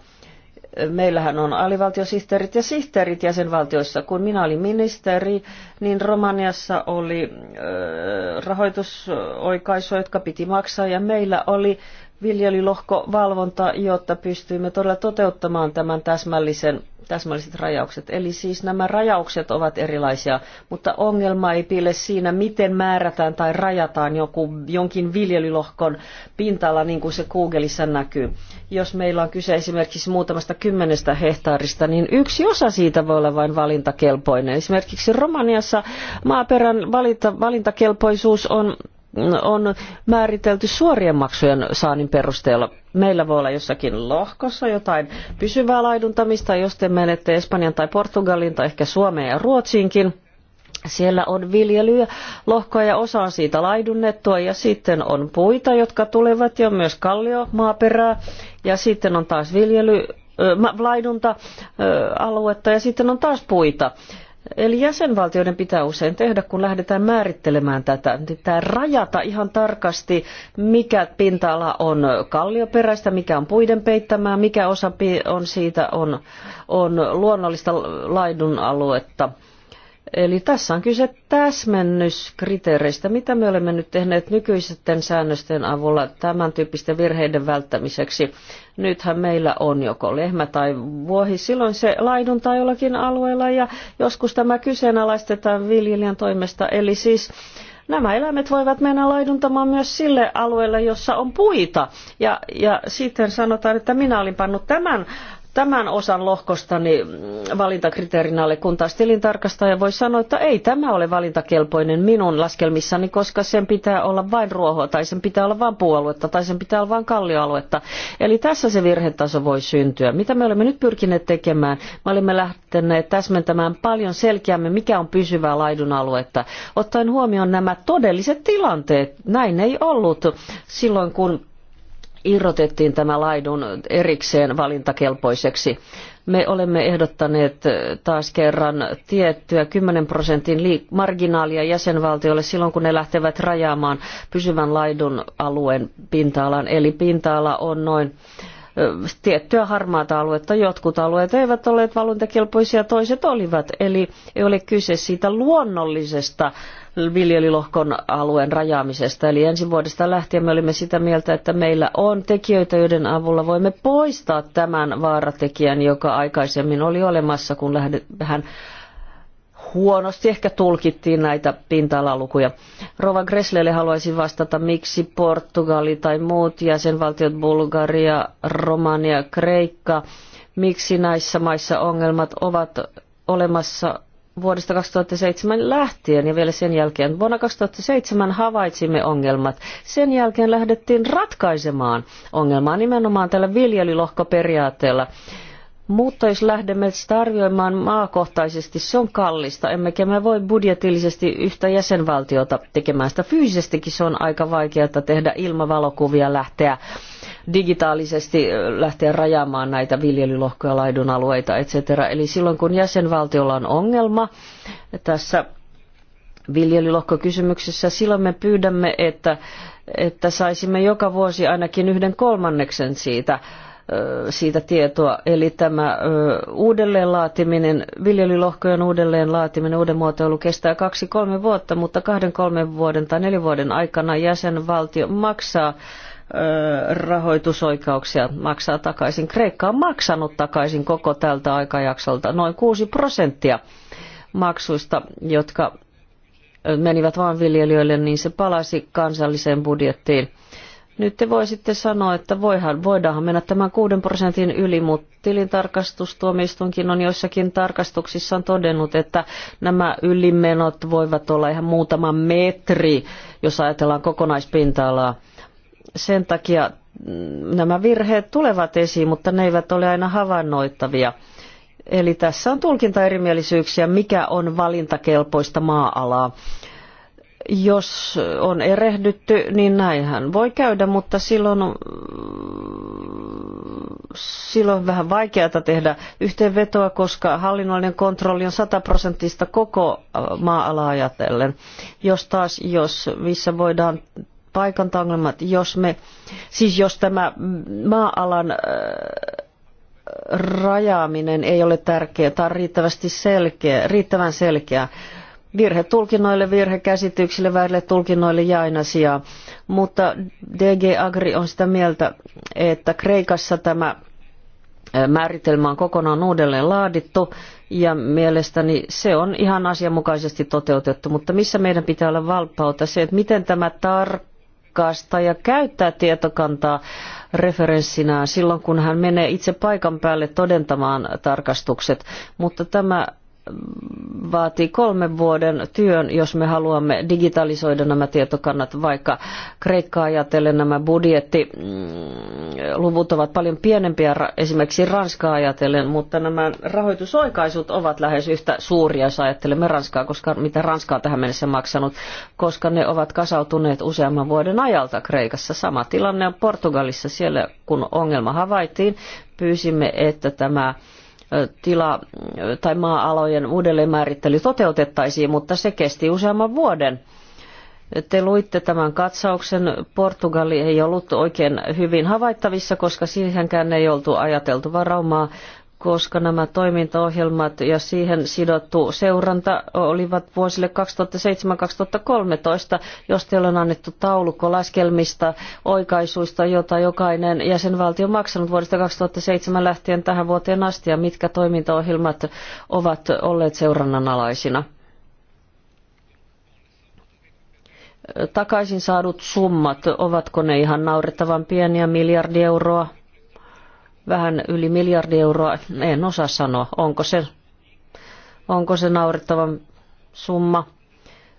meillähän on alivaltiosihteerit ja sihteerit jäsenvaltioissa. Kun minä olin ministeri, niin Romaniassa oli äh, rahoitusoikaisu, jotka piti maksaa, ja meillä oli viljelylohkovalvonta, jotta pystyimme todella toteuttamaan tämän täsmällisen, täsmälliset rajaukset. Eli siis nämä rajaukset ovat erilaisia, mutta ongelma ei piile siinä, miten määrätään tai rajataan joku, jonkin viljelylohkon pinta-ala, niin kuin se Googleissa näkyy. Jos meillä on kyse esimerkiksi muutamasta kymmenestä hehtaarista, niin yksi osa siitä voi olla vain valintakelpoinen. Esimerkiksi Romaniassa maaperän valinta, valintakelpoisuus on on määritelty suorien maksujen saannin perusteella. Meillä voi olla jossakin lohkossa jotain pysyvää laiduntamista, jos te menette Espanjan tai Portugalin tai ehkä Suomeen ja Ruotsiinkin. Siellä on viljelyä, lohkoa ja osa on siitä laidunnettua ja sitten on puita, jotka tulevat ja myös kallio, maaperää ja sitten on taas viljely, laidunta aluetta ja sitten on taas puita. Eli jäsenvaltioiden pitää usein tehdä, kun lähdetään määrittelemään tätä. Pitää rajata ihan tarkasti, mikä pinta-ala on kallioperäistä, mikä on puiden peittämää, mikä osa on siitä on, on luonnollista laidun aluetta. Eli tässä on kyse täsmennyskriteereistä, mitä me olemme nyt tehneet nykyisten säännösten avulla tämän tyyppisten virheiden välttämiseksi. Nythän meillä on joko lehmä tai vuohi, silloin se laidunta jollakin alueella ja joskus tämä kyseenalaistetaan viljelijän toimesta. Eli siis nämä eläimet voivat mennä laiduntamaan myös sille alueelle, jossa on puita. Ja, ja sitten sanotaan, että minä olin pannut tämän tämän osan lohkostani valintakriteerinä, kun taas tilintarkastaja voi sanoa, että ei tämä ole valintakelpoinen minun laskelmissani, koska sen pitää olla vain ruohoa, tai sen pitää olla vain puoluetta, tai sen pitää olla vain kallioaluetta. Eli tässä se virhetaso voi syntyä. Mitä me olemme nyt pyrkineet tekemään? Me olemme lähteneet täsmentämään paljon selkeämmin, mikä on pysyvää laidunaluetta, ottaen huomioon nämä todelliset tilanteet. Näin ei ollut silloin, kun irrotettiin tämä laidun erikseen valintakelpoiseksi. Me olemme ehdottaneet eh, taas kerran tiettyä 10 prosentin marginaalia jäsenvaltioille silloin, kun ne lähtevät rajaamaan pysyvän laidun alueen pinta-alan. Eli pinta-ala on noin eh, tiettyä harmaata aluetta. Jotkut alueet eivät olleet valintakelpoisia, toiset olivat. Eli ei ole kyse siitä luonnollisesta viljelylohkon alueen rajaamisesta. Eli ensi vuodesta lähtien me olimme sitä mieltä, että meillä on tekijöitä, joiden avulla voimme poistaa tämän vaaratekijän, joka aikaisemmin oli olemassa, kun lähdet, vähän huonosti ehkä tulkittiin näitä pinta-alalukuja. Rova Greslelle haluaisin vastata, miksi Portugali tai muut jäsenvaltiot, Bulgaria, Romania, Kreikka, miksi näissä maissa ongelmat ovat olemassa vuodesta 2007 lähtien ja vielä sen jälkeen. Vuonna 2007 havaitsimme ongelmat. Sen jälkeen lähdettiin ratkaisemaan ongelmaa nimenomaan tällä viljelylohkoperiaatteella. Mutta jos lähdemme sitä arvioimaan maakohtaisesti, se on kallista, emmekä me voi budjetillisesti yhtä jäsenvaltiota tekemään sitä. Fyysisestikin se on aika vaikeaa tehdä ilmavalokuvia lähteä digitaalisesti lähteä rajaamaan näitä viljelylohkoja, laidunalueita, etc. Eli silloin kun jäsenvaltiolla on ongelma tässä viljelylohkokysymyksessä, silloin me pyydämme, että, että saisimme joka vuosi ainakin yhden kolmanneksen siitä siitä tietoa. Eli tämä uudelleenlaatiminen, viljelylohkojen uudelleenlaatiminen, uuden muotoilu kestää kaksi-kolme vuotta, mutta kahden, kolmen vuoden tai neljän vuoden aikana jäsenvaltio maksaa rahoitusoikeuksia maksaa takaisin. Kreikka on maksanut takaisin koko tältä aikajaksolta noin 6 prosenttia maksuista, jotka menivät vain viljelijöille, niin se palasi kansalliseen budjettiin. Nyt te voisitte sanoa, että voihan, voidaanhan mennä tämän 6 prosentin yli, mutta tilintarkastustuomioistuinkin on joissakin tarkastuksissaan todennut, että nämä ylimenot voivat olla ihan muutama metri, jos ajatellaan kokonaispinta-alaa sen takia mm, nämä virheet tulevat esiin, mutta ne eivät ole aina havainnoittavia. Eli tässä on tulkintaerimielisyyksiä, mikä on valintakelpoista maa-alaa. Jos on erehdytty, niin näinhän voi käydä, mutta silloin on, silloin on vähän vaikeaa tehdä yhteenvetoa, koska hallinnollinen kontrolli on sataprosenttista koko maa-alaa ajatellen. Jos taas, jos missä voidaan paikantaongelmat, jos me, siis jos tämä maa-alan äh, rajaaminen ei ole tärkeä tai riittävästi selkeä, riittävän selkeä. Virhe tulkinnoille, virhe käsityksille, väärille tulkinnoille ja aina sijaa. Mutta DG Agri on sitä mieltä, että Kreikassa tämä äh, määritelmä on kokonaan uudelleen laadittu ja mielestäni se on ihan asianmukaisesti toteutettu, mutta missä meidän pitää olla valppautta se, että miten tämä tar- tehokkaasta ja käyttää tietokantaa referenssinä silloin, kun hän menee itse paikan päälle todentamaan tarkastukset. Mutta tämä vaatii kolmen vuoden työn, jos me haluamme digitalisoida nämä tietokannat, vaikka Kreikkaa ajatellen nämä budjettiluvut ovat paljon pienempiä esimerkiksi Ranskaa ajatellen, mutta nämä rahoitusoikaisut ovat lähes yhtä suuria, jos ajattelemme Ranskaa, koska mitä Ranska on tähän mennessä maksanut, koska ne ovat kasautuneet useamman vuoden ajalta Kreikassa. Sama tilanne on Portugalissa siellä, kun ongelma havaittiin, pyysimme, että tämä tila- tai maa-alojen uudelleenmäärittely toteutettaisiin, mutta se kesti useamman vuoden. Te luitte tämän katsauksen. Portugali ei ollut oikein hyvin havaittavissa, koska siihenkään ei oltu ajateltu varaumaa koska nämä toimintaohjelmat ja siihen sidottu seuranta olivat vuosille 2007-2013, jos on annettu taulukko laskelmista, oikaisuista, jota jokainen jäsenvaltio on maksanut vuodesta 2007 lähtien tähän vuoteen asti ja mitkä toimintaohjelmat ovat olleet seurannan alaisina. Takaisin saadut summat, ovatko ne ihan naurettavan pieniä miljardi euroa, vähän yli miljardi euroa. En osaa sanoa, onko se, onko se naurettava summa.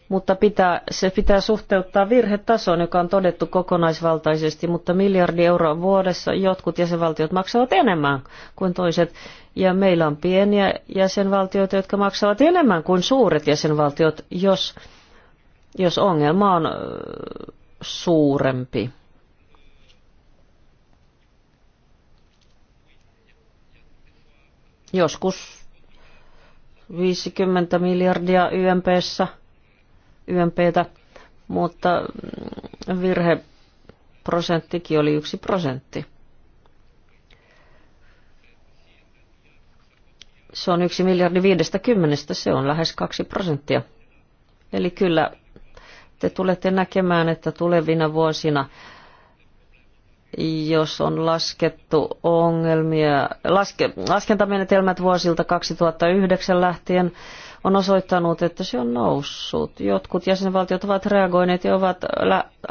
Mutta pitää, se pitää suhteuttaa virhetasoon, joka on todettu kokonaisvaltaisesti, mutta miljardi euroa vuodessa jotkut jäsenvaltiot maksavat enemmän kuin toiset. Ja meillä on pieniä jäsenvaltioita, jotka maksavat enemmän kuin suuret jäsenvaltiot, jos, jos ongelma on suurempi. joskus 50 miljardia YMPssä, YMPtä, mutta virheprosenttikin oli yksi prosentti. Se on yksi miljardi viidestä kymmenestä, se on lähes kaksi prosenttia. Eli kyllä te tulette näkemään, että tulevina vuosina jos on laskettu ongelmia, laske, laskentamenetelmät vuosilta 2009 lähtien on osoittanut, että se on noussut. Jotkut jäsenvaltiot ovat reagoineet ja ovat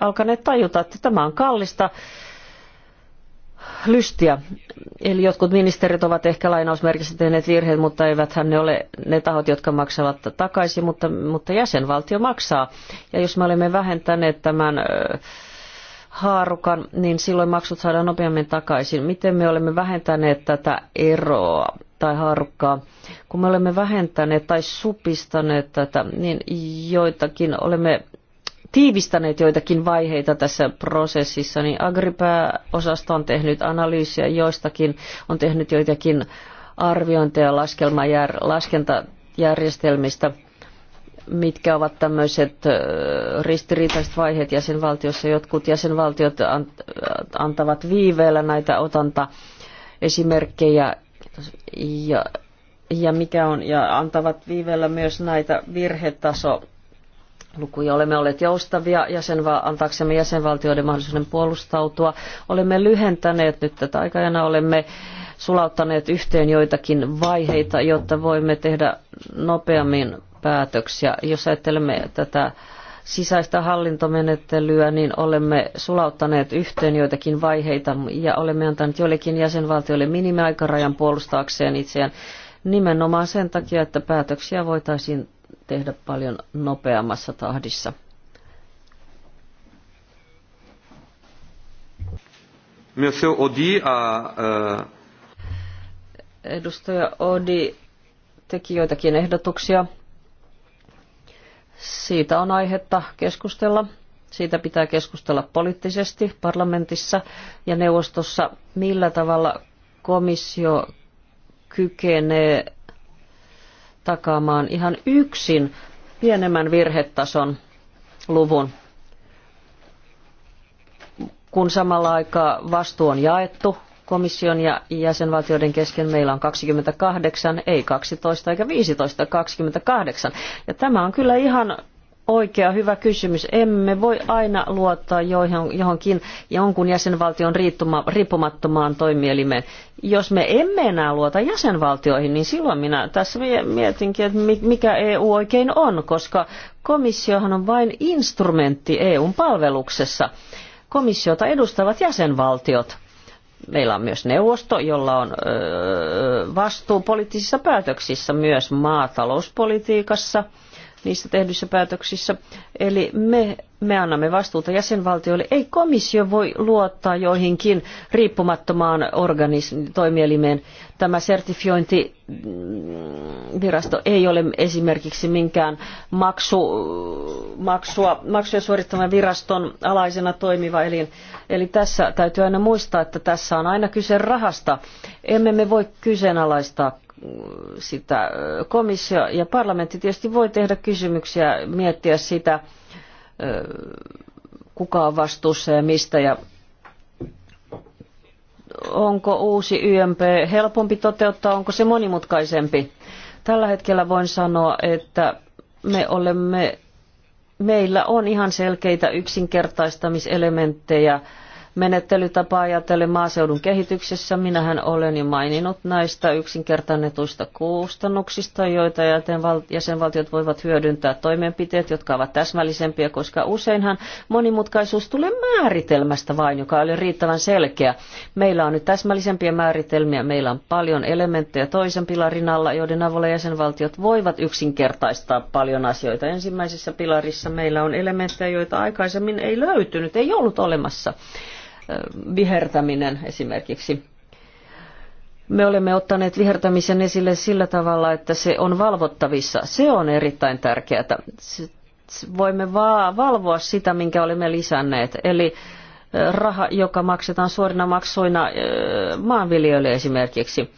alkaneet tajuta, että tämä on kallista lystiä. Eli jotkut ministerit ovat ehkä lainausmerkissä tehneet virheet, mutta eivät ne ole ne tahot, jotka maksavat takaisin, mutta, mutta jäsenvaltio maksaa. Ja jos me olemme vähentäneet tämän öö, haarukan, niin silloin maksut saadaan nopeammin takaisin. Miten me olemme vähentäneet tätä eroa tai haarukkaa? Kun me olemme vähentäneet tai supistaneet tätä, niin joitakin olemme tiivistäneet joitakin vaiheita tässä prosessissa, niin Agripää-osasto on tehnyt analyysiä joistakin, on tehnyt joitakin arviointeja laskelmajär, laskentajärjestelmistä – mitkä ovat tämmöiset ristiriitaiset vaiheet jäsenvaltiossa. Jotkut jäsenvaltiot antavat viiveellä näitä otanta esimerkkejä ja, ja, mikä on, ja antavat viiveellä myös näitä virhetaso lukuja. Olemme olleet joustavia jäsenva- antaaksemme jäsenvaltioiden mahdollisuuden puolustautua. Olemme lyhentäneet nyt tätä aikajana, olemme sulauttaneet yhteen joitakin vaiheita, jotta voimme tehdä nopeammin päätöksiä. Jos ajattelemme tätä sisäistä hallintomenettelyä, niin olemme sulauttaneet yhteen joitakin vaiheita ja olemme antaneet joillekin jäsenvaltioille minimiaikarajan puolustaakseen itseään nimenomaan sen takia, että päätöksiä voitaisiin tehdä paljon nopeammassa tahdissa. Monsieur ODI, a, uh, uh, Edustaja Odi teki joitakin ehdotuksia siitä on aihetta keskustella. Siitä pitää keskustella poliittisesti parlamentissa ja neuvostossa, millä tavalla komissio kykenee takaamaan ihan yksin pienemmän virhetason luvun, kun samalla aikaa vastuu on jaettu komission ja jäsenvaltioiden kesken meillä on 28, ei 12 eikä 15, 28. Ja tämä on kyllä ihan oikea hyvä kysymys. Emme voi aina luottaa johonkin jonkun jäsenvaltion riippumattomaan toimielimeen. Jos me emme enää luota jäsenvaltioihin, niin silloin minä tässä mietinkin, että mikä EU oikein on, koska komissiohan on vain instrumentti EUn palveluksessa. Komissiota edustavat jäsenvaltiot Meillä on myös neuvosto, jolla on vastuu poliittisissa päätöksissä myös maatalouspolitiikassa – niistä tehdyissä päätöksissä. Eli me, me annamme vastuuta jäsenvaltioille. Ei komissio voi luottaa joihinkin riippumattomaan organism- toimielimeen. Tämä sertifiointivirasto ei ole esimerkiksi minkään maksu, maksua, maksuja suorittavan viraston alaisena toimiva elin. Eli tässä täytyy aina muistaa, että tässä on aina kyse rahasta. Emme me voi kyseenalaistaa sitä komissio ja parlamentti tietysti voi tehdä kysymyksiä, miettiä sitä, kuka on vastuussa ja mistä ja onko uusi YMP helpompi toteuttaa, onko se monimutkaisempi. Tällä hetkellä voin sanoa, että me olemme, meillä on ihan selkeitä yksinkertaistamiselementtejä menettelytapa ajatellen maaseudun kehityksessä. Minähän olen jo maininnut näistä yksinkertainetuista kustannuksista, joita jäsenvaltiot voivat hyödyntää toimenpiteet, jotka ovat täsmällisempiä, koska useinhan monimutkaisuus tulee määritelmästä vain, joka oli riittävän selkeä. Meillä on nyt täsmällisempiä määritelmiä, meillä on paljon elementtejä toisen pilarin alla, joiden avulla jäsenvaltiot voivat yksinkertaistaa paljon asioita. Ensimmäisessä pilarissa meillä on elementtejä, joita aikaisemmin ei löytynyt, ei ollut olemassa vihertäminen esimerkiksi. Me olemme ottaneet vihertämisen esille sillä tavalla, että se on valvottavissa. Se on erittäin tärkeää. Voimme vaan valvoa sitä, minkä olemme lisänneet. Eli eh, raha, joka maksetaan suorina maksoina eh, maanviljelijöille esimerkiksi.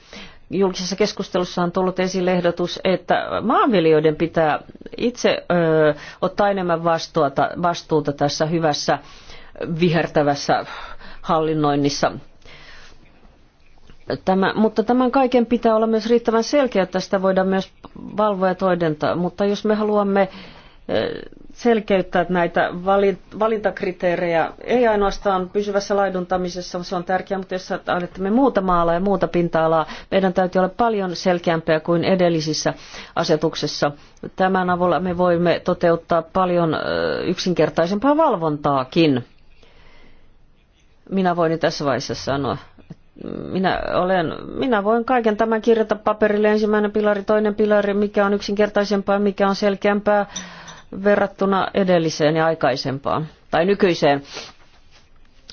Julkisessa keskustelussa on tullut esille ehdotus, että maanviljelijöiden pitää itse eh, ottaa enemmän vastuuta, vastuuta tässä hyvässä vihertävässä hallinnoinnissa. Tämä, mutta tämän kaiken pitää olla myös riittävän selkeä, että sitä voidaan myös valvoa ja toidentaa. Mutta jos me haluamme eh, selkeyttää näitä valintakriteerejä, ei ainoastaan pysyvässä laiduntamisessa, se on tärkeää, mutta jos ajattelemme muuta maalaa ja muuta pinta-alaa, meidän täytyy olla paljon selkeämpiä kuin edellisissä asetuksissa. Tämän avulla me voimme toteuttaa paljon eh, yksinkertaisempaa valvontaakin minä voin tässä vaiheessa sanoa, minä, olen, minä voin kaiken tämän kirjata paperille, ensimmäinen pilari, toinen pilari, mikä on yksinkertaisempaa, mikä on selkeämpää verrattuna edelliseen ja aikaisempaan, tai nykyiseen.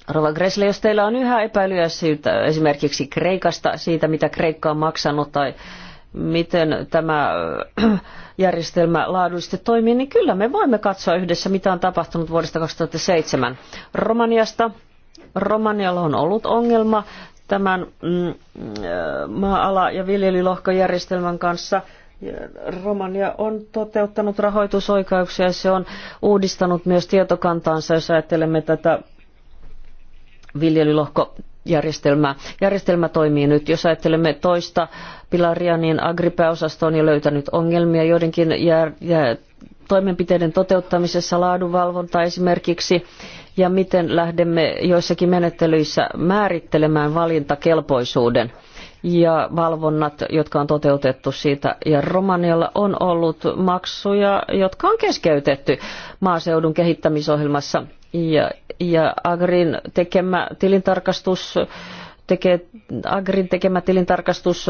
Rova Gressle, jos teillä on yhä epäilyä siitä, esimerkiksi Kreikasta, siitä mitä Kreikka on maksanut tai miten tämä järjestelmä laadullisesti toimii, niin kyllä me voimme katsoa yhdessä, mitä on tapahtunut vuodesta 2007. Romaniasta Romanialla on ollut ongelma tämän mm, äh, maa-ala- ja viljelylohkojärjestelmän kanssa. Romania on toteuttanut rahoitusoikeuksia ja se on uudistanut myös tietokantaansa, jos ajattelemme tätä viljelylohkojärjestelmää. Järjestelmä toimii nyt. Jos ajattelemme toista pilaria, niin Agripe-osasto on jo löytänyt ongelmia joidenkin jär, jär, toimenpiteiden toteuttamisessa, laadunvalvonta esimerkiksi ja miten lähdemme joissakin menettelyissä määrittelemään valintakelpoisuuden ja valvonnat, jotka on toteutettu siitä. Ja Romanialla on ollut maksuja, jotka on keskeytetty maaseudun kehittämisohjelmassa. Ja, ja Agrin tekemä tilintarkastus tekee, Agrin tekemä tilintarkastus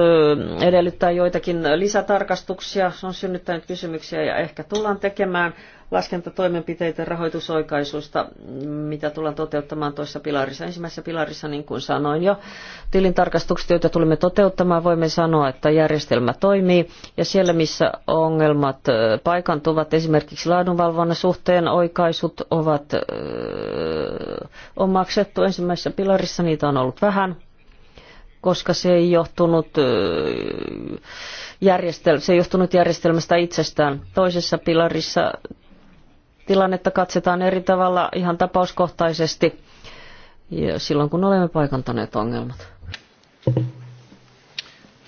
edellyttää joitakin lisätarkastuksia. Se on synnyttänyt kysymyksiä ja ehkä tullaan tekemään laskentatoimenpiteiden rahoitusoikaisuista, mitä tullaan toteuttamaan toisessa pilarissa. Ensimmäisessä pilarissa, niin kuin sanoin jo, tilintarkastukset, joita tulemme toteuttamaan, voimme sanoa, että järjestelmä toimii. Ja siellä, missä ongelmat paikantuvat, esimerkiksi laadunvalvonnan suhteen oikaisut ovat, on maksettu ensimmäisessä pilarissa, niitä on ollut vähän koska se ei johtunut, järjestel- se ei johtunut järjestelmästä itsestään. Toisessa pilarissa tilannetta katsotaan eri tavalla ihan tapauskohtaisesti ja silloin, kun olemme paikantaneet ongelmat.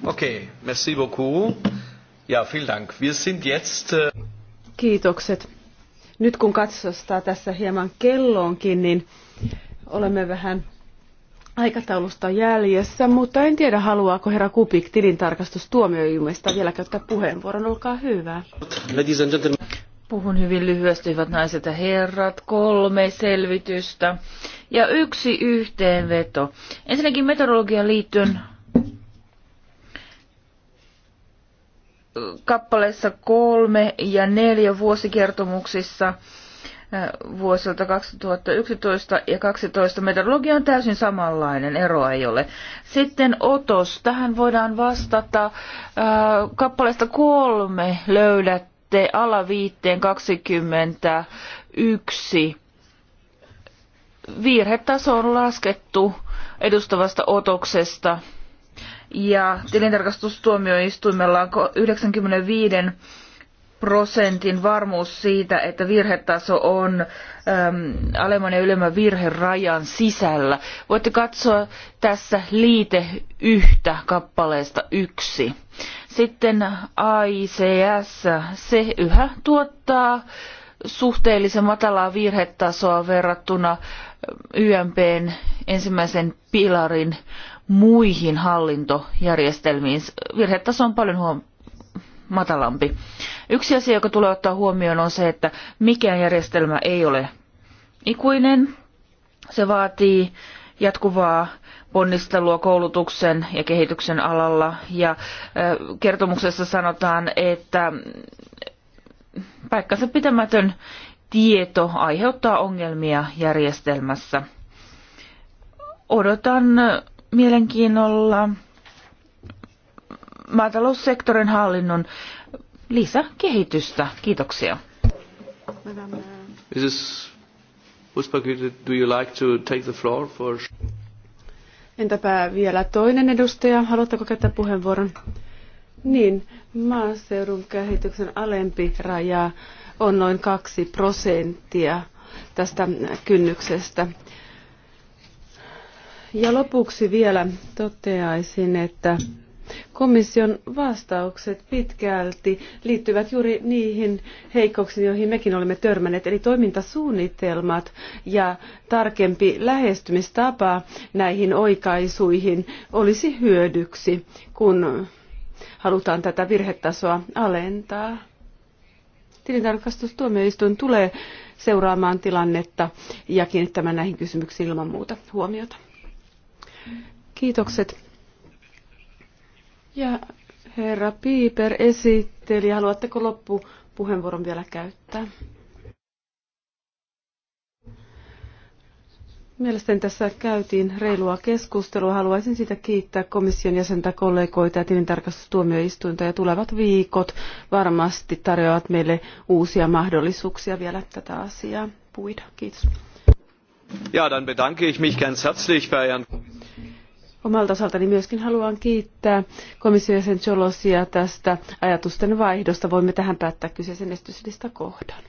Okei, okay, merci beaucoup. Ja, vielen Dank. Wir sind jetzt... Äh, Kiitokset. Nyt kun katsostaa tässä hieman kelloonkin, niin olemme vähän aikataulusta jäljessä, mutta en tiedä haluaako herra Kupik tilintarkastustuomioistuimesta vielä käyttää puheenvuoron. Olkaa hyvä. Puhun hyvin lyhyesti, hyvät naiset ja herrat. Kolme selvitystä ja yksi yhteenveto. Ensinnäkin meteorologian liittyen kappaleessa kolme ja neljä vuosikertomuksissa äh, vuosilta 2011 ja 2012 meteorologia on täysin samanlainen, eroa ei ole. Sitten otos, tähän voidaan vastata. Äh, kappaleesta kolme löydät viitte, alaviitteen 21. Virhetaso on laskettu edustavasta otoksesta ja tilintarkastustuomioistuimella on 95 prosentin varmuus siitä, että virhetaso on äm, alemman ja ylemmän virherajan sisällä. Voitte katsoa tässä liite yhtä kappaleesta yksi. Sitten AICS, se yhä tuottaa suhteellisen matalaa virhetasoa verrattuna YMPn ensimmäisen pilarin muihin hallintojärjestelmiin. Virhetaso on paljon huom- matalampi. Yksi asia, joka tulee ottaa huomioon, on se, että mikään järjestelmä ei ole ikuinen. Se vaatii jatkuvaa ponnistelua koulutuksen ja kehityksen alalla. Ja kertomuksessa sanotaan, että paikkansa pitämätön tieto aiheuttaa ongelmia järjestelmässä. Odotan mielenkiinnolla maataloussektorin hallinnon lisäkehitystä. Kiitoksia. Madame. Is uh, this, do you like to take the floor for... Entäpä vielä toinen edustaja? Haluatteko käyttää puheenvuoron? Niin, maaseudun kehityksen alempi raja on noin kaksi prosenttia tästä kynnyksestä. Ja lopuksi vielä toteaisin, että Komission vastaukset pitkälti liittyvät juuri niihin heikkouksiin, joihin mekin olemme törmänneet, eli toimintasuunnitelmat ja tarkempi lähestymistapa näihin oikaisuihin olisi hyödyksi, kun halutaan tätä virhetasoa alentaa. Tilintarkastustuomioistuin tulee seuraamaan tilannetta ja kiinnittämään näihin kysymyksiin ilman muuta huomiota. Kiitokset ja herra Piiper esitteli, haluatteko loppupuheenvuoron vielä käyttää? Mielestäni tässä käytiin reilua keskustelua. Haluaisin sitä kiittää komission jäsentä, kollegoita ja tilintarkastustuomioistuinta. Ja tulevat viikot varmasti tarjoavat meille uusia mahdollisuuksia vielä tätä asiaa puida. Kiitos. Ja, dann bedanke ich mich ganz herzlich bei Herrn Omalta osaltani myöskin haluan kiittää komission jäsen Cholosia tästä ajatusten vaihdosta. Voimme tähän päättää kyseisen esityslistakohdan.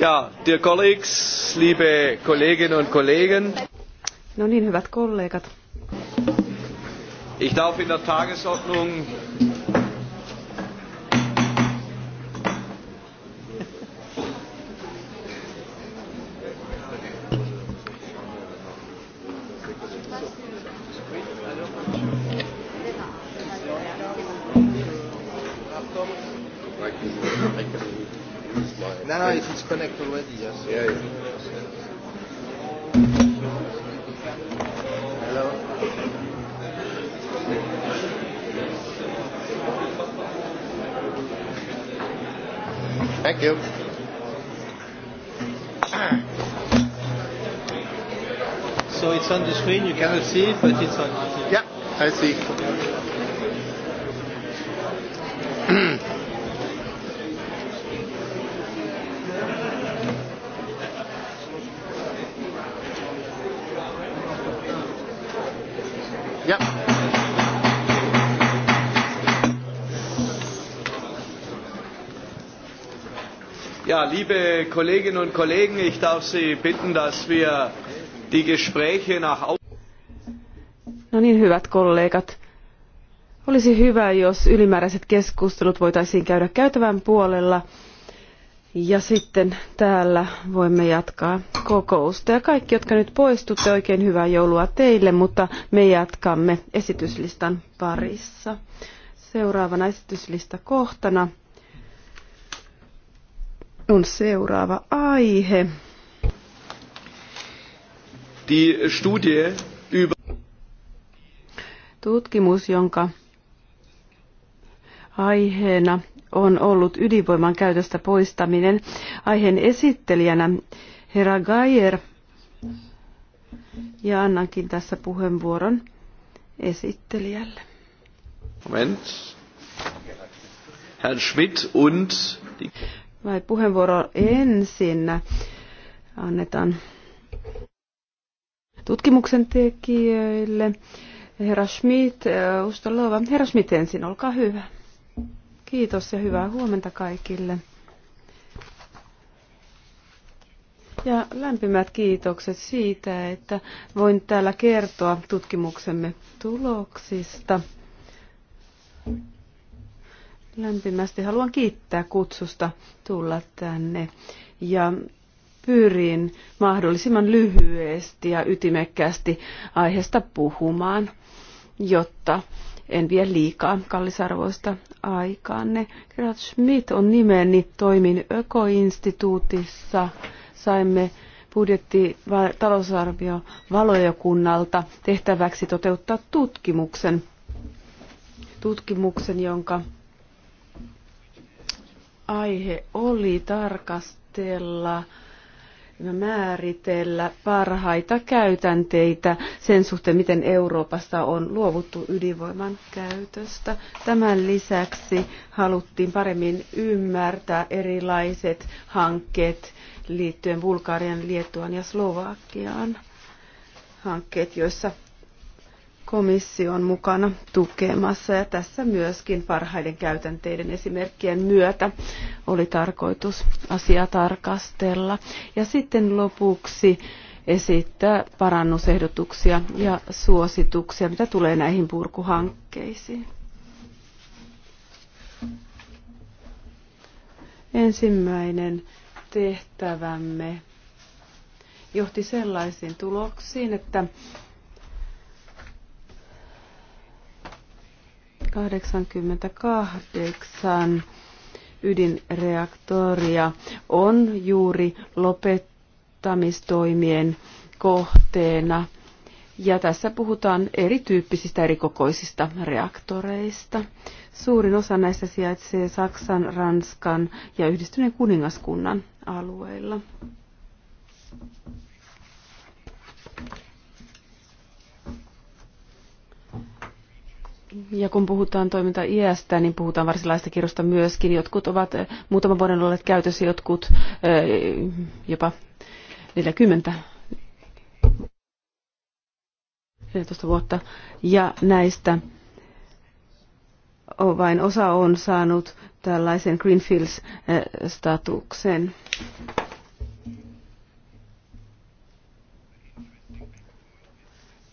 Ja, dear colleagues, liebe Kolleginnen und Kollegen. No niin, hyvät kollegat. Ich darf in der Tagesordnung my. No, no, it's, it's connected already. Yes. Yeah, yeah. Hello. Thank you. So it's on the screen. You cannot see it, but it's on. Yeah, I see. Ja, liebe Kolleginnen und Kollegen, ich darf Sie bitten, dass wir die Gespräche nach No niin, hyvät kollegat. Olisi hyvä, jos ylimääräiset keskustelut voitaisiin käydä käytävän puolella. Ja sitten täällä voimme jatkaa kokousta. Ja kaikki, jotka nyt poistutte, oikein hyvää joulua teille, mutta me jatkamme esityslistan parissa. Seuraavana esityslista kohtana on seuraava aihe. Die Studie über Tutkimus, jonka aiheena on ollut ydinvoiman käytöstä poistaminen. Aiheen esittelijänä herra Geier. Ja annankin tässä puheenvuoron esittelijälle. Moment. Herr Schmidt und die vai puheenvuoro ensin annetaan tutkimuksen tekijöille. Herra Schmidt, äh, Ustalova. Herra Schmidt ensin, olkaa hyvä. Kiitos ja hyvää huomenta kaikille. Ja lämpimät kiitokset siitä, että voin täällä kertoa tutkimuksemme tuloksista. Lämpimästi haluan kiittää kutsusta tulla tänne ja pyrin mahdollisimman lyhyesti ja ytimekkäästi aiheesta puhumaan, jotta en vie liikaa kallisarvoista aikaanne. Gerard Schmidt on nimeni, toimin Ökoinstituutissa, saimme budjetti talousarvio valojakunnalta tehtäväksi toteuttaa tutkimuksen, tutkimuksen jonka aihe oli tarkastella ja määritellä parhaita käytänteitä sen suhteen, miten Euroopassa on luovuttu ydinvoiman käytöstä. Tämän lisäksi haluttiin paremmin ymmärtää erilaiset hankkeet liittyen Bulgarian, Liettuan ja Slovakian hankkeet, joissa komissio on mukana tukemassa ja tässä myöskin parhaiden käytänteiden esimerkkien myötä oli tarkoitus asiaa tarkastella. Ja sitten lopuksi esittää parannusehdotuksia ja suosituksia, mitä tulee näihin purkuhankkeisiin. Ensimmäinen tehtävämme johti sellaisiin tuloksiin, että 88 ydinreaktoria on juuri lopettamistoimien kohteena. Ja tässä puhutaan erityyppisistä erikokoisista reaktoreista. Suurin osa näistä sijaitsee Saksan, Ranskan ja Yhdistyneen kuningaskunnan alueilla. Ja kun puhutaan toiminta iästä, niin puhutaan varsinlaista kirjosta myöskin. Jotkut ovat muutaman vuoden olleet käytössä, jotkut jopa 40 14 vuotta. Ja näistä vain osa on saanut tällaisen Greenfields-statuksen.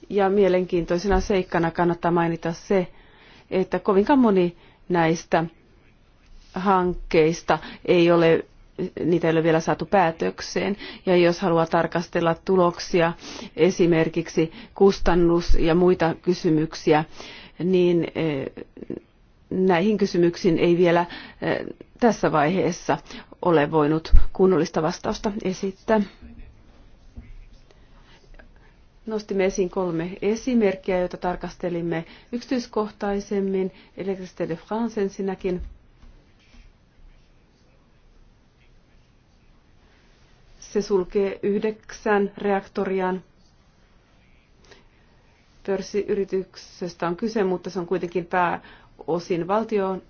Ja mielenkiintoisena seikkana kannattaa mainita se, että kovinkaan moni näistä hankkeista ei ole niitä ei ole vielä saatu päätökseen. Ja jos haluaa tarkastella tuloksia, esimerkiksi kustannus ja muita kysymyksiä, niin eh, näihin kysymyksiin ei vielä eh, tässä vaiheessa ole voinut kunnollista vastausta esittää. Nostimme esiin kolme esimerkkiä, joita tarkastelimme yksityiskohtaisemmin. Electricité de France ensinnäkin. Se sulkee yhdeksän reaktoriaan. Pörssiyrityksestä on kyse, mutta se on kuitenkin pääosin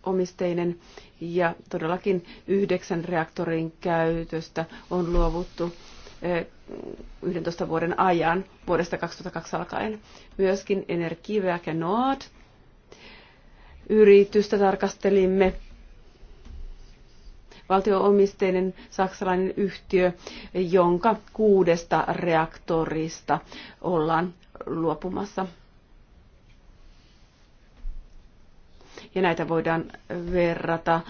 omisteinen ja todellakin yhdeksän reaktorin käytöstä on luovuttu 11 vuoden ajan vuodesta 2002 alkaen. Myöskin Energiewerke Nord yritystä tarkastelimme. Valtioomisteinen saksalainen yhtiö, jonka kuudesta reaktorista ollaan luopumassa ja näitä voidaan verrata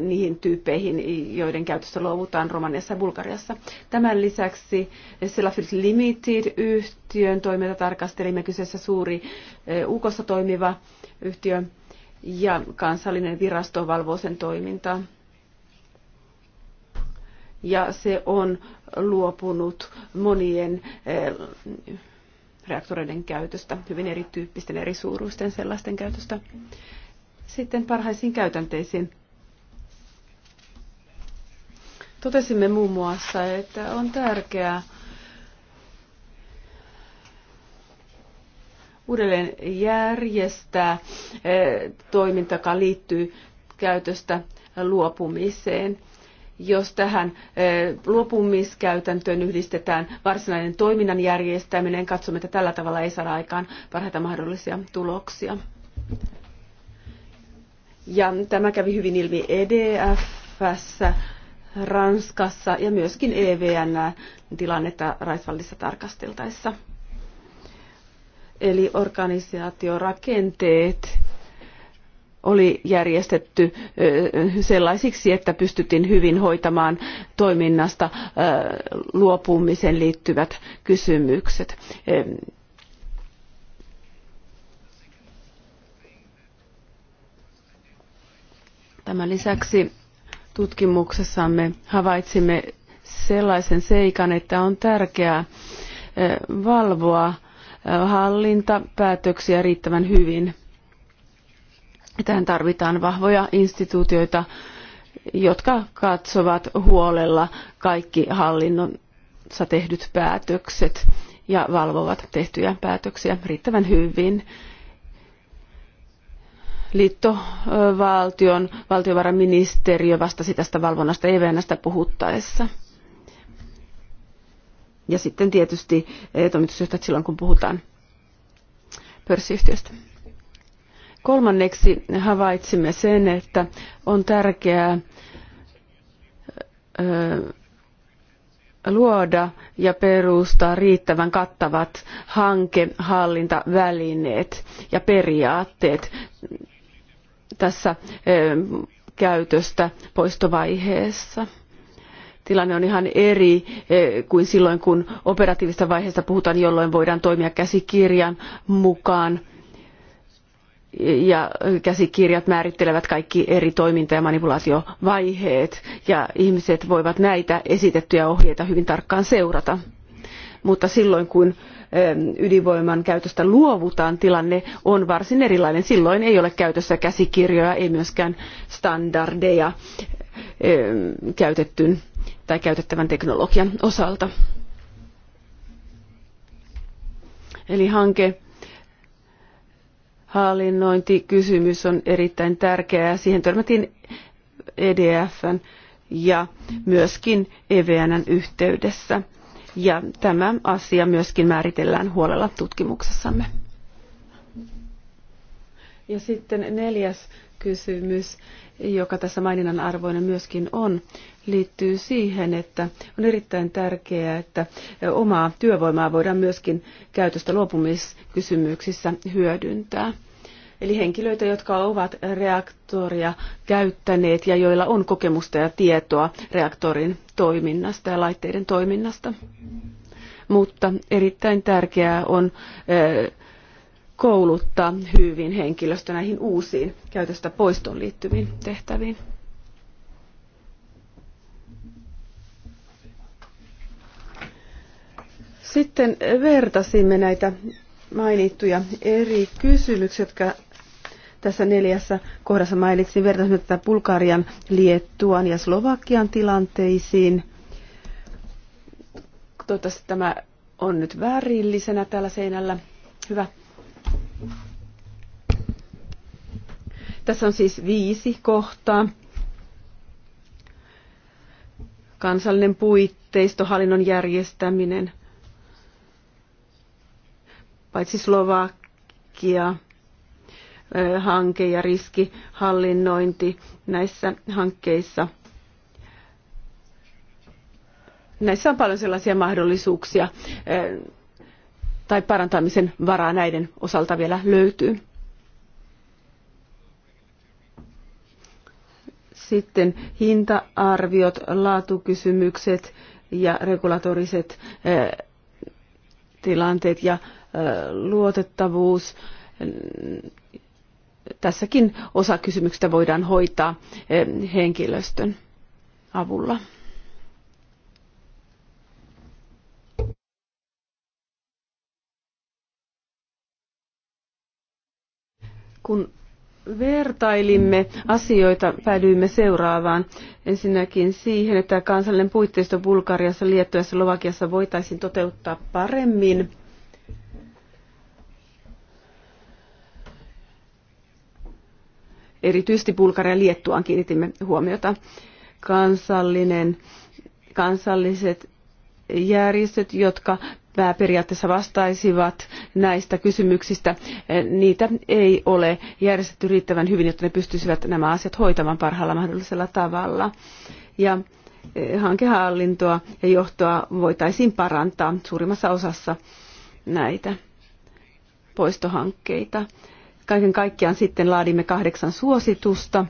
niihin tyyppeihin, joiden käytössä luovutaan Romaniassa ja Bulgariassa. Tämän lisäksi Selafit Limited-yhtiön toiminta tarkastelimme kyseessä suuri UKossa toimiva yhtiö ja kansallinen virasto valvoo sen toimintaa ja se on luopunut monien reaktoreiden käytöstä, hyvin erityyppisten, eri suuruisten sellaisten käytöstä. Sitten parhaisiin käytänteisiin. Totesimme muun muassa, että on tärkeää uudelleen järjestää eh, toiminta, joka liittyy käytöstä luopumiseen. Jos tähän eh, luopumiskäytäntöön yhdistetään varsinainen toiminnan järjestäminen, katsomme, että tällä tavalla ei saada aikaan parhaita mahdollisia tuloksia. Ja tämä kävi hyvin ilmi EDFssä, Ranskassa ja myöskin EVN tilannetta Raisvallissa tarkasteltaessa. Eli organisaatiorakenteet oli järjestetty sellaisiksi, että pystyttiin hyvin hoitamaan toiminnasta luopumiseen liittyvät kysymykset. Tämän lisäksi tutkimuksessamme havaitsimme sellaisen seikan, että on tärkeää eh, valvoa eh, hallintapäätöksiä riittävän hyvin. Tähän tarvitaan vahvoja instituutioita, jotka katsovat huolella kaikki hallinnonsa tehdyt päätökset ja valvovat tehtyjä päätöksiä riittävän hyvin liittovaltion valtiovarainministeriö vastasi tästä valvonnasta EVNstä puhuttaessa. Ja sitten tietysti eh, toimitusjohtajat silloin, kun puhutaan pörssiyhtiöstä. Kolmanneksi havaitsimme sen, että on tärkeää eh, luoda ja perustaa riittävän kattavat hankehallintavälineet ja periaatteet tässä käytöstä poistovaiheessa. Tilanne on ihan eri kuin silloin, kun operatiivista vaiheesta puhutaan, jolloin voidaan toimia käsikirjan mukaan ja käsikirjat määrittelevät kaikki eri toiminta- ja manipulaatiovaiheet ja ihmiset voivat näitä esitettyjä ohjeita hyvin tarkkaan seurata. Mutta silloin kun ydinvoiman käytöstä luovutaan, tilanne on varsin erilainen. Silloin ei ole käytössä käsikirjoja, ei myöskään standardeja käytetyn tai käytettävän teknologian osalta. Eli hanke hallinnointikysymys on erittäin tärkeä ja siihen törmätiin EDFn ja myöskin EVNn yhteydessä ja tämä asia myöskin määritellään huolella tutkimuksessamme. Ja sitten neljäs kysymys, joka tässä maininnan arvoinen myöskin on, liittyy siihen, että on erittäin tärkeää, että omaa työvoimaa voidaan myöskin käytöstä luopumiskysymyksissä hyödyntää. Eli henkilöitä, jotka ovat reaktoria käyttäneet ja joilla on kokemusta ja tietoa reaktorin toiminnasta ja laitteiden toiminnasta. Mutta erittäin tärkeää on kouluttaa hyvin henkilöstö näihin uusiin käytöstä poistoon liittyviin tehtäviin. Sitten vertasimme näitä mainittuja eri kysymyksiä, jotka tässä neljässä kohdassa mainitsin. Vertaisin tätä Bulgarian, Liettuan ja Slovakian tilanteisiin. Toivottavasti tämä on nyt värillisenä täällä seinällä. Hyvä. Tässä on siis viisi kohtaa. Kansallinen puitteisto, hallinnon järjestäminen – paitsi Slovakia, hanke ja riskihallinnointi näissä hankkeissa. Näissä on paljon sellaisia mahdollisuuksia tai parantamisen varaa näiden osalta vielä löytyy. Sitten hinta-arviot, laatukysymykset ja regulatoriset tilanteet ja luotettavuus. Tässäkin osa kysymyksistä voidaan hoitaa henkilöstön avulla. Kun vertailimme asioita, päädyimme seuraavaan. Ensinnäkin siihen, että kansallinen puitteisto Bulgariassa, Liettuassa ja Slovakiassa voitaisiin toteuttaa paremmin. erityisesti Bulgaria ja Liettuaan kiinnitimme huomiota. Kansallinen, kansalliset järjestöt, jotka pääperiaatteessa vastaisivat näistä kysymyksistä, niitä ei ole järjestetty riittävän hyvin, jotta ne pystyisivät nämä asiat hoitamaan parhaalla mahdollisella tavalla. Ja eh, hankehallintoa ja johtoa voitaisiin parantaa suurimmassa osassa näitä poistohankkeita. Kaiken kaikkiaan sitten laadimme kahdeksan suositusta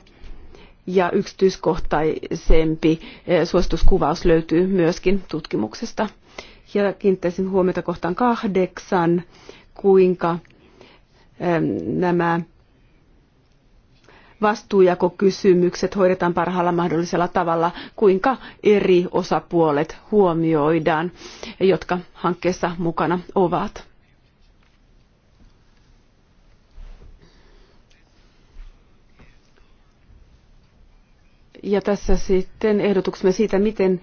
ja yksityiskohtaisempi eh, suosituskuvaus löytyy myöskin tutkimuksesta. Ja kiinnittäisin huomiota kohtaan kahdeksan, kuinka nämä vastuujakokysymykset hoidetaan parhaalla mahdollisella tavalla, kuinka eri osapuolet huomioidaan, jotka hankkeessa mukana ovat. Ja tässä sitten ehdotuksemme siitä, miten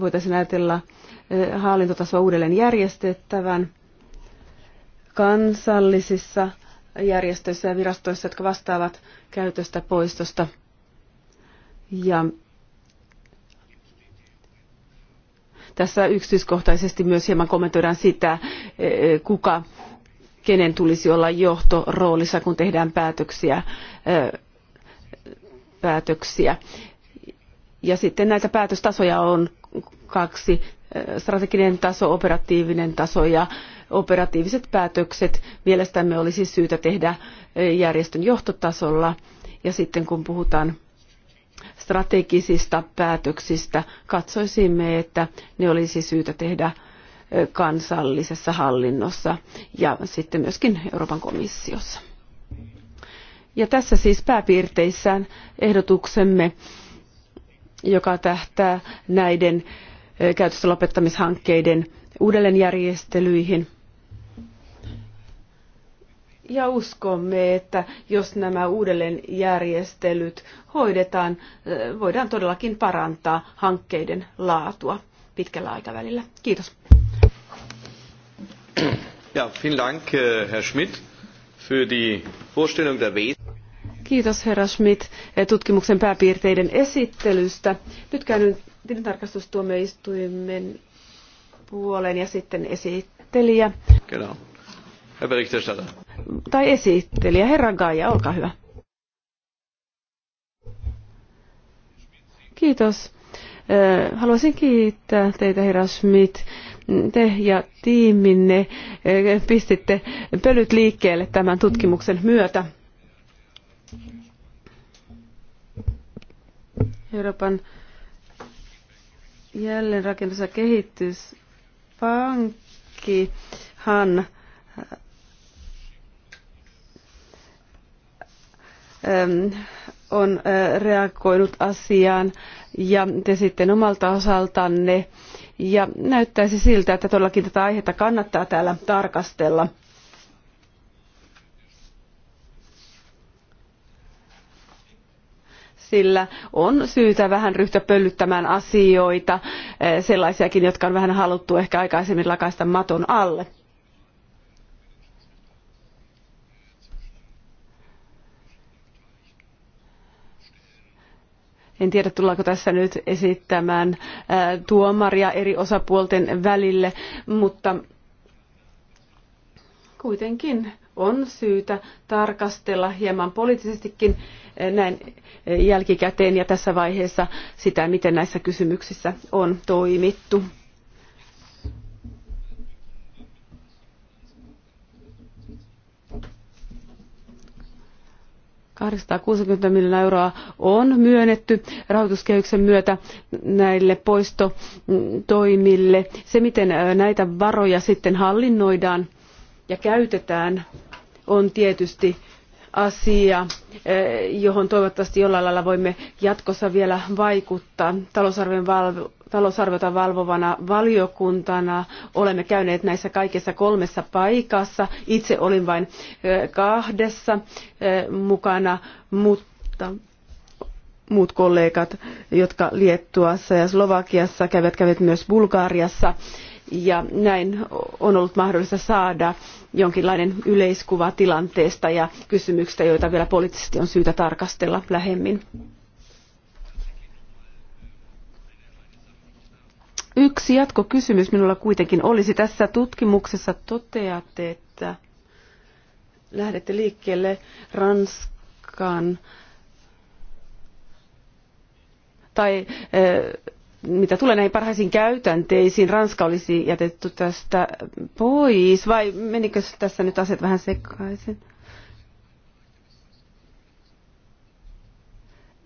voitaisiin ajatella hallintotasoa uudelleen järjestettävän kansallisissa järjestöissä ja virastoissa, jotka vastaavat käytöstä poistosta. Ja tässä yksityiskohtaisesti myös hieman kommentoidaan sitä, kuka, kenen tulisi olla johtoroolissa, kun tehdään päätöksiä päätöksiä. Ja sitten näitä päätöstasoja on kaksi, strateginen taso, operatiivinen taso ja operatiiviset päätökset mielestämme olisi syytä tehdä järjestön johtotasolla. Ja sitten kun puhutaan strategisista päätöksistä, katsoisimme, että ne olisi syytä tehdä kansallisessa hallinnossa ja sitten myöskin Euroopan komissiossa. Ja tässä siis pääpiirteissään ehdotuksemme, joka tähtää näiden käytöstä lopettamishankkeiden uudelleenjärjestelyihin. Ja uskomme, että jos nämä uudelleenjärjestelyt hoidetaan, voidaan todellakin parantaa hankkeiden laatua pitkällä aikavälillä. Kiitos. Ja, vielen Dank, äh, Herr Schmidt für die Vorstellung der Kiitos herra Schmidt eh, tutkimuksen pääpiirteiden esittelystä. Nyt käyn tilintarkastustuomioistuimen puolen ja sitten esittelijä. Genau. Herr Berichterstatter. Tai esittelijä. Herra Gaia, olkaa hyvä. Kiitos. Eh, haluaisin kiittää teitä, herra Schmidt te ja tiiminne eh, pistitte pölyt liikkeelle tämän tutkimuksen myötä. Euroopan jälleenrakennus- ja kehityspankkihan ehm, on eh, reagoinut asiaan ja te sitten omalta osaltanne ja näyttäisi siltä, että todellakin tätä aihetta kannattaa täällä tarkastella. sillä on syytä vähän ryhtyä pöllyttämään asioita, eh, sellaisiakin, jotka on vähän haluttu ehkä aikaisemmin lakaista maton alle. En tiedä, tullaanko tässä nyt esittämään tuomaria eri osapuolten välille, mutta kuitenkin on syytä tarkastella hieman poliittisestikin näin jälkikäteen ja tässä vaiheessa sitä, miten näissä kysymyksissä on toimittu. 860 miljoonaa euroa on myönnetty rahoituskehyksen myötä näille poistotoimille. Se, miten näitä varoja sitten hallinnoidaan ja käytetään, on tietysti asia, eh, johon toivottavasti jollain lailla voimme jatkossa vielä vaikuttaa. talousarviota valvovana valiokuntana olemme käyneet näissä kaikissa kolmessa paikassa. Itse olin vain eh, kahdessa eh, mukana, mutta muut kollegat, jotka Liettuassa ja Slovakiassa kävivät, kävivät myös Bulgariassa ja näin on ollut mahdollista saada jonkinlainen yleiskuva tilanteesta ja kysymyksistä joita vielä poliittisesti on syytä tarkastella lähemmin. Yksi jatkokysymys minulla kuitenkin olisi. Tässä tutkimuksessa toteatte, että lähdette liikkeelle Ranskan tai mitä tulee näihin parhaisiin käytänteisiin, Ranska olisi jätetty tästä pois, vai menikö tässä nyt asiat vähän sekaisin?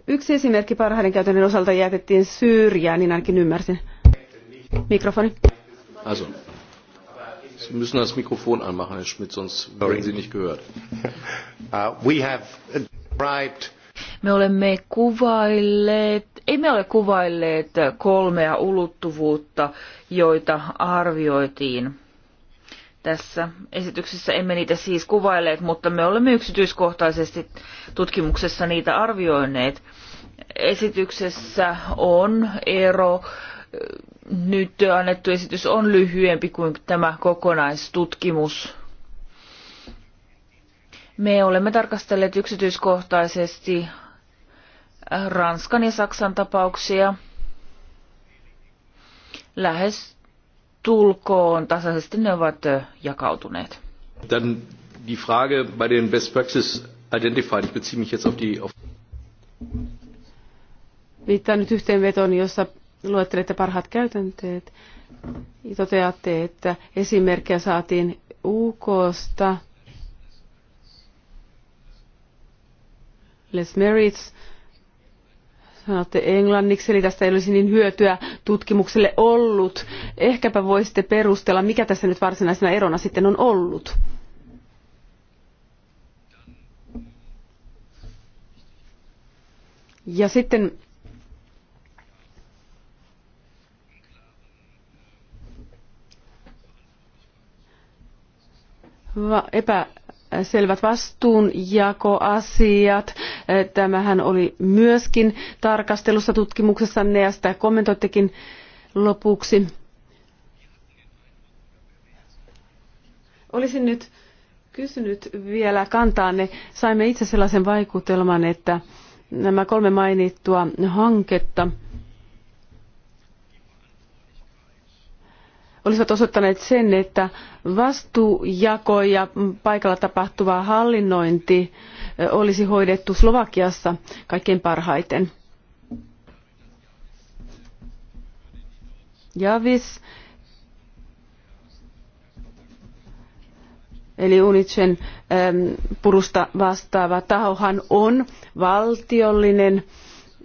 Yksi esimerkki parhaiden käytännön osalta jätettiin Syyriään, niin ainakin ymmärsin. Mikrofoni. Also. Sie müssen das Mikrofon anmachen, Herr Schmidt, sonst werden Sie nicht gehört. Uh, we have described me olemme kuvailleet, emme ole kuvailleet kolmea ulottuvuutta, joita arvioitiin tässä esityksessä. Emme niitä siis kuvailleet, mutta me olemme yksityiskohtaisesti tutkimuksessa niitä arvioineet. Esityksessä on ero nyt annettu esitys on lyhyempi kuin tämä kokonaistutkimus me olemme tarkastelleet yksityiskohtaisesti äh, Ranskan ja Saksan tapauksia lähes tulkoon tasaisesti ne ovat äh, jakautuneet. Dann die Frage bei den Best practices Identified. Ich beziehe mich jetzt auf die... Auf Viittaan nyt yhteenvetoon, jossa luettelette parhaat käytänteet. Toteatte, että esimerkkejä saatiin UKsta, Les Merits, sanotte englanniksi, eli tästä ei olisi niin hyötyä tutkimukselle ollut. Ehkäpä voisitte perustella, mikä tässä nyt varsinaisena erona sitten on ollut. Ja sitten epä selvät vastuunjakoasiat. Tämähän oli myöskin tarkastelussa tutkimuksessanne ja sitä kommentoittekin lopuksi. Olisin nyt kysynyt vielä kantaanne. Saimme itse sellaisen vaikutelman, että nämä kolme mainittua hanketta – olisivat osoittaneet sen, että vastuujako ja paikalla tapahtuva hallinnointi olisi hoidettu Slovakiassa kaikkein parhaiten. Javis, eli Unitsen purusta vastaava tahohan on valtiollinen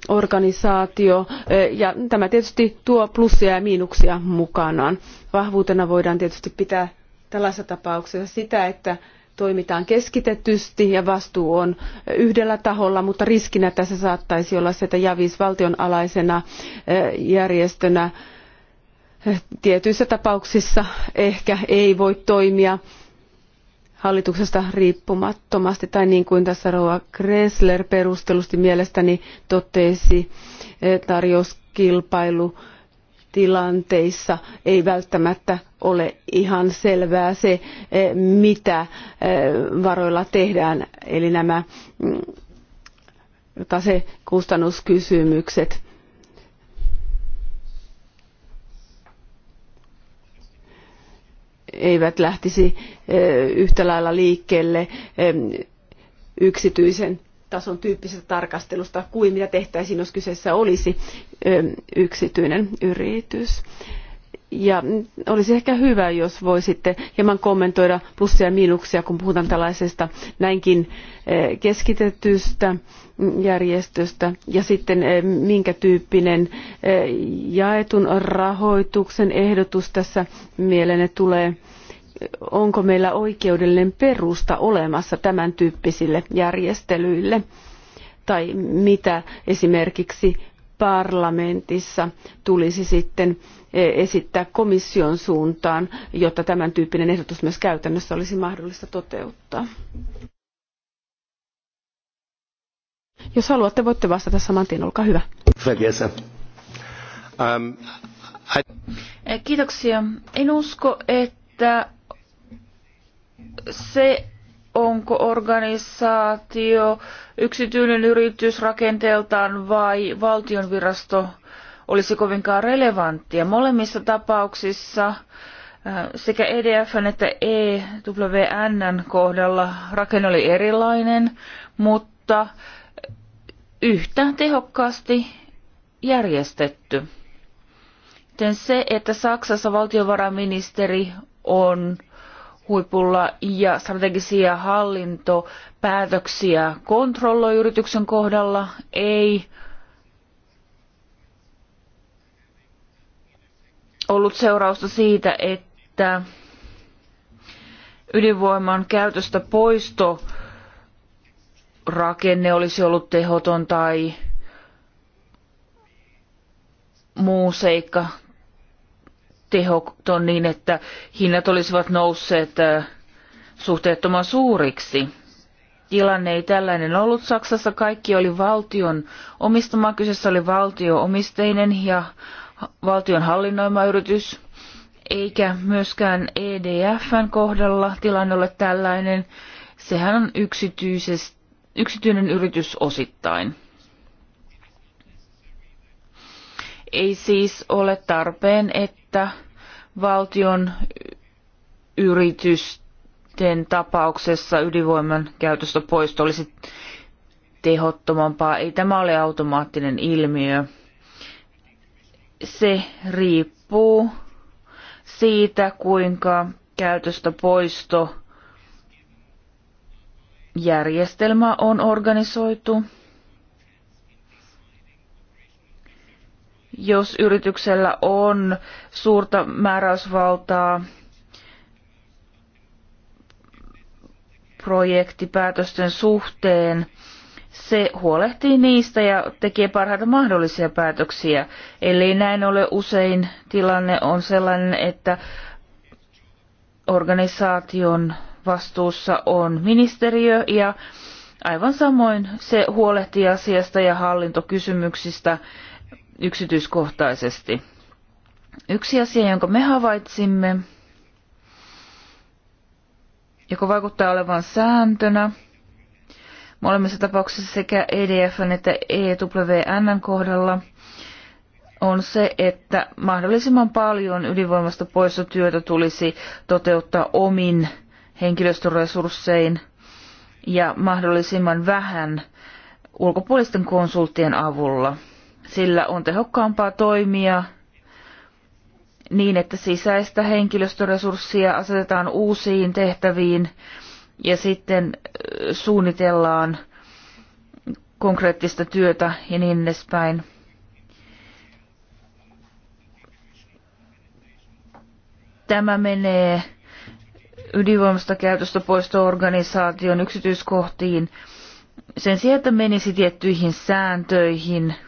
organisaatio e, ja tämä tietysti tuo plussia ja miinuksia mukanaan. Vahvuutena voidaan tietysti pitää tällaisessa tapauksessa sitä, että toimitaan keskitetysti ja vastuu on yhdellä taholla, mutta riskinä tässä saattaisi olla se, että Javis valtionalaisena e, järjestönä e, tietyissä tapauksissa ehkä ei voi toimia hallituksesta riippumattomasti, tai niin kuin tässä Roa Kressler perustelusti mielestäni totesi, e, tarjouskilpailu tilanteissa ei välttämättä ole ihan selvää se, e, mitä e, varoilla tehdään, eli nämä mm, tasekustannuskysymykset eivät lähtisi yhtä lailla liikkeelle yksityisen tason tyyppisestä tarkastelusta kuin mitä tehtäisiin, jos kyseessä olisi yksityinen yritys. Ja olisi ehkä hyvä, jos voisitte hieman kommentoida plussia ja miinuksia, kun puhutaan tällaisesta näinkin eh, keskitetystä järjestöstä ja sitten eh, minkä tyyppinen eh, jaetun rahoituksen ehdotus tässä mielenne tulee. Onko meillä oikeudellinen perusta olemassa tämän tyyppisille järjestelyille? Tai mitä esimerkiksi parlamentissa tulisi sitten eh, esittää komission suuntaan, jotta tämän tyyppinen ehdotus myös käytännössä olisi mahdollista toteuttaa. Jos haluatte, voitte vastata saman tien, olkaa hyvä. Um, eh, kiitoksia. En usko, että se onko organisaatio yksityinen yritys rakenteeltaan vai valtion virasto olisi kovinkaan relevanttia. Molemmissa tapauksissa äh, sekä EDF että EWN kohdalla rakenne oli erilainen, mutta yhtä tehokkaasti järjestetty. Joten se, että Saksassa valtiovarainministeri on huipulla ja strategisia hallintopäätöksiä kontrolloi yrityksen kohdalla, ei ollut seurausta siitä, että ydinvoiman käytöstä poisto rakenne olisi ollut tehoton tai muu seikka tehoton niin, että hinnat olisivat nousseet äh, suhteettoman suuriksi. Tilanne ei tällainen ollut Saksassa. Kaikki oli valtion omistama. Kyseessä oli valtioomisteinen ja valtion hallinnoima yritys. Eikä myöskään EDFn kohdalla tilanne ole tällainen. Sehän on yksityinen yritys osittain. Ei siis ole tarpeen, että valtion yritysten tapauksessa ydinvoiman käytöstä poisto olisi tehottomampaa. Ei tämä ole automaattinen ilmiö. Se riippuu siitä, kuinka käytöstä poisto järjestelmä on organisoitu. jos yrityksellä on suurta määräysvaltaa projektipäätösten suhteen, se huolehtii niistä ja tekee parhaita mahdollisia päätöksiä. Eli näin ole usein tilanne on sellainen, että organisaation vastuussa on ministeriö ja aivan samoin se huolehtii asiasta ja hallintokysymyksistä yksityiskohtaisesti. Yksi asia, jonka me havaitsimme, joka vaikuttaa olevan sääntönä, molemmissa tapauksissa sekä EDFn että EWNn kohdalla, on se, että mahdollisimman paljon ydinvoimasta poistotyötä tulisi toteuttaa omin henkilöstöresurssein ja mahdollisimman vähän ulkopuolisten konsulttien avulla – sillä on tehokkaampaa toimia niin, että sisäistä henkilöstöresurssia asetetaan uusiin tehtäviin ja sitten suunnitellaan konkreettista työtä ja niin edespäin. Tämä menee ydinvoimasta käytöstä poisto-organisaation yksityiskohtiin sen sijaan, että menisi tiettyihin sääntöihin –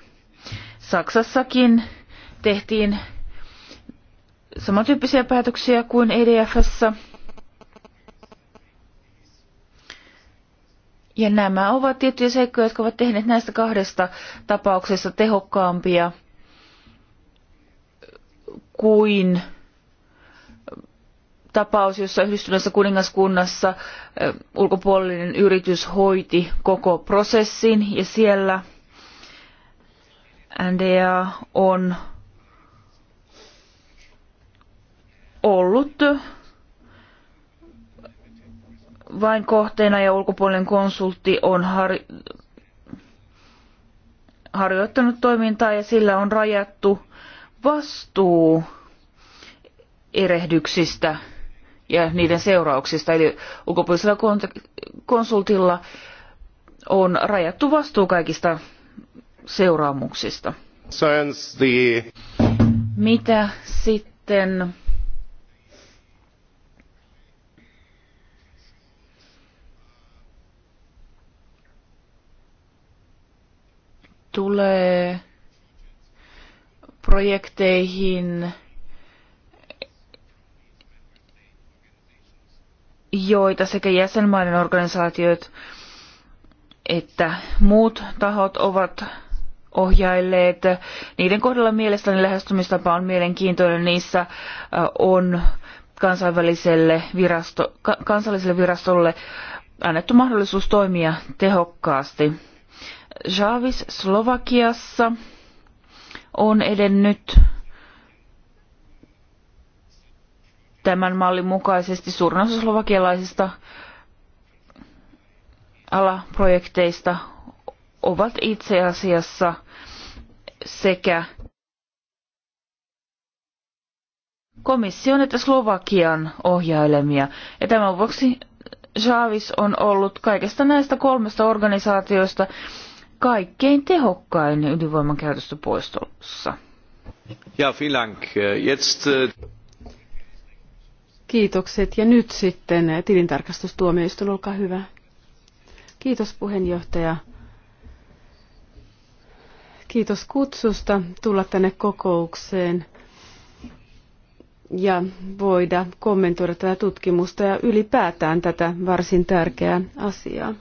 Saksassakin tehtiin samantyyppisiä päätöksiä kuin EDFssä. Ja nämä ovat tiettyjä seikkoja, jotka ovat tehneet näistä kahdesta tapauksesta tehokkaampia kuin tapaus, jossa yhdistyneessä kuningaskunnassa ulkopuolinen yritys hoiti koko prosessin ja siellä NDA on ollut vain kohteena ja ulkopuolinen konsultti on har- harjoittanut toimintaa ja sillä on rajattu vastuu erehdyksistä ja niiden seurauksista. Eli ulkopuolisella konsultilla on rajattu vastuu kaikista seuraamuksista. Mitä sitten tulee projekteihin, joita sekä jäsenmaiden organisaatiot että muut tahot ovat ohjailleet. Niiden kohdalla mielestäni lähestymistapa on mielenkiintoinen. Niissä on kansainväliselle virasto, kansalliselle virastolle annettu mahdollisuus toimia tehokkaasti. Javis Slovakiassa on edennyt tämän mallin mukaisesti suurin osa slovakialaisista alaprojekteista ovat itse asiassa sekä komission että Slovakian ohjailemia. Ja tämän vuoksi Chavis on ollut kaikesta näistä kolmesta organisaatiosta kaikkein tehokkain ydinvoiman käytöstä poistossa. Ja, vielen Jetzt... Äh, Kiitokset. Ja nyt sitten tilintarkastustuomioistuin, olkaa hyvä. Kiitos puheenjohtaja. Kiitos kutsusta tulla tänne kokoukseen ja voida kommentoida tätä tutkimusta ja ylipäätään tätä varsin tärkeää asiaa.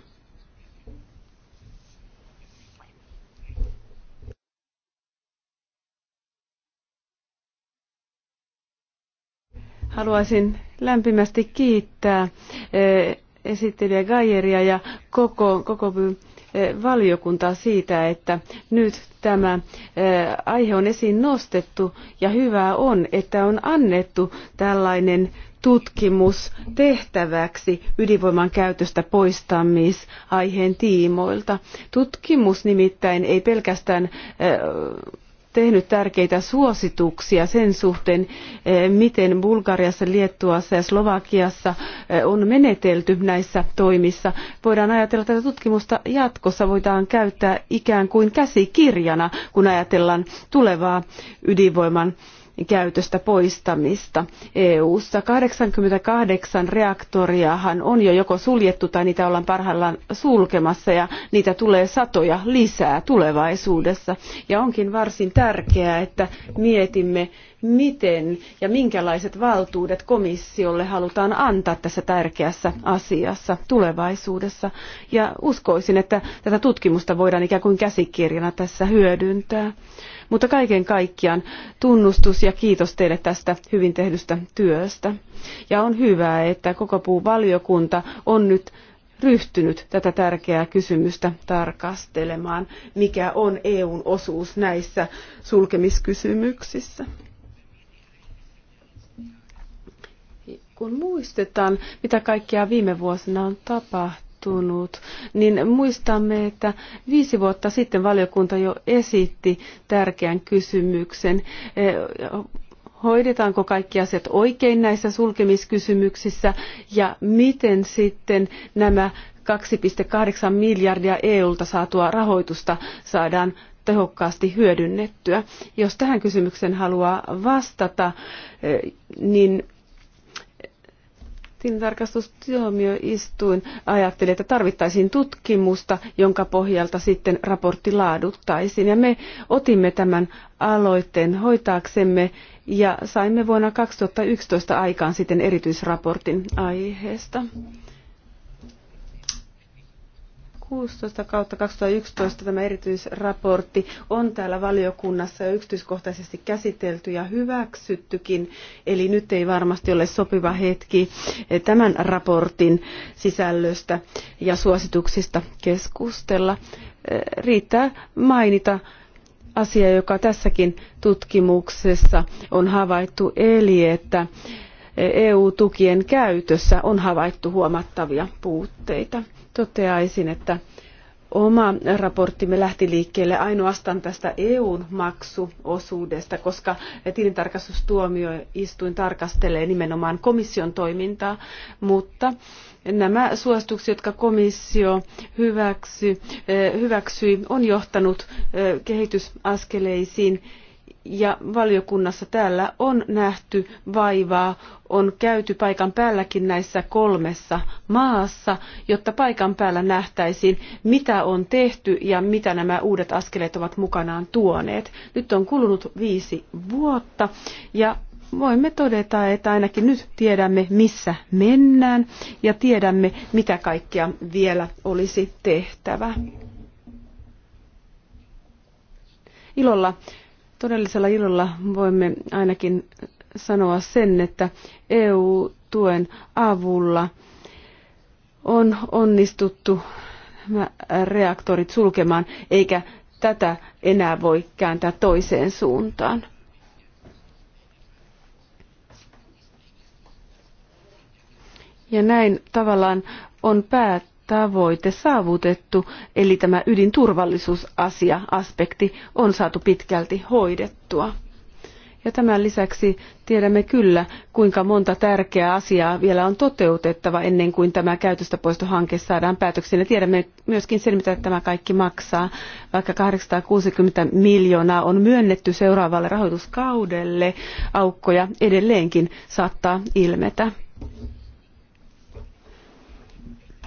Haluaisin lämpimästi kiittää eh, esittelijä Gajeria ja koko, koko valiokuntaa siitä, että nyt tämä aihe on esiin nostettu ja hyvää on, että on annettu tällainen tutkimus tehtäväksi ydinvoiman käytöstä poistamisaiheen tiimoilta. Tutkimus nimittäin ei pelkästään tehnyt tärkeitä suosituksia sen suhteen, eh, miten Bulgariassa, Liettuassa ja Slovakiassa eh, on menetelty näissä toimissa. Voidaan ajatella tätä tutkimusta jatkossa, voidaan käyttää ikään kuin käsikirjana, kun ajatellaan tulevaa ydinvoiman käytöstä poistamista EU-ssa. 88 reaktoriahan on jo joko suljettu tai niitä ollaan parhaillaan sulkemassa ja niitä tulee satoja lisää tulevaisuudessa. Ja onkin varsin tärkeää, että mietimme miten ja minkälaiset valtuudet komissiolle halutaan antaa tässä tärkeässä asiassa tulevaisuudessa. Ja uskoisin, että tätä tutkimusta voidaan ikään kuin käsikirjana tässä hyödyntää. Mutta kaiken kaikkiaan tunnustus ja kiitos teille tästä hyvin tehdystä työstä. Ja on hyvä, että koko puu valiokunta on nyt ryhtynyt tätä tärkeää kysymystä tarkastelemaan, mikä on EUn osuus näissä sulkemiskysymyksissä. kun muistetaan, mitä kaikkea viime vuosina on tapahtunut, niin muistamme, että viisi vuotta sitten valiokunta jo esitti tärkeän kysymyksen. Eh, hoidetaanko kaikki asiat oikein näissä sulkemiskysymyksissä ja miten sitten nämä 2,8 miljardia EUlta saatua rahoitusta saadaan tehokkaasti hyödynnettyä. Jos tähän kysymykseen haluaa vastata, eh, niin Tilintarkastustuomioistuin ajatteli, että tarvittaisiin tutkimusta, jonka pohjalta sitten raportti laaduttaisiin. Ja me otimme tämän aloitteen hoitaaksemme ja saimme vuonna 2011 aikaan sitten erityisraportin aiheesta. 16 kautta 2011 tämä erityisraportti on täällä valiokunnassa jo yksityiskohtaisesti käsitelty ja hyväksyttykin, eli nyt ei varmasti ole sopiva hetki eh, tämän raportin sisällöstä ja suosituksista keskustella. Eh, riittää mainita asia, joka tässäkin tutkimuksessa on havaittu, eli että EU-tukien eh, e käytössä on havaittu huomattavia puutteita toteaisin, että oma raporttimme lähti liikkeelle ainoastaan tästä EUn maksuosuudesta, koska tilintarkastustuomioistuin tarkastelee nimenomaan komission toimintaa, mutta nämä suositukset, jotka komissio eh, hyväksyi, on johtanut eh, kehitysaskeleisiin, ja valiokunnassa täällä on nähty vaivaa, on käyty paikan päälläkin näissä kolmessa maassa, jotta paikan päällä nähtäisiin, mitä on tehty ja mitä nämä uudet askeleet ovat mukanaan tuoneet. Nyt on kulunut viisi vuotta ja voimme todeta, että ainakin nyt tiedämme, missä mennään ja tiedämme, mitä kaikkea vielä olisi tehtävä. Ilolla Todellisella ilolla voimme ainakin sanoa sen, että EU-tuen avulla on onnistuttu reaktorit sulkemaan, eikä tätä enää voi kääntää toiseen suuntaan. Ja näin tavallaan on päät tavoite saavutettu, eli tämä ydinturvallisuusasia, aspekti, on saatu pitkälti hoidettua. Ja tämän lisäksi tiedämme kyllä, kuinka monta tärkeää asiaa vielä on toteutettava ennen kuin tämä käytöstä poistohanke saadaan päätökseen. Ja tiedämme myöskin sen, mitä tämä kaikki maksaa. Vaikka 860 miljoonaa on myönnetty seuraavalle rahoituskaudelle, aukkoja edelleenkin saattaa ilmetä.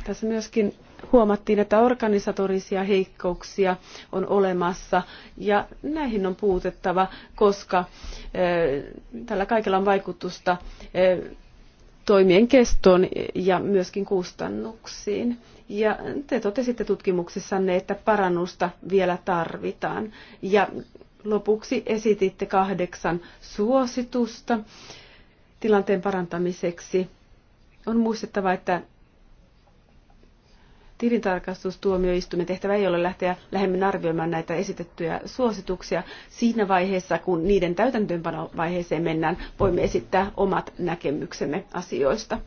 Tässä myöskin huomattiin, että organisatorisia heikkouksia on olemassa ja näihin on puutettava, koska tällä kaikella on vaikutusta toimien kestoon ja myöskin kustannuksiin. Ja te totesitte tutkimuksessanne, että parannusta vielä tarvitaan. Ja lopuksi esititte kahdeksan suositusta tilanteen parantamiseksi. On muistettava, että tilintarkastustuomioistuimen tehtävä ei ole lähteä lähemmin arvioimaan näitä esitettyjä suosituksia. Siinä vaiheessa, kun niiden täytäntöönpanovaiheeseen mennään, voimme esittää omat näkemyksemme asioista.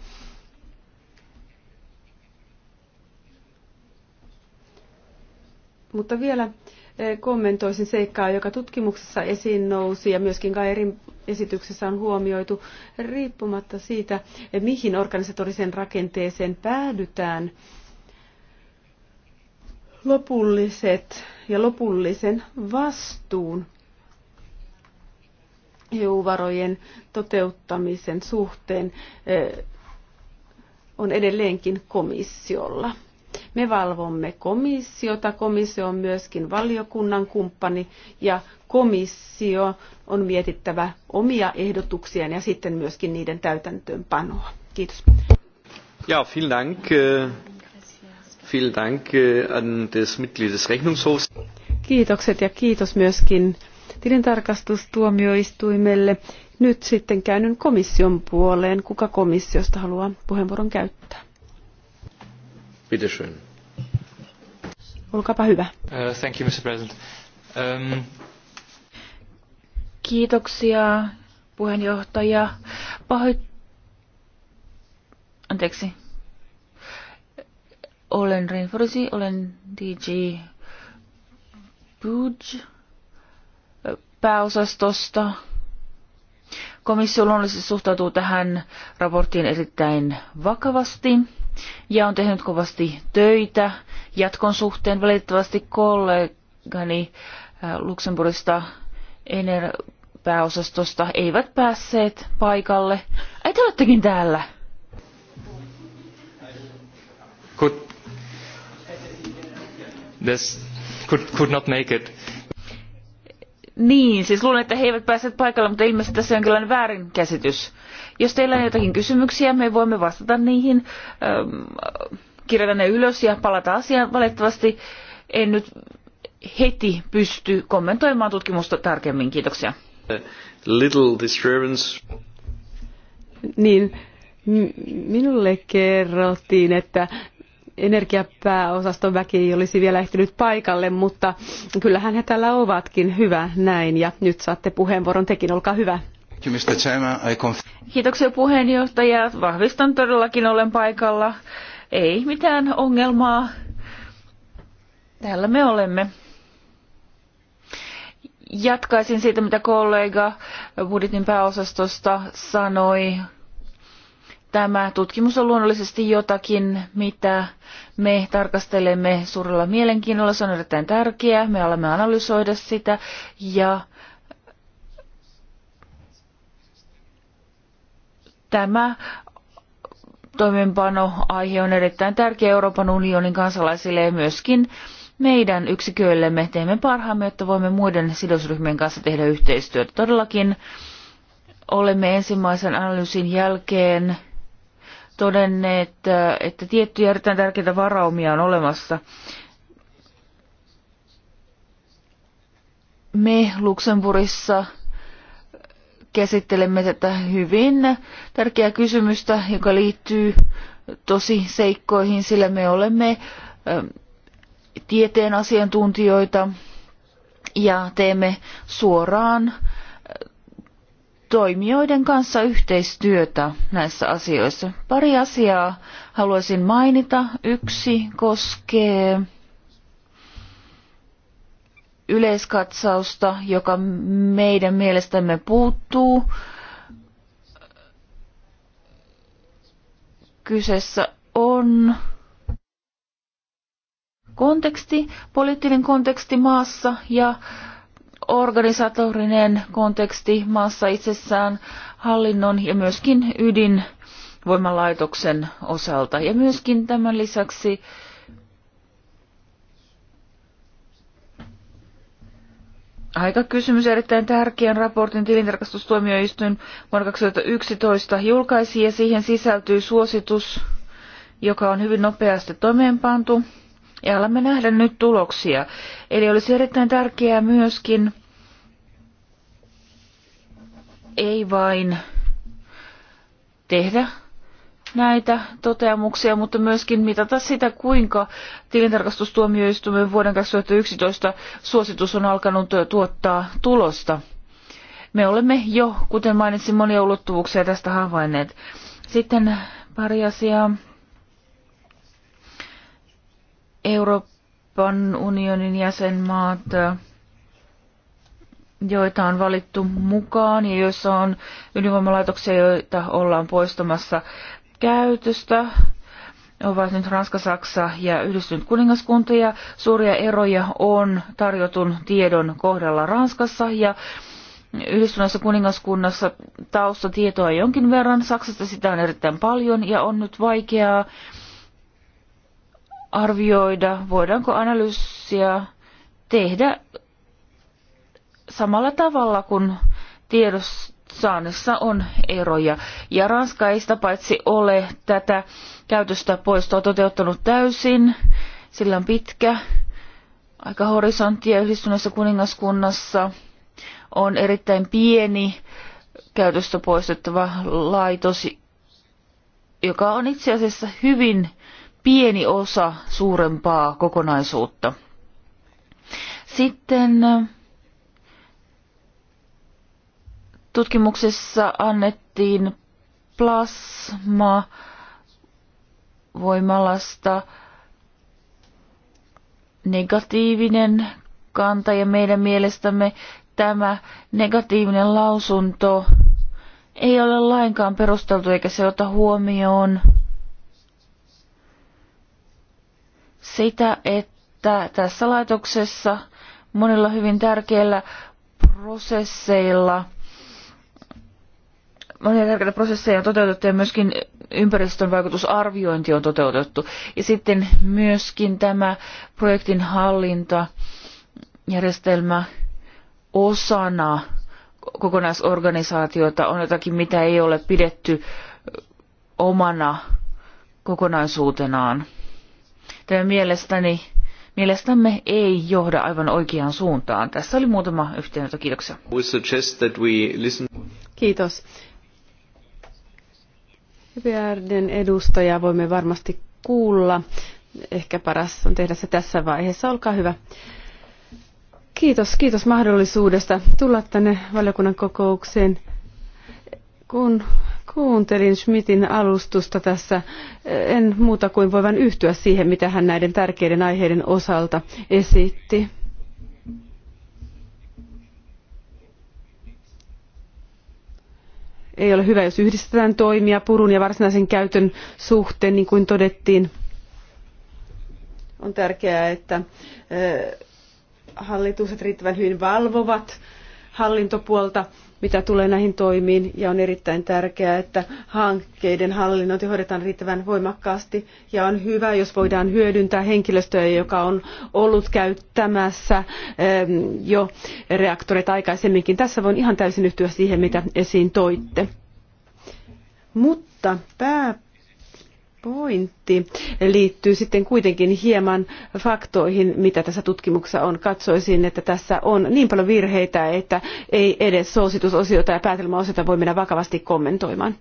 Mutta vielä eh, kommentoisin seikkaa, joka tutkimuksessa esiin nousi ja myöskin eri esityksessä on huomioitu, riippumatta siitä, eh, mihin organisatoriseen rakenteeseen päädytään – lopulliset ja lopullisen vastuun EU-varojen toteuttamisen suhteen eh, on edelleenkin komissiolla. Me valvomme komissiota, komissio on myöskin valiokunnan kumppani ja komissio on mietittävä omia ehdotuksiaan ja sitten myöskin niiden täytäntöönpanoa. Kiitos. Ja, vielen Dank. Äh, Vielen Dank äh, an des Mitglied des Rechnungshofs. Kiitokset ja kiitos myöskin tilintarkastustuomioistuimelle. Nyt sitten käännyn komission puoleen. Kuka komissiosta haluaa puheenvuoron käyttää? Bitte schön. Olkaapa hyvä. Uh, thank you, Mr. President. Um... Kiitoksia, puheenjohtaja. Pahoit... Anteeksi, olen Rainforsi, olen DG Budge pääosastosta. Komissio luonnollisesti suhtautuu tähän raporttiin erittäin vakavasti ja on tehnyt kovasti töitä jatkon suhteen. Valitettavasti kollegani Luxemburgista ener pääosastosta eivät päässeet paikalle. Ai te olettekin täällä this could, could not make it. Niin, siis luulen, että he eivät päässeet paikalle, mutta ilmeisesti tässä on jonkinlainen väärinkäsitys. Jos teillä on jotakin kysymyksiä, me voimme vastata niihin, ähm, kirjata ne ylös ja palata asiaan. Valitettavasti en nyt heti pysty kommentoimaan tutkimusta tarkemmin. Kiitoksia. Little disturbance. Niin, minulle kerrottiin, että energiapääosaston väki ei olisi vielä ehtinyt paikalle, mutta kyllähän he täällä ovatkin. Hyvä näin. Ja nyt saatte puheenvuoron tekin. Olkaa hyvä. Kiitoksia puheenjohtaja. Vahvistan todellakin olen paikalla. Ei mitään ongelmaa. Täällä me olemme. Jatkaisin siitä, mitä kollega budjetin pääosastosta sanoi. Tämä tutkimus on luonnollisesti jotakin, mitä me tarkastelemme suurella mielenkiinnolla. Se on erittäin tärkeää. Me alamme analysoida sitä ja tämä toimeenpanoaihe on erittäin tärkeä Euroopan unionin kansalaisille ja myöskin meidän yksiköillemme. Teemme parhaamme, jotta voimme muiden sidosryhmien kanssa tehdä yhteistyötä. Todellakin olemme ensimmäisen analyysin jälkeen todenneet, äh, että tiettyjä erittäin tärkeitä varaumia on olemassa. Me Luxemburissa käsittelemme tätä hyvin tärkeää kysymystä, joka liittyy tosi seikkoihin, sillä me olemme ähm, tieteen asiantuntijoita ja teemme suoraan toimijoiden kanssa yhteistyötä näissä asioissa. Pari asiaa haluaisin mainita. Yksi koskee yleiskatsausta, joka meidän mielestämme puuttuu. Kyseessä on konteksti, poliittinen konteksti maassa ja organisatorinen konteksti maassa itsessään hallinnon ja myöskin ydinvoimalaitoksen osalta. Ja myöskin tämän lisäksi aika kysymys erittäin tärkeän raportin tilintarkastustuomioistuin vuonna 2011 julkaisi ja siihen sisältyy suositus, joka on hyvin nopeasti toimeenpantu ja alamme nähdä nyt tuloksia. Eli olisi erittäin tärkeää myöskin, ei vain tehdä näitä toteamuksia, mutta myöskin mitata sitä, kuinka tilintarkastustuomioistuimen vuoden 2011 suositus on alkanut tuottaa tulosta. Me olemme jo, kuten mainitsin, monia ulottuvuuksia tästä havainneet. Sitten pari asiaa Euroopan unionin jäsenmaat, joita on valittu mukaan ja joissa on ydinvoimalaitoksia, joita ollaan poistamassa käytöstä, ovat nyt Ranska, Saksa ja Yhdistynyt kuningaskunta ja suuria eroja on tarjotun tiedon kohdalla Ranskassa ja Yhdistyneessä kuningaskunnassa taustatietoa jonkin verran, Saksasta sitä on erittäin paljon ja on nyt vaikeaa arvioida, voidaanko analyysiä tehdä samalla tavalla kuin tiedossaannissa on eroja. Ja Ranska ei sitä paitsi ole tätä käytöstä poistoa toteuttanut täysin. Sillä on pitkä aika horisonttia yhdistyneessä kuningaskunnassa. On erittäin pieni käytöstä poistettava laitos, joka on itse asiassa hyvin pieni osa suurempaa kokonaisuutta. Sitten äh, tutkimuksessa annettiin plasma voimalasta negatiivinen kanta ja meidän mielestämme tämä negatiivinen lausunto ei ole lainkaan perusteltu eikä se ota huomioon sitä, että tässä laitoksessa monilla hyvin tärkeillä prosesseilla – monia tärkeitä prosesseja on toteutettu ja myöskin ympäristön vaikutusarviointi on toteutettu. Ja sitten myöskin tämä projektin hallintajärjestelmä osana kokonaisorganisaatiota on jotakin, mitä ei ole pidetty omana kokonaisuutenaan tämä mielestäni, mielestämme ei johda aivan oikeaan suuntaan. Tässä oli muutama yhteenveto. Kiitoksia. Kiitos. Hyviärden edustaja voimme varmasti kuulla. Ehkä paras on tehdä se tässä vaiheessa. Olkaa hyvä. Kiitos, kiitos mahdollisuudesta tulla tänne valiokunnan kokoukseen. Kun Kuuntelin Schmidtin alustusta tässä. En muuta kuin voivan yhtyä siihen, mitä hän näiden tärkeiden aiheiden osalta esitti. Ei ole hyvä, jos yhdistetään toimia purun ja varsinaisen käytön suhteen, niin kuin todettiin. On tärkeää, että hallitukset riittävän hyvin valvovat hallintopuolta mitä tulee näihin toimiin ja on erittäin tärkeää, että hankkeiden hallinnointi hoidetaan riittävän voimakkaasti ja on hyvä, jos voidaan hyödyntää henkilöstöä, joka on ollut käyttämässä ehm, jo reaktoreita aikaisemminkin. Tässä voin ihan täysin yhtyä siihen, mitä esiin toitte. Mutta pää pointti liittyy sitten kuitenkin hieman faktoihin, mitä tässä tutkimuksessa on. Katsoisin, että tässä on niin paljon virheitä, että ei edes suositusosiota ja päätelmäosiota voi mennä vakavasti kommentoimaan.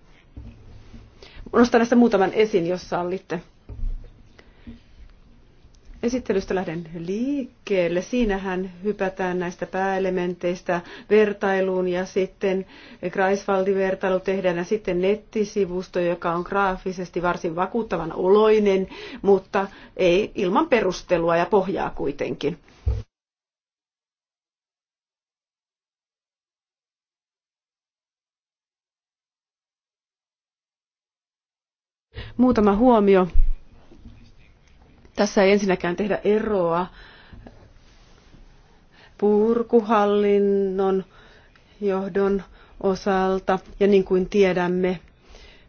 Nostan näistä muutaman esiin, jos sallitte esittelystä lähden liikkeelle. Siinähän hypätään näistä pääelementeistä vertailuun ja sitten Greifswaldin vertailu tehdään ja sitten nettisivusto, joka on graafisesti varsin vakuuttavan oloinen, mutta ei ilman perustelua ja pohjaa kuitenkin. Muutama huomio tässä ei ensinnäkään tehdä eroa purkuhallinnon johdon osalta. Ja niin kuin tiedämme,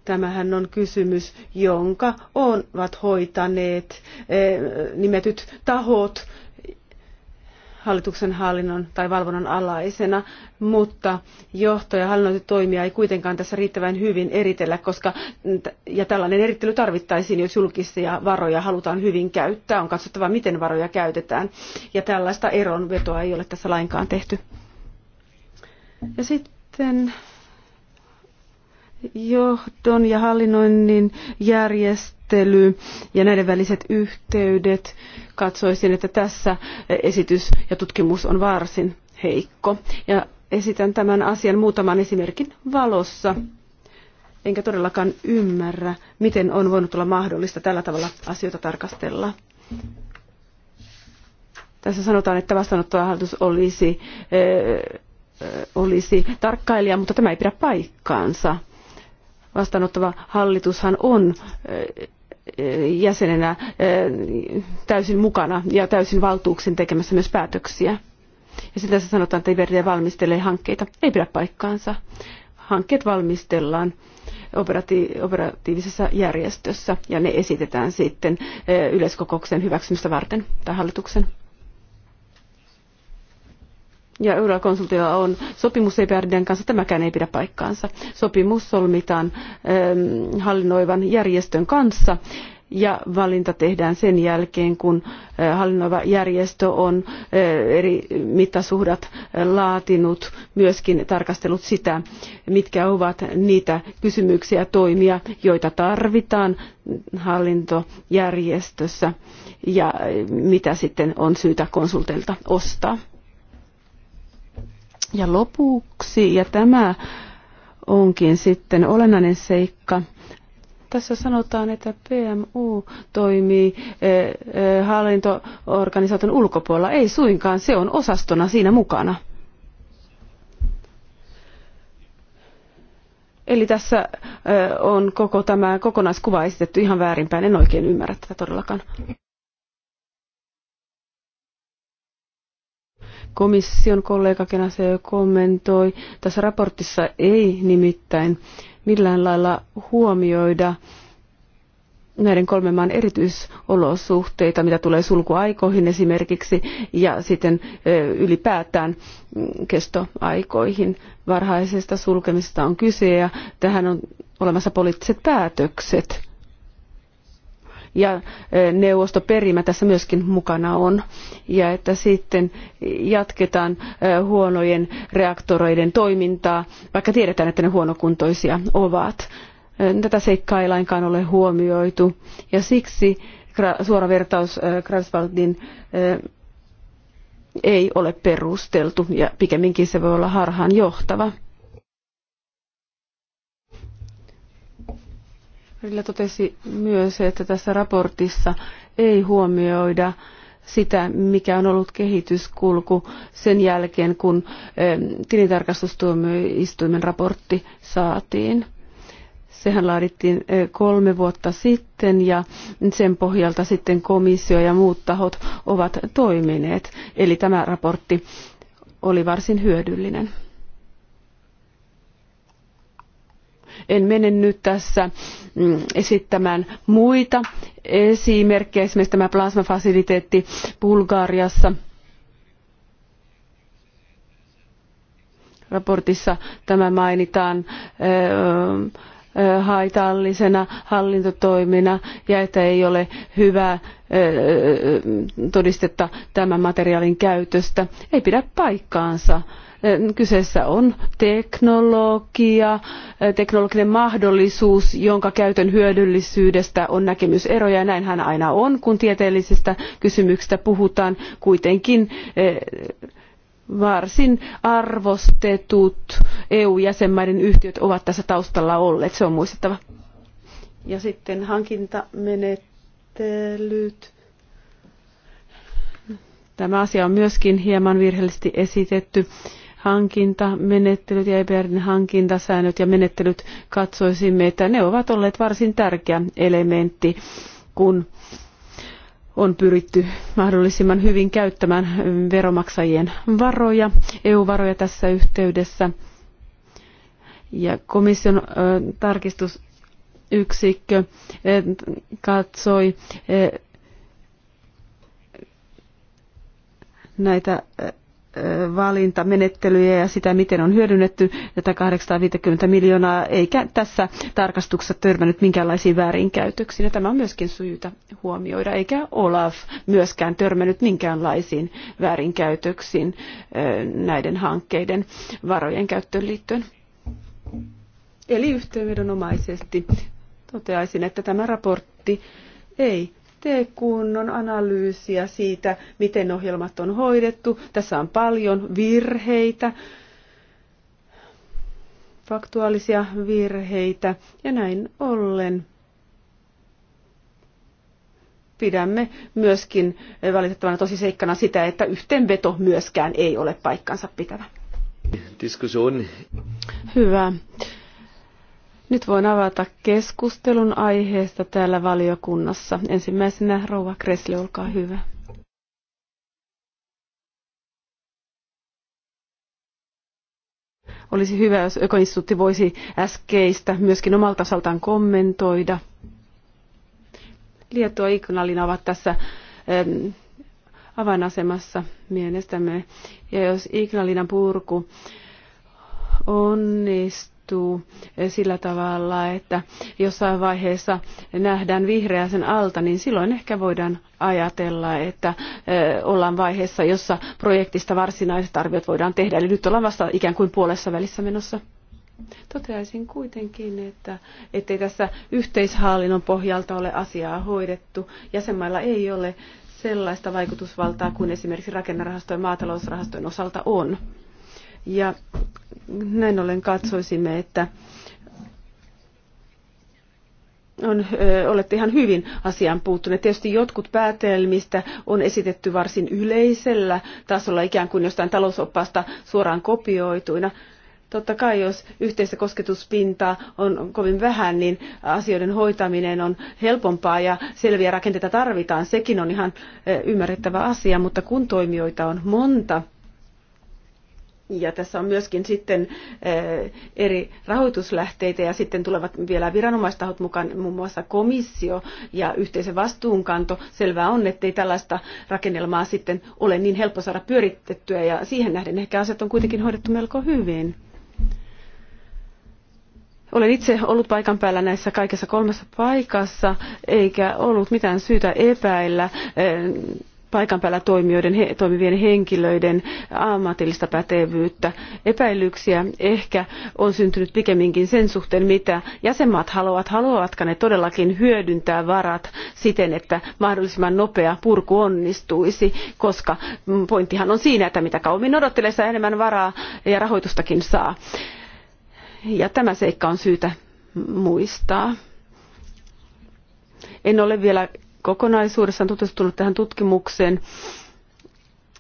tämähän on kysymys, jonka ovat hoitaneet eh, nimetyt tahot hallituksen hallinnon tai valvonnan alaisena, mutta johto- ja toimia ei kuitenkaan tässä riittävän hyvin eritellä, koska ja tällainen erittely tarvittaisiin, jos julkisia varoja halutaan hyvin käyttää. On katsottava, miten varoja käytetään, ja tällaista eronvetoa ei ole tässä lainkaan tehty. Ja sitten johdon ja hallinnoinnin järjestely ja näiden väliset yhteydet. Katsoisin, että tässä esitys ja tutkimus on varsin heikko. Ja esitän tämän asian muutaman esimerkin valossa. Enkä todellakaan ymmärrä, miten on voinut olla mahdollista tällä tavalla asioita tarkastella. Tässä sanotaan, että vastaanottava hallitus olisi, ö, eh, ö, eh, olisi tarkkailija, mutta tämä ei pidä paikkaansa vastaanottava hallitushan on jäsenenä täysin mukana ja täysin valtuuksin tekemässä myös päätöksiä. Ja sitten tässä sanotaan, että Iberia valmistelee hankkeita. Ei pidä paikkaansa. Hankkeet valmistellaan operatiivisessa järjestössä ja ne esitetään sitten yleiskokouksen hyväksymistä varten tai hallituksen ja eurokonsultilla on sopimus EBRDn kanssa, tämäkään ei pidä paikkaansa. Sopimus solmitaan ähm, hallinnoivan järjestön kanssa ja valinta tehdään sen jälkeen, kun äh, hallinnoiva järjestö on äh, eri mittasuhdat äh, laatinut, myöskin tarkastellut sitä, mitkä ovat niitä kysymyksiä ja toimia, joita tarvitaan hallintojärjestössä ja mitä sitten on syytä konsulteilta ostaa. Ja lopuksi, ja tämä onkin sitten olennainen seikka, tässä sanotaan, että PMU toimii eh, eh, hallintoorganisaation ulkopuolella. Ei suinkaan, se on osastona siinä mukana. Eli tässä eh, on koko tämä kokonaiskuva esitetty ihan väärinpäin. En oikein ymmärrä tätä todellakaan. Komission se jo kommentoi. Tässä raportissa ei nimittäin millään lailla huomioida näiden kolmen maan erityisolosuhteita, mitä tulee sulkuaikoihin esimerkiksi ja sitten ylipäätään kestoaikoihin. Varhaisesta sulkemisesta on kyse ja tähän on olemassa poliittiset päätökset ja e, neuvostoperimä tässä myöskin mukana on. Ja että sitten jatketaan e, huonojen reaktoreiden toimintaa, vaikka tiedetään, että ne huonokuntoisia ovat. E, tätä seikkaa ei lainkaan ole huomioitu ja siksi suora vertaus Krasvaldin ei ole perusteltu ja pikemminkin se voi olla harhaan johtava. Rilla totesi myös, että tässä raportissa ei huomioida sitä, mikä on ollut kehityskulku sen jälkeen, kun tilintarkastustuomioistuimen raportti saatiin. Sehän laadittiin e, kolme vuotta sitten ja sen pohjalta sitten komissio ja muut tahot ovat toimineet. Eli tämä raportti oli varsin hyödyllinen. En mene nyt tässä mm, esittämään muita esimerkkejä, esimerkiksi tämä plasmafasiliteetti Bulgariassa. Raportissa tämä mainitaan haitallisena hallintotoimena ja että ei ole hyvää todistetta tämän materiaalin käytöstä. Ei pidä paikkaansa Kyseessä on teknologia, teknologinen mahdollisuus, jonka käytön hyödyllisyydestä on näkemyseroja. Näinhän aina on, kun tieteellisistä kysymyksistä puhutaan. Kuitenkin varsin arvostetut eu jäsenvaltioiden yhtiöt ovat tässä taustalla olleet se on muistettava. Ja sitten hankintamenettelyt. Tämä asia on myöskin hieman virheellisesti esitetty hankintamenettelyt ja EBRn hankintasäännöt ja menettelyt katsoisimme, että ne ovat olleet varsin tärkeä elementti, kun on pyritty mahdollisimman hyvin käyttämään veromaksajien varoja, EU-varoja tässä yhteydessä. Ja komission tarkistusyksikkö yksikkö katsoi näitä valintamenettelyjä ja sitä, miten on hyödynnetty tätä 850 miljoonaa, eikä tässä tarkastuksessa törmännyt minkäänlaisiin väärinkäytöksiin. Ja tämä on myöskin syytä huomioida, eikä Olaf myöskään törmännyt minkäänlaisiin väärinkäytöksiin näiden hankkeiden varojen käyttöön liittyen. Eli yhteenvedonomaisesti toteaisin, että tämä raportti ei tee kunnon analyysiä siitä, miten ohjelmat on hoidettu. Tässä on paljon virheitä, faktuaalisia virheitä ja näin ollen pidämme myöskin valitettavana tosi seikkana sitä, että yhteenveto myöskään ei ole paikkansa pitävä. Diskussion. Hyvä. Nyt voin avata keskustelun aiheesta täällä valiokunnassa. Ensimmäisenä Rouva Kresli, olkaa hyvä. Olisi hyvä, jos Ökoinstituutti voisi äskeistä myöskin omalta osaltaan kommentoida. Liettua Ikonalina ovat tässä ähm, avainasemassa mielestämme. Ja jos Ikonalinan purku onnistuu, muuttuu sillä tavalla, että jossain vaiheessa nähdään vihreä sen alta, niin silloin ehkä voidaan ajatella, että ollaan vaiheessa, jossa projektista varsinaiset arviot voidaan tehdä. Eli nyt ollaan vasta ikään kuin puolessa välissä menossa. Toteaisin kuitenkin, että ettei tässä yhteishallinnon pohjalta ole asiaa hoidettu. Jäsenmailla ei ole sellaista vaikutusvaltaa kuin esimerkiksi rakennerahastojen ja maatalousrahastojen osalta on. Ja näin ollen katsoisimme, että on, ö, olette ihan hyvin asiaan puuttuneet. Tietysti jotkut päätelmistä on esitetty varsin yleisellä tasolla, ikään kuin jostain talousoppaasta suoraan kopioituina. Totta kai, jos yhteistä kosketuspintaa on kovin vähän, niin asioiden hoitaminen on helpompaa ja selviä rakenteita tarvitaan. Sekin on ihan ymmärrettävä asia, mutta kun toimijoita on monta, ja tässä on myöskin sitten eh, eri rahoituslähteitä ja sitten tulevat vielä viranomaistahot mukaan, muun muassa komissio ja yhteisen vastuunkanto. Selvää on, ettei tällaista rakennelmaa sitten ole niin helppo saada pyöritettyä ja siihen nähden ehkä asiat on kuitenkin hoidettu melko hyvin. Olen itse ollut paikan päällä näissä kaikessa kolmessa paikassa, eikä ollut mitään syytä epäillä eh, paikan päällä toimijoiden, he, toimivien henkilöiden ammatillista pätevyyttä. Epäilyksiä ehkä on syntynyt pikemminkin sen suhteen, mitä jäsenmaat haluavat. Haluavatko ne todellakin hyödyntää varat siten, että mahdollisimman nopea purku onnistuisi, koska pointtihan on siinä, että mitä kauemmin odottelee, sitä enemmän varaa ja rahoitustakin saa. Ja tämä seikka on syytä muistaa. En ole vielä kokonaisuudessaan tutustunut tähän tutkimukseen,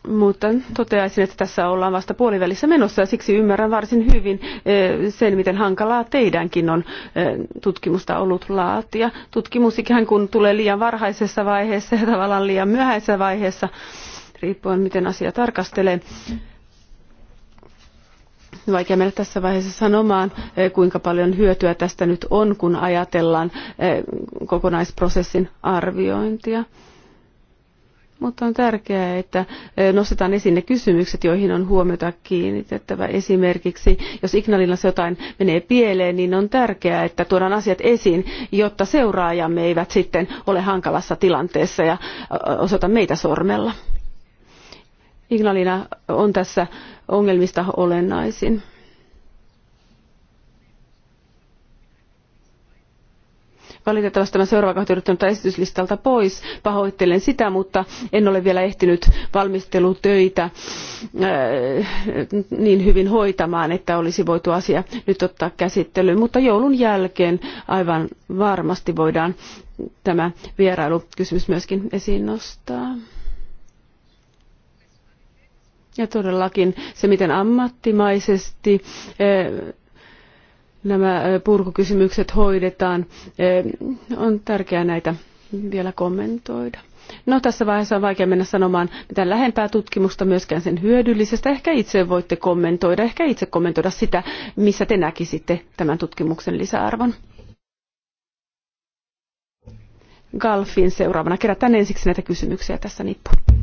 mutta toteaisin, että tässä ollaan vasta puolivälissä menossa ja siksi ymmärrän varsin hyvin eh, sen, miten hankalaa teidänkin on eh, tutkimusta ollut laatia. Tutkimus ikään kuin tulee liian varhaisessa vaiheessa ja tavallaan liian myöhäisessä vaiheessa, riippuen miten asia tarkastelee. Vaikea mennä tässä vaiheessa sanomaan, eh, kuinka paljon hyötyä tästä nyt on, kun ajatellaan eh, kokonaisprosessin arviointia. Mutta on tärkeää, että eh, nostetaan esiin ne kysymykset, joihin on huomiota kiinnitettävä. Esimerkiksi, jos Ignalinassa jotain menee pieleen, niin on tärkeää, että tuodaan asiat esiin, jotta seuraajamme eivät sitten ole hankalassa tilanteessa ja osoita meitä sormella. Ignalina on tässä ongelmista olennaisin. valitettavasti tämä seuraava kohta on esityslistalta pois pahoittelen sitä mutta en ole vielä ehtinyt valmistelutöitä äh, niin hyvin hoitamaan että olisi voitu asia nyt ottaa käsittelyyn mutta joulun jälkeen aivan varmasti voidaan tämä vierailukysymys myöskin esiin nostaa. Ja todellakin se, miten ammattimaisesti e, nämä e, purkukysymykset hoidetaan, e, on tärkeää näitä vielä kommentoida. No tässä vaiheessa on vaikea mennä sanomaan mitään lähempää tutkimusta myöskään sen hyödyllisestä. Ehkä itse voitte kommentoida, ehkä itse kommentoida sitä, missä te näkisitte tämän tutkimuksen lisäarvon. Galfin seuraavana. Kerätään ensiksi näitä kysymyksiä tässä nippuun.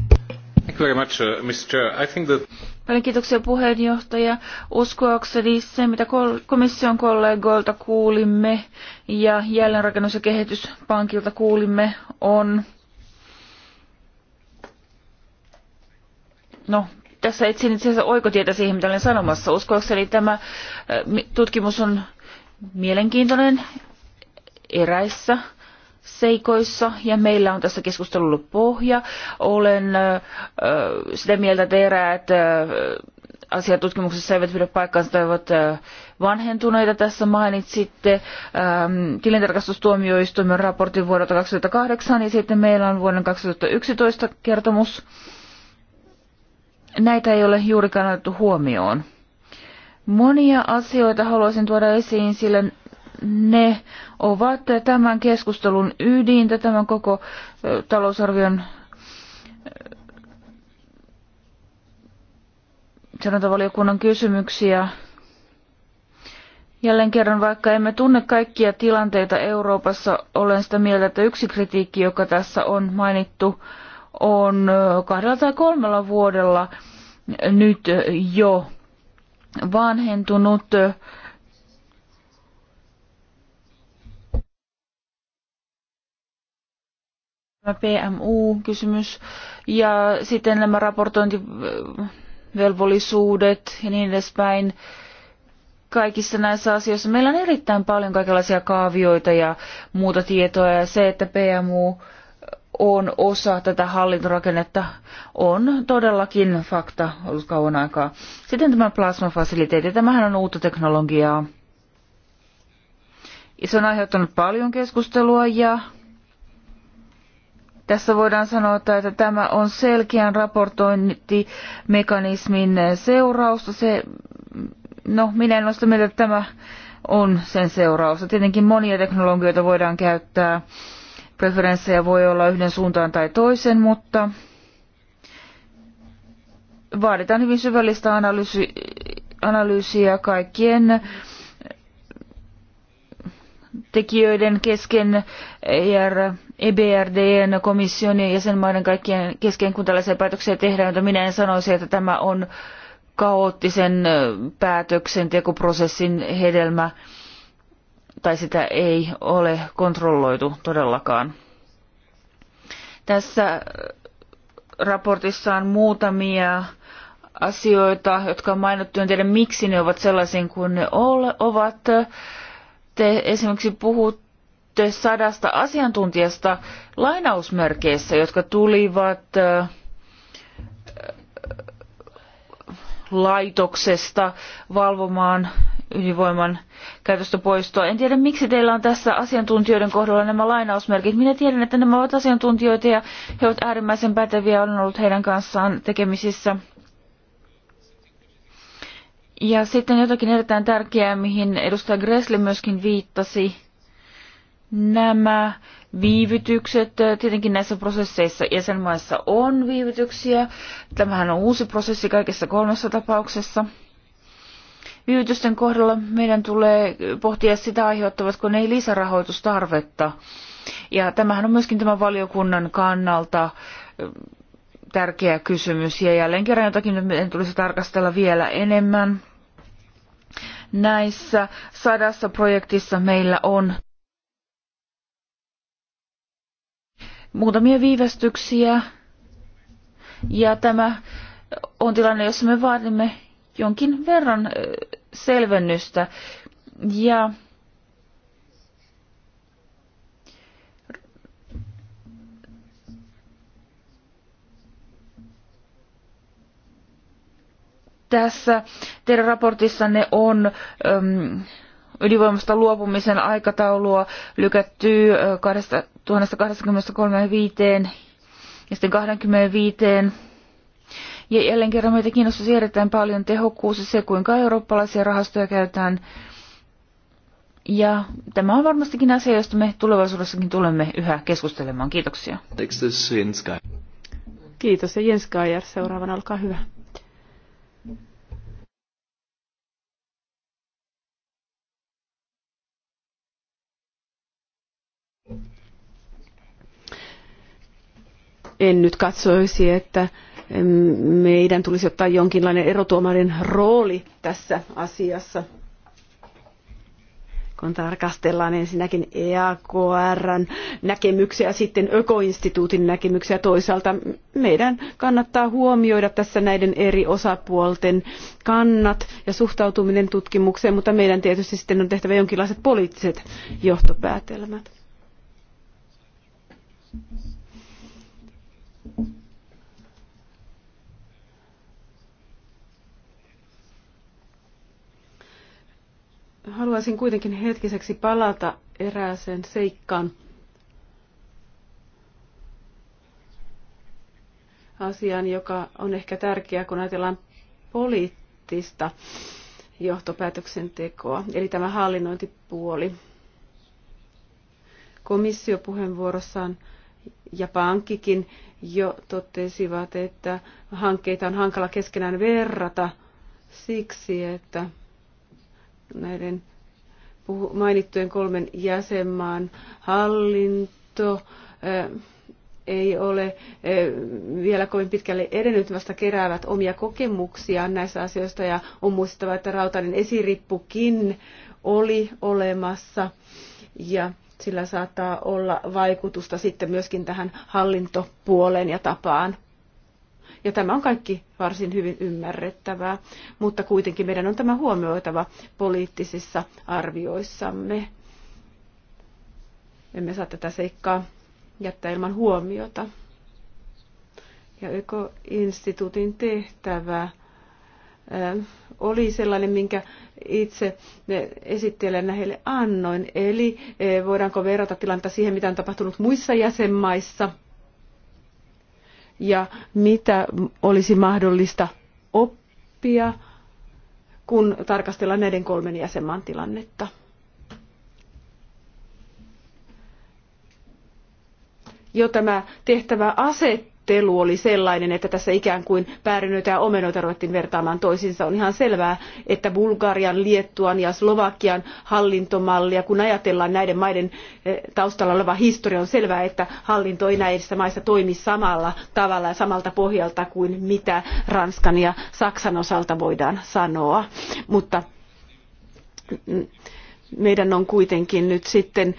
Uh, Paljon kiitoksia puheenjohtaja. Uskoakseni se, mitä komission kollegoilta kuulimme ja jälleenrakennus- ja kehityspankilta kuulimme, on... No, tässä etsin itse asiassa oikotietä siihen, mitä olen sanomassa. Uskoakseni tämä äh, tutkimus on mielenkiintoinen eräissä seikoissa ja meillä on tässä keskustelulla pohja. Olen äh, sitä mieltä, että eräät äh, asiat tutkimuksessa eivät pidä paikkaansa tai ovat äh, vanhentuneita. Tässä mainitsitte ähm, tilintarkastustuomioistuimen raportin vuodelta 2008 ja sitten meillä on vuoden 2011 kertomus. Näitä ei ole juurikaan otettu huomioon. Monia asioita haluaisin tuoda esiin, sillä ne ovat tämän keskustelun ydintä, tämän koko talousarvion sanontavaliokunnan kysymyksiä. Jälleen kerran, vaikka emme tunne kaikkia tilanteita Euroopassa, olen sitä mieltä, että yksi kritiikki, joka tässä on mainittu, on kahdella tai kolmella vuodella nyt jo vanhentunut PMU-kysymys ja sitten nämä raportointivelvollisuudet ja niin edespäin. Kaikissa näissä asioissa meillä on erittäin paljon kaikenlaisia kaavioita ja muuta tietoa ja se, että PMU on osa tätä hallintorakennetta, on todellakin fakta ollut kauan aikaa. Sitten tämä plasmafasiliteetti, tämähän on uutta teknologiaa. Ja se on aiheuttanut paljon keskustelua ja tässä voidaan sanoa, että tämä on selkeän raportointimekanismin seurausta. Se, no, minä en ole sitä mieltä, että tämä on sen seurausta. Tietenkin monia teknologioita voidaan käyttää. Preferenssejä voi olla yhden suuntaan tai toisen, mutta vaaditaan hyvin syvällistä analyysi, analyysiä kaikkien tekijöiden kesken ja e EBRDn, komission ja jäsenmaiden kaikkien kesken, kun tällaisia päätöksiä tehdään, mutta minä en sanoisi, että tämä on kaoottisen päätöksentekoprosessin hedelmä, tai sitä ei ole kontrolloitu todellakaan. Tässä raportissa on muutamia asioita, jotka on mainittu. En tiedä, miksi ne ovat sellaisia kuin ne ovat. Te esimerkiksi puhut sadasta asiantuntijasta lainausmerkeissä, jotka tulivat laitoksesta valvomaan ydinvoiman käytöstä poistoa. En tiedä, miksi teillä on tässä asiantuntijoiden kohdalla nämä lainausmerkit. Minä tiedän, että nämä ovat asiantuntijoita ja he ovat äärimmäisen päteviä. Olen ollut heidän kanssaan tekemisissä. Ja sitten jotakin erittäin tärkeää, mihin edustaja Gressle myöskin viittasi nämä viivytykset. Äh, tietenkin näissä prosesseissa jäsenmaissa on viivytyksiä. Tämähän on uusi prosessi kaikessa kolmessa tapauksessa. Viivytysten kohdalla meidän tulee pohtia sitä, aiheuttavatko ne lisärahoitustarvetta. Ja tämähän on myöskin tämän valiokunnan kannalta äh, tärkeä kysymys. Ja jälleen kerran jotakin meidän tulisi tarkastella vielä enemmän. Näissä sadassa projektissa meillä on muutamia viivästyksiä. Ja tämä on tilanne, jossa me vaadimme jonkin verran selvennystä. Ja tässä teidän raportissanne on äm, ydinvoimasta luopumisen aikataulua lykättyy 2023 ja sitten 25. Ja jälleen kerran meitä kiinnostaisi erittäin paljon tehokkuus ja se, kuinka eurooppalaisia rahastoja käytetään. Ja tämä on varmastikin asia, josta me tulevaisuudessakin tulemme yhä keskustelemaan. Kiitoksia. Kiitos ja Jens Geier seuraavana, olkaa hyvä. en nyt katsoisi, että meidän tulisi ottaa jonkinlainen erotuomarin rooli tässä asiassa, kun tarkastellaan ensinnäkin EAKRn näkemyksiä, sitten Ökoinstituutin näkemyksiä toisaalta. Meidän kannattaa huomioida tässä näiden eri osapuolten kannat ja suhtautuminen tutkimukseen, mutta meidän tietysti sitten on tehtävä jonkinlaiset poliittiset johtopäätelmät. haluaisin kuitenkin hetkiseksi palata erääseen seikkaan. Asiaan, joka on ehkä tärkeä, kun ajatellaan poliittista johtopäätöksentekoa, eli tämä hallinnointipuoli. Komissio puheenvuorossaan ja pankkikin jo totesivat, että hankkeita on hankala keskenään verrata siksi, että näiden mainittujen kolmen jäsenmaan hallinto eh, ei ole eh, vielä kovin pitkälle edennyt, vasta keräävät omia kokemuksiaan näissä asioista ja on muistettava, että rautainen esirippukin oli olemassa ja sillä saattaa olla vaikutusta sitten myöskin tähän hallintopuoleen ja tapaan ja tämä on kaikki varsin hyvin ymmärrettävää, mutta kuitenkin meidän on tämä huomioitava poliittisissa arvioissamme. Emme saa tätä seikkaa jättää ilman huomiota. Ja instituutin tehtävä oli sellainen, minkä itse esittelen heille annoin. Eli voidaanko verrata tilannetta siihen, mitä on tapahtunut muissa jäsenmaissa – ja mitä olisi mahdollista oppia, kun tarkastellaan näiden kolmen jäsenmaan tilannetta. Jo tämä tehtävä asettaa vertailu oli sellainen, että tässä ikään kuin päärynöitä ja omenoita ruvettiin vertaamaan toisiinsa. On ihan selvää, että Bulgarian, Liettuan ja Slovakian hallintomallia, kun ajatellaan näiden maiden eh, taustalla oleva historia, on selvää, että hallinto ei näissä maissa toimi samalla tavalla ja samalta pohjalta kuin mitä Ranskan ja Saksan osalta voidaan sanoa. Mutta mm, meidän on kuitenkin nyt sitten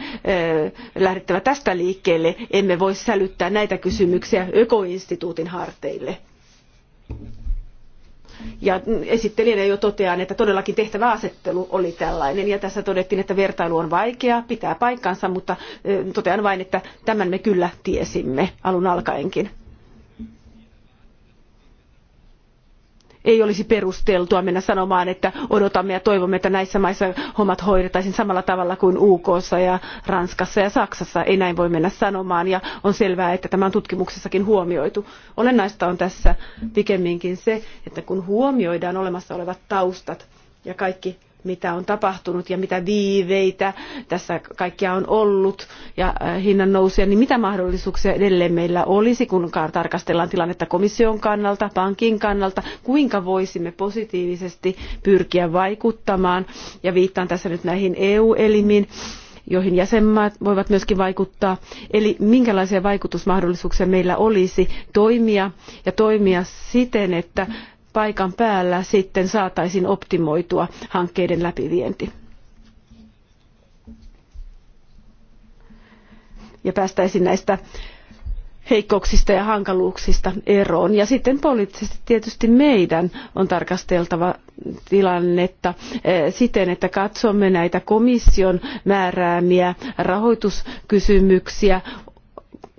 lähdettävä tästä liikkeelle. Emme voi sälyttää näitä kysymyksiä ökoinstituutin harteille. Ja esittelijänä jo totean, että todellakin tehtäväasettelu oli tällainen. Ja tässä todettiin, että vertailu on vaikeaa, pitää paikkansa, mutta totean vain, että tämän me kyllä tiesimme alun alkaenkin. ei olisi perusteltua mennä sanomaan, että odotamme ja toivomme, että näissä maissa hommat hoidettaisiin samalla tavalla kuin UKssa ja Ranskassa ja Saksassa. Ei näin voi mennä sanomaan ja on selvää, että tämä on tutkimuksessakin huomioitu. Olennaista on tässä pikemminkin se, että kun huomioidaan olemassa olevat taustat ja kaikki mitä on tapahtunut ja mitä viiveitä tässä kaikkia on ollut ja äh, hinnan nousuja, niin mitä mahdollisuuksia edelleen meillä olisi, kun tarkastellaan tilannetta komission kannalta, pankin kannalta, kuinka voisimme positiivisesti pyrkiä vaikuttamaan ja viittaan tässä nyt näihin EU-elimiin joihin jäsenmaat voivat myöskin vaikuttaa eli minkälaisia vaikutusmahdollisuuksia meillä olisi toimia ja toimia siten että paikan päällä sitten saataisiin optimoitua hankkeiden läpivienti. Ja päästäisiin näistä heikkouksista ja hankaluuksista eroon. Ja sitten poliittisesti tietysti meidän on tarkasteltava tilannetta eh, siten, että katsomme näitä komission määräämiä rahoituskysymyksiä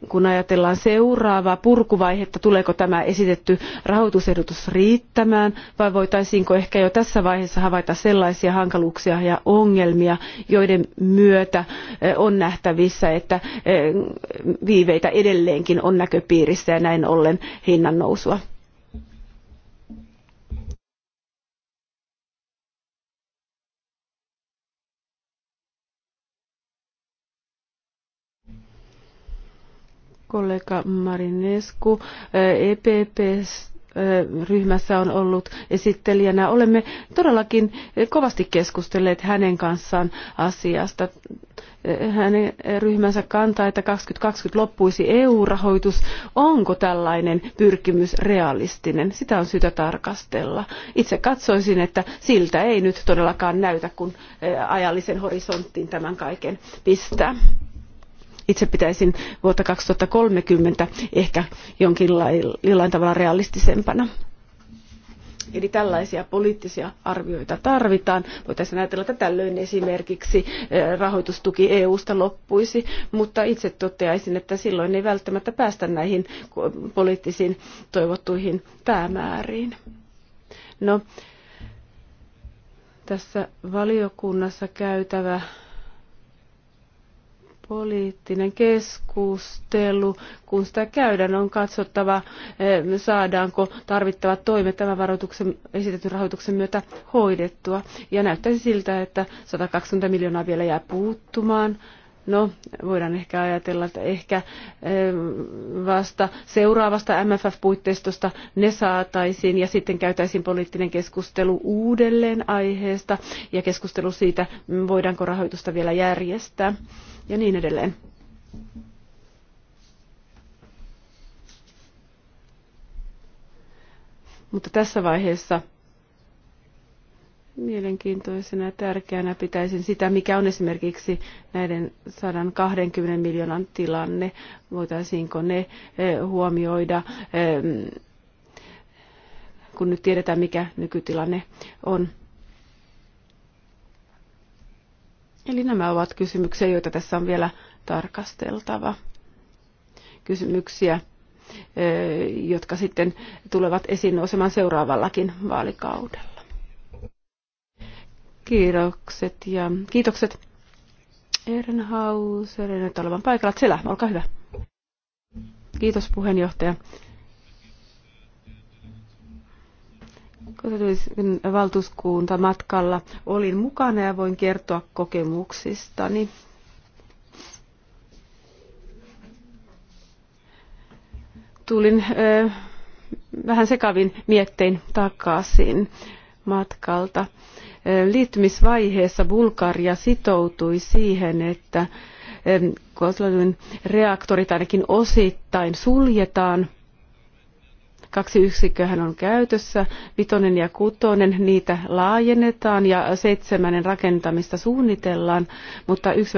kun ajatellaan seuraavaa purkuvaihetta, tuleeko tämä esitetty rahoitusehdotus riittämään vai voitaisiinko ehkä jo tässä vaiheessa havaita sellaisia hankaluuksia ja ongelmia, joiden myötä eh, on nähtävissä, että eh, viiveitä edelleenkin on näköpiirissä ja näin ollen hinnan nousua. kollega Marinescu EPP eh, e eh, ryhmässä on ollut esittelijänä. Olemme todellakin eh, kovasti keskustelleet hänen kanssaan asiasta. Hänen ryhmänsä kantaa, että 2020 loppuisi EU-rahoitus. Onko tällainen pyrkimys realistinen? Sitä on syytä tarkastella. Itse katsoisin, että siltä ei nyt todellakaan näytä, kun ajallisen horisonttiin tämän kaiken pistää itse pitäisin vuotta kaksituhatta kolmekymmentä ehkä jollain tavalla realistisempana. Eli tällaisia poliittisia arvioita tarvitaan. Voitaisiin ajatella, että tällöin esimerkiksi eh, rahoitustuki EU-sta loppuisi, mutta itse toteaisin, että silloin ei välttämättä päästä näihin poliittisiin toivottuihin päämääriin. No, tässä valiokunnassa käytävä poliittinen keskustelu, kun sitä käydään, on katsottava, eh, saadaanko tarvittavat toimet tämän varoituksen, esitetyn rahoituksen myötä hoidettua. Ja näyttäisi siltä, että 120 miljoonaa vielä jää puuttumaan No, voidaan ehkä ajatella, että ehkä eh, vasta seuraavasta MFF-puitteistosta ne saataisiin ja sitten käytäisiin poliittinen keskustelu uudelleen aiheesta ja keskustelu siitä, mm, voidaanko rahoitusta vielä järjestää ja niin edelleen. Mutta tässä vaiheessa mielenkiintoisena ja tärkeänä pitäisin sitä, mikä on esimerkiksi näiden 120 miljoonan tilanne. Voitaisiinko ne eh, huomioida, eh, kun nyt tiedetään, mikä nykytilanne on. Eli nämä ovat kysymyksiä, joita tässä on vielä tarkasteltava. Kysymyksiä, eh, jotka sitten tulevat esiin nousemaan seuraavallakin vaalikaudella. Kiitokset ja kiitokset Ehrenhauserin, että olevan paikalla. Selä, olkaa hyvä. Kiitos puheenjohtaja. Kototuisen valtuuskunta matkalla olin mukana ja voin kertoa kokemuksistani. Tulin ö, vähän sekavin miettein takaisin matkalta liittymisvaiheessa Bulgaria sitoutui siihen, että Kozlodun reaktorit ainakin osittain suljetaan. Kaksi yksikköhän on käytössä, vitonen ja kutonen, niitä laajennetaan ja seitsemännen rakentamista suunnitellaan, mutta 1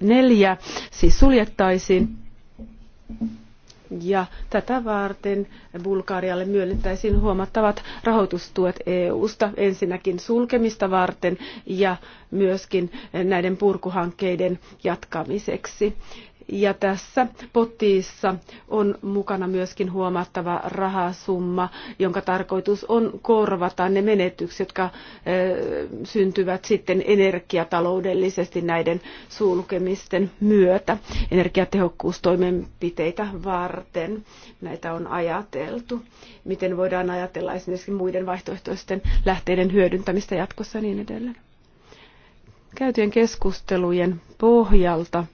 neljä siis suljettaisiin ja tätä varten Bulgarialle myönnettäisiin huomattavat rahoitustuet EU-sta ensinnäkin sulkemista varten ja myöskin näiden purkuhankkeiden jatkamiseksi. Ja tässä potissa on mukana myöskin huomattava rahasumma, jonka tarkoitus on korvata ne menetykset, jotka syntyvät sitten energiataloudellisesti näiden sulkemisten myötä energiatehokkuustoimenpiteitä varten. Näitä on ajateltu. Miten voidaan ajatella esimerkiksi muiden vaihtoehtoisten lähteiden hyödyntämistä jatkossa ja niin edelleen. Käytyjen keskustelujen pohjalta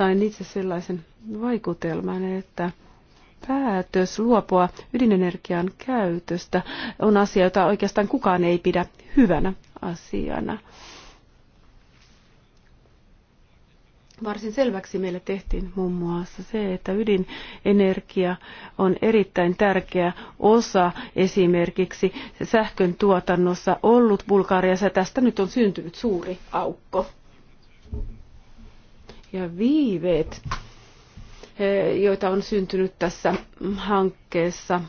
sain itse sellaisen vaikutelman, että päätös luopua ydinenergian käytöstä on asia, jota oikeastaan kukaan ei pidä hyvänä asiana. Varsin selväksi meille tehtiin muun muassa se, että ydinenergia on erittäin tärkeä osa esimerkiksi sähkön tuotannossa ollut Bulgariassa. Tästä nyt on syntynyt suuri aukko ja viiveet, eh, joita on syntynyt tässä hankkeessa.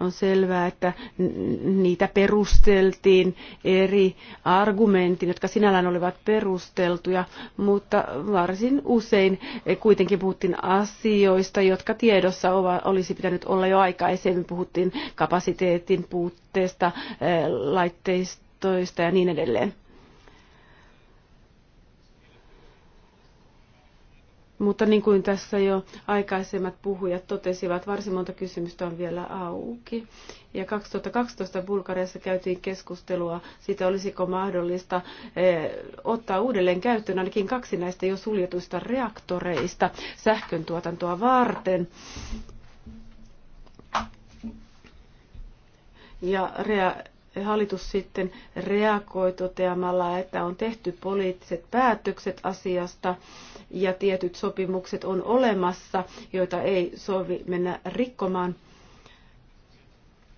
On selvää, että niitä perusteltiin eri argumentin, jotka sinällään olivat perusteltuja, mutta varsin usein eh, kuitenkin puhuttiin asioista, jotka tiedossa olisi pitänyt olla jo aikaisemmin. Puhuttiin kapasiteetin puutteesta, eh, laitteista ja niin edelleen. Mutta niin kuin tässä jo aikaisemmat puhujat totesivat, varsin monta kysymystä on vielä auki. Ja 2012 Bulgariassa käytiin keskustelua siitä, olisiko mahdollista eh, ottaa uudelleen käyttöön ainakin kaksi näistä jo suljetuista reaktoreista sähkön tuotantoa varten. Ja rea- hallitus sitten reagoi toteamalla, että on tehty poliittiset päätökset asiasta ja tietyt sopimukset on olemassa, joita ei sovi mennä rikkomaan.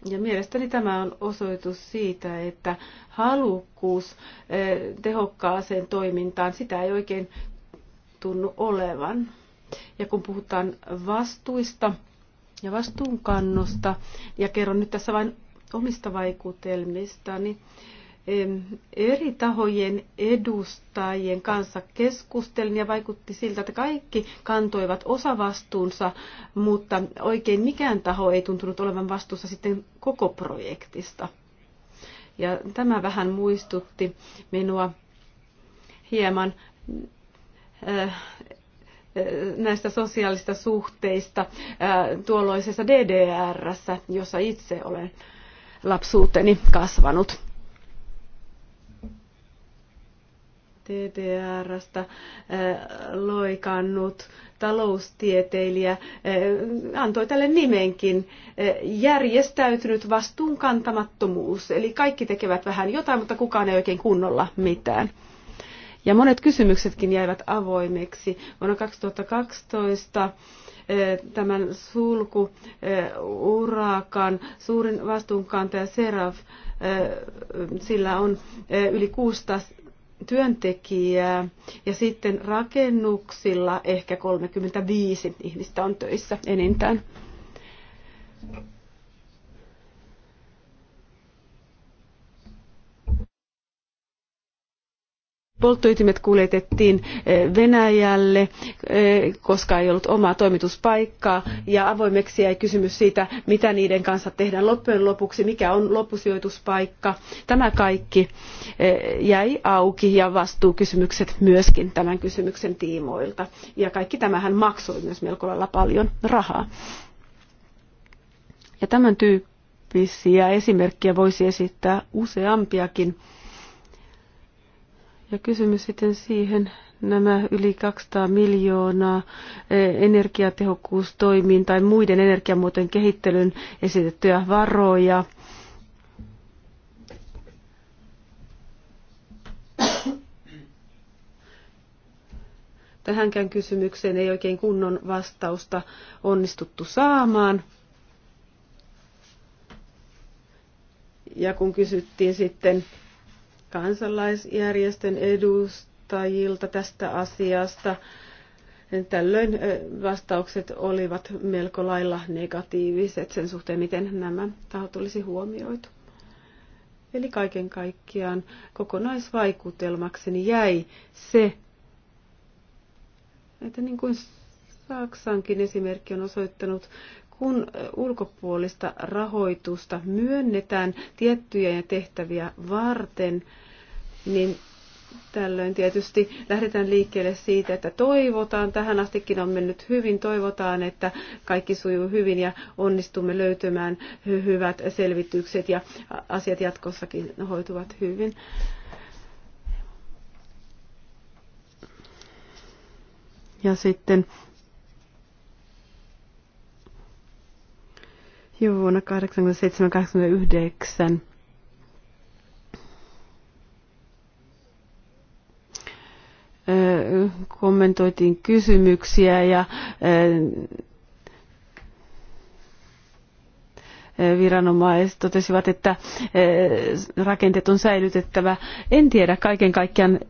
Ja mielestäni tämä on osoitus siitä, että halukkuus eh, tehokkaaseen toimintaan, sitä ei oikein tunnu olevan. Ja kun puhutaan vastuista ja vastuunkannosta, ja kerron nyt tässä vain omista vaikutelmistani eri tahojen edustajien kanssa keskustelin ja vaikutti siltä, että kaikki kantoivat osavastuunsa, mutta oikein mikään taho ei tuntunut olevan vastuussa sitten koko projektista. Ja tämä vähän muistutti minua hieman äh, näistä sosiaalista suhteista äh, tuolloisessa DDRssä, jossa itse olen lapsuuteni kasvanut. TTRstä äh, loikannut taloustieteilijä äh, antoi tälle nimenkin äh, järjestäytynyt vastuunkantamattomuus. Eli kaikki tekevät vähän jotain, mutta kukaan ei oikein kunnolla mitään. Ja monet kysymyksetkin jäivät avoimeksi. Vuonna 2012 eh, tämän sulku eh, urakan suurin vastuunkantaja Seraf, eh, sillä on yli 600 työntekijää ja sitten rakennuksilla ehkä 35 ihmistä on töissä enintään. polttoytimet kuljetettiin eh, Venäjälle, eh, koska ei ollut omaa toimituspaikkaa ja avoimeksi jäi kysymys siitä, mitä niiden kanssa tehdään loppujen lopuksi, mikä on loppusijoituspaikka. Tämä kaikki eh, jäi auki ja vastuukysymykset myöskin tämän kysymyksen tiimoilta. Ja kaikki tämähän maksoi myös melko lailla paljon rahaa. Ja tämän tyyppisiä esimerkkejä voisi esittää useampiakin. Ja kysymys sitten siihen, nämä yli 200 miljoonaa eh, energiatehokkuustoimiin tai muiden energiamuotojen kehittelyn esitettyjä varoja. Tähänkään kysymykseen ei oikein kunnon vastausta onnistuttu saamaan. Ja kun kysyttiin sitten kansalaisjärjestön edustajilta tästä asiasta. Tällöin vastaukset olivat melko lailla negatiiviset sen suhteen, miten nämä tahot olisi huomioitu. Eli kaiken kaikkiaan kokonaisvaikutelmakseni jäi se, että niin kuin Saksankin esimerkki on osoittanut, kun ulkopuolista rahoitusta myönnetään tiettyjä tehtäviä varten, niin Tällöin tietysti lähdetään liikkeelle siitä, että toivotaan, tähän astikin on mennyt hyvin, toivotaan, että kaikki sujuu hyvin ja onnistumme löytämään hyvät selvitykset ja asiat jatkossakin hoituvat hyvin. Ja sitten Joo, vuonna 1987-1989. kommentoitiin kysymyksiä ja viranomaiset totesivat, että rakenteet on säilytettävä. En tiedä, kaiken kaikkiaan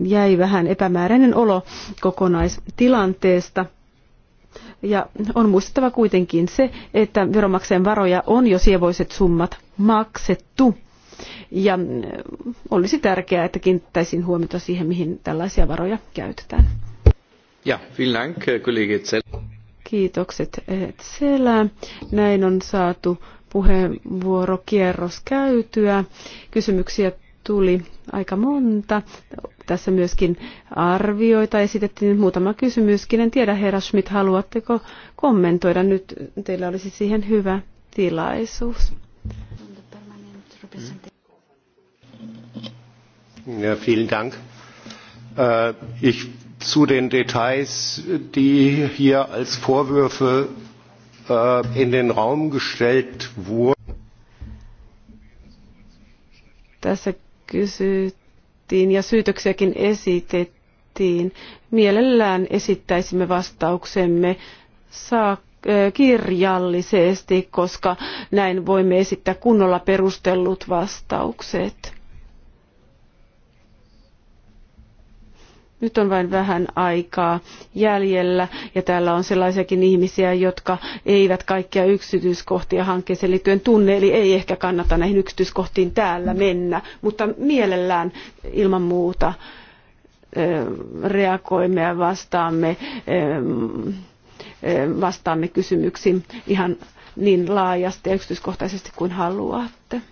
jäi vähän epämääräinen olo kokonaistilanteesta. Ja on muistettava kuitenkin se, että veronmaksajan varoja on jo sievoiset summat maksettu. Ja mm, olisi tärkeää, että kiinnittäisiin huomiota siihen, mihin tällaisia varoja käytetään. Ja, vielen dank, äh, Kiitokset Selä. Äh, Näin on saatu puheenvuorokierros käytyä. Kysymyksiä tuli aika monta tässä myöskin arvioita esitettiin. Muutama kysymyskin. En tiedä, herra Schmidt, haluatteko kommentoida nyt? Teillä olisi siihen hyvä tilaisuus. Ja, vielen Dank. Äh, ich zu den Details, die hier als Vorwürfe äh, in den Raum gestellt wurden. Tässä kysyt esitettiin ja syytöksiäkin esitettiin. Mielellään esittäisimme vastauksemme saa kirjallisesti, koska näin voimme esittää kunnolla perustellut vastaukset. Nyt on vain vähän aikaa jäljellä ja täällä on sellaisiakin ihmisiä, jotka eivät kaikkia yksityiskohtia hankkeeseen liittyen tunne, eli ei ehkä kannata näihin yksityiskohtiin täällä mennä, mutta mielellään ilman muuta reagoimme ja vastaamme, vastaamme kysymyksiin ihan niin laajasti ja yksityiskohtaisesti kuin haluatte.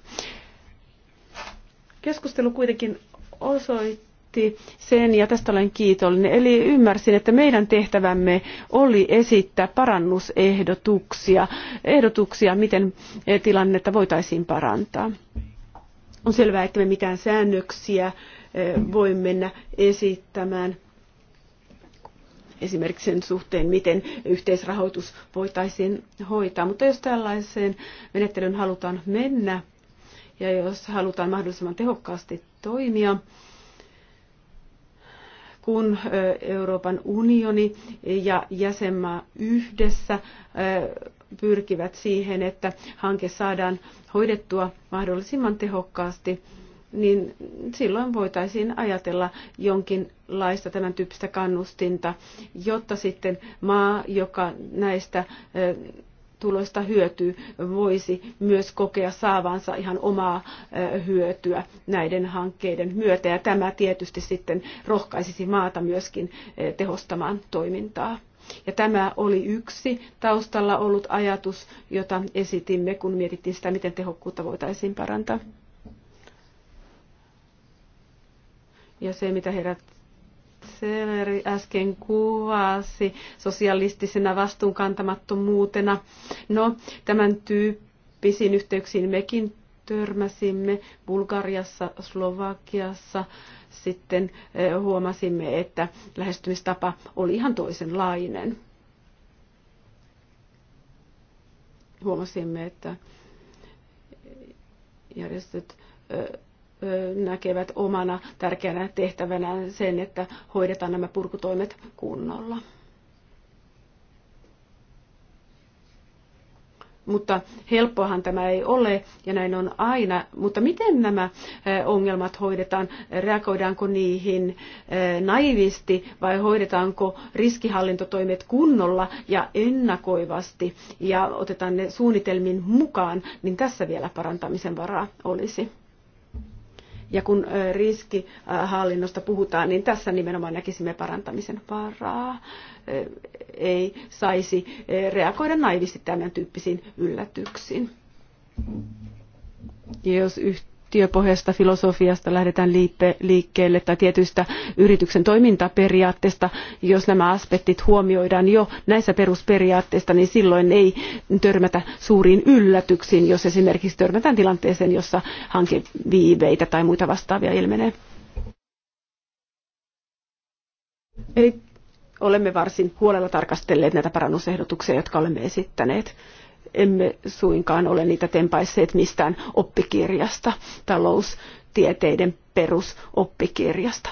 Keskustelu kuitenkin osoittaa, esitti sen ja tästä olen kiitollinen. Eli ymmärsin, että meidän tehtävämme oli esittää parannusehdotuksia, ehdotuksia, miten eh, tilannetta voitaisiin parantaa. On selvää, että me mitään säännöksiä eh, voi mennä esittämään esimerkiksi sen suhteen, miten yhteisrahoitus voitaisiin hoitaa. Mutta jos tällaiseen menettelyyn halutaan mennä ja jos halutaan mahdollisimman tehokkaasti toimia, kun Euroopan unioni ja jäsenmaa yhdessä pyrkivät siihen, että hanke saadaan hoidettua mahdollisimman tehokkaasti, niin silloin voitaisiin ajatella jonkinlaista tämän tyyppistä kannustinta, jotta sitten maa, joka näistä tuloista hyötyy, voisi myös kokea saavansa ihan omaa hyötyä näiden hankkeiden myötä. Ja tämä tietysti sitten rohkaisisi maata myöskin tehostamaan toimintaa. Ja tämä oli yksi taustalla ollut ajatus, jota esitimme, kun mietittiin sitä, miten tehokkuutta voitaisiin parantaa. Ja se, mitä herät Selleri äsken kuvasi sosialistisena vastuunkantamattomuutena. No, tämän tyyppisiin yhteyksiin mekin törmäsimme Bulgariassa, Slovakiassa. Sitten eh, huomasimme, että lähestymistapa oli ihan toisenlainen. Huomasimme, että järjestöt eh, näkevät omana tärkeänä tehtävänä sen, että hoidetaan nämä purkutoimet kunnolla. Mutta helppohan tämä ei ole ja näin on aina. Mutta miten nämä ongelmat hoidetaan? Reagoidaanko niihin naivisti vai hoidetaanko riskihallintotoimet kunnolla ja ennakoivasti ja otetaan ne suunnitelmin mukaan, niin tässä vielä parantamisen varaa olisi. Ja kun riskihallinnosta puhutaan, niin tässä nimenomaan näkisimme parantamisen varaa. Ei saisi reagoida naivisti tämän tyyppisiin yllätyksiin. Ja jos yhtä yhtiöpohjaisesta filosofiasta lähdetään liikkeelle tai tietyistä yrityksen toimintaperiaatteista. Jos nämä aspektit huomioidaan jo näissä perusperiaatteissa, niin silloin ei törmätä suuriin yllätyksiin, jos esimerkiksi törmätään tilanteeseen, jossa hankeviiveitä tai muita vastaavia ilmenee. Eli olemme varsin huolella tarkastelleet näitä parannusehdotuksia, jotka olemme esittäneet emme suinkaan ole niitä tempaisseet mistään oppikirjasta, taloustieteiden perusoppikirjasta.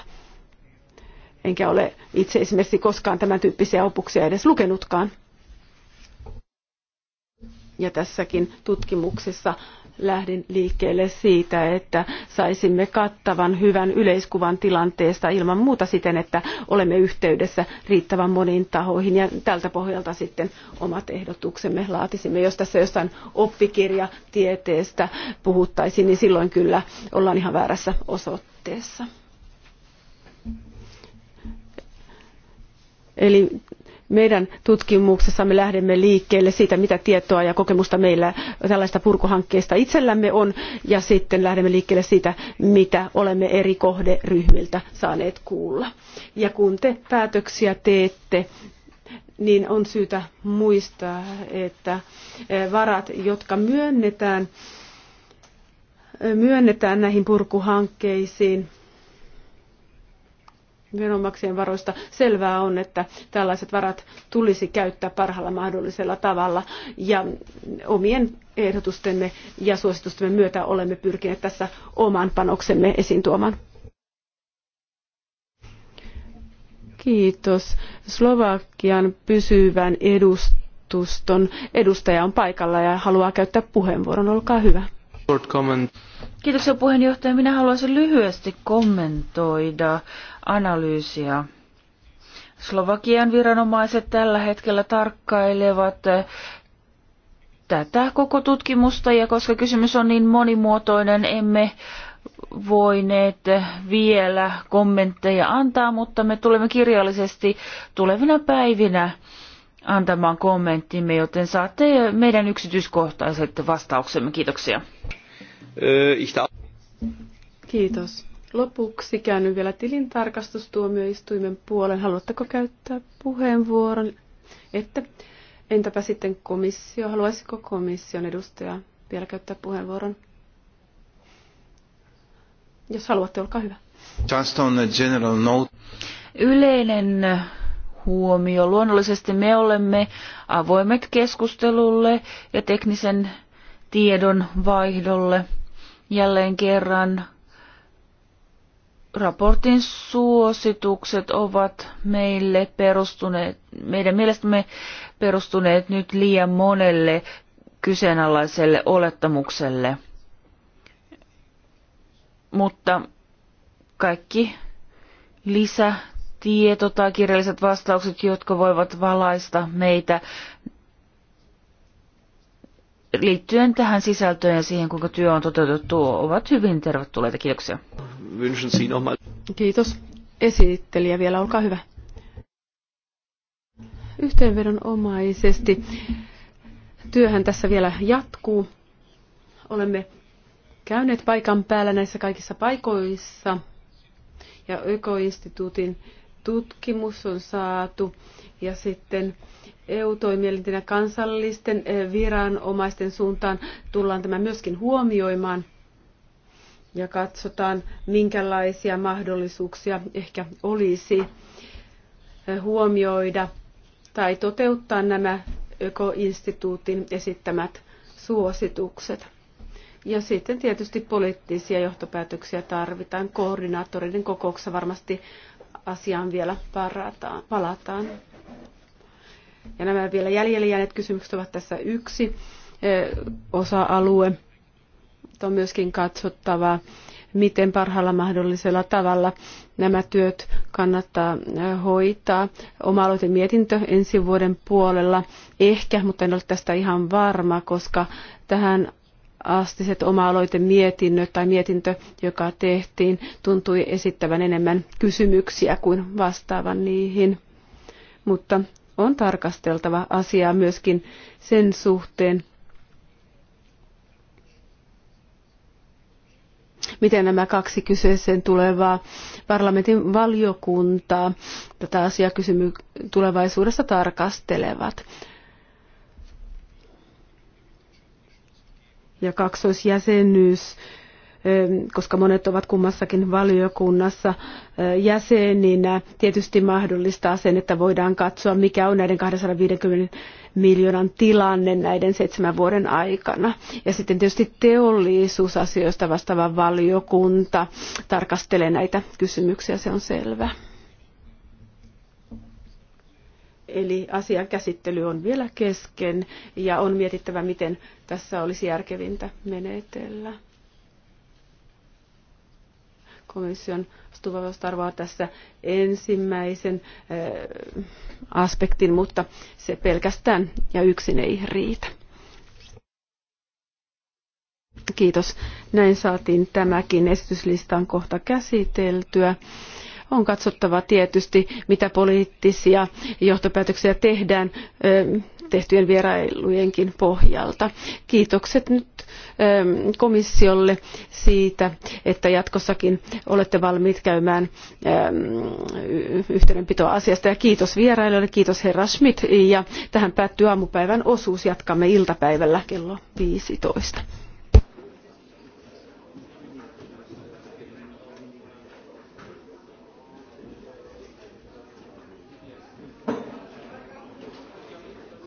Enkä ole itse esimerkiksi koskaan tämän tyyppisiä opuksia edes lukenutkaan. Ja tässäkin tutkimuksessa lähdin liikkeelle siitä, että saisimme kattavan hyvän yleiskuvan tilanteesta ilman muuta siten, että olemme yhteydessä riittävän moniin tahoihin ja tältä pohjalta sitten omat ehdotuksemme laatisimme. Jos tässä jostain oppikirjatieteestä puhuttaisiin, niin silloin kyllä ollaan ihan väärässä osoitteessa. Eli meidän tutkimuksessamme lähdemme liikkeelle siitä, mitä tietoa ja kokemusta meillä tällaista purkuhankkeista itsellämme on, ja sitten lähdemme liikkeelle siitä, mitä olemme eri kohderyhmiltä saaneet kuulla. Ja kun te päätöksiä teette, niin on syytä muistaa, että e, varat, jotka myönnetään, e, myönnetään näihin purkuhankkeisiin, veronmaksajien varoista. Selvää on, että tällaiset varat tulisi käyttää parhaalla mahdollisella tavalla ja omien ehdotustemme ja suositustemme myötä olemme pyrkineet tässä oman panoksemme esiin tuomaan. Kiitos. Slovakian pysyvän edustuston edustaja on paikalla ja haluaa käyttää puheenvuoron. Olkaa hyvä. Kiitoksia puheenjohtaja. Minä haluaisin lyhyesti kommentoida analyysiä. Slovakian viranomaiset tällä hetkellä tarkkailevat eh, tätä koko tutkimusta ja koska kysymys on niin monimuotoinen, emme voineet vielä kommentteja antaa, mutta me tulemme kirjallisesti tulevina päivinä antamaan kommenttimme, joten saatte meidän yksityiskohtaiset vastauksemme. Kiitoksia. Äh, Kiitos. Lopuksi käyn vielä tilintarkastustuomioistuimen puolen. Haluatteko käyttää puheenvuoron? Ette. Entäpä sitten komissio? Haluaisiko komission edustaja vielä käyttää puheenvuoron? Jos haluatte, olkaa hyvä. Just on a general note. Yleinen huomio. Luonnollisesti me olemme avoimet keskustelulle ja teknisen tiedon vaihdolle. Jälleen kerran raportin suositukset ovat meille perustuneet, meidän mielestämme perustuneet nyt liian monelle kyseenalaiselle olettamukselle. Mutta kaikki lisätieto tai kirjalliset vastaukset, jotka voivat valaista meitä liittyen tähän sisältöön ja siihen, kuinka työ on toteutettu, ovat hyvin tervetulleita. Kiitoksia. Kiitos. Esittelijä vielä, olkaa hyvä. Yhteenvedonomaisesti työhän tässä vielä jatkuu. Olemme käyneet paikan päällä näissä kaikissa paikoissa ja Öko-instituutin tutkimus on saatu ja sitten EU-toimielinten ja kansallisten eh, viranomaisten suuntaan tullaan tämä myöskin huomioimaan ja katsotaan, minkälaisia mahdollisuuksia ehkä olisi eh, huomioida tai toteuttaa nämä ekoinstituutin esittämät suositukset. Ja sitten tietysti poliittisia johtopäätöksiä tarvitaan. Koordinaattoreiden kokouksessa varmasti asiaan vielä palataan. Ja nämä vielä jäljellä jääneet kysymykset ovat tässä yksi osa-alue. On myöskin katsottava, miten parhaalla mahdollisella tavalla nämä työt kannattaa hoitaa. Oma mietintö ensi vuoden puolella ehkä, mutta en ole tästä ihan varma, koska tähän astiset oma-aloitemietinnöt tai mietintö, joka tehtiin, tuntui esittävän enemmän kysymyksiä kuin vastaavan niihin. Mutta on tarkasteltava asiaa myöskin sen suhteen, miten nämä kaksi kyseiseen tulevaa parlamentin valiokuntaa tätä asiaa tulevaisuudessa tarkastelevat. Ja kaksoisjäsenyys koska monet ovat kummassakin valiokunnassa jäseninä. Tietysti mahdollistaa sen, että voidaan katsoa, mikä on näiden 250 miljoonan tilanne näiden seitsemän vuoden aikana. Ja sitten tietysti teollisuusasioista vastaava valiokunta tarkastelee näitä kysymyksiä, se on selvä. Eli asian käsittely on vielä kesken ja on mietittävä, miten tässä olisi järkevintä menetellä komission vastuuvapaus arvoa tässä ensimmäisen eh, aspektin, mutta se pelkästään ja yksin ei riitä. Kiitos. Näin saatiin tämäkin esityslistan kohta käsiteltyä. On katsottava tietysti, mitä poliittisia johtopäätöksiä tehdään eh, tehtyjen vierailujenkin pohjalta. Kiitokset nyt ähm, komissiolle siitä, että jatkossakin olette valmiit käymään ähm, yhteydenpitoa asiasta. Ja kiitos vierailijoille, kiitos herra Schmidt. Ja tähän päättyy aamupäivän osuus. Jatkamme iltapäivällä kello 15.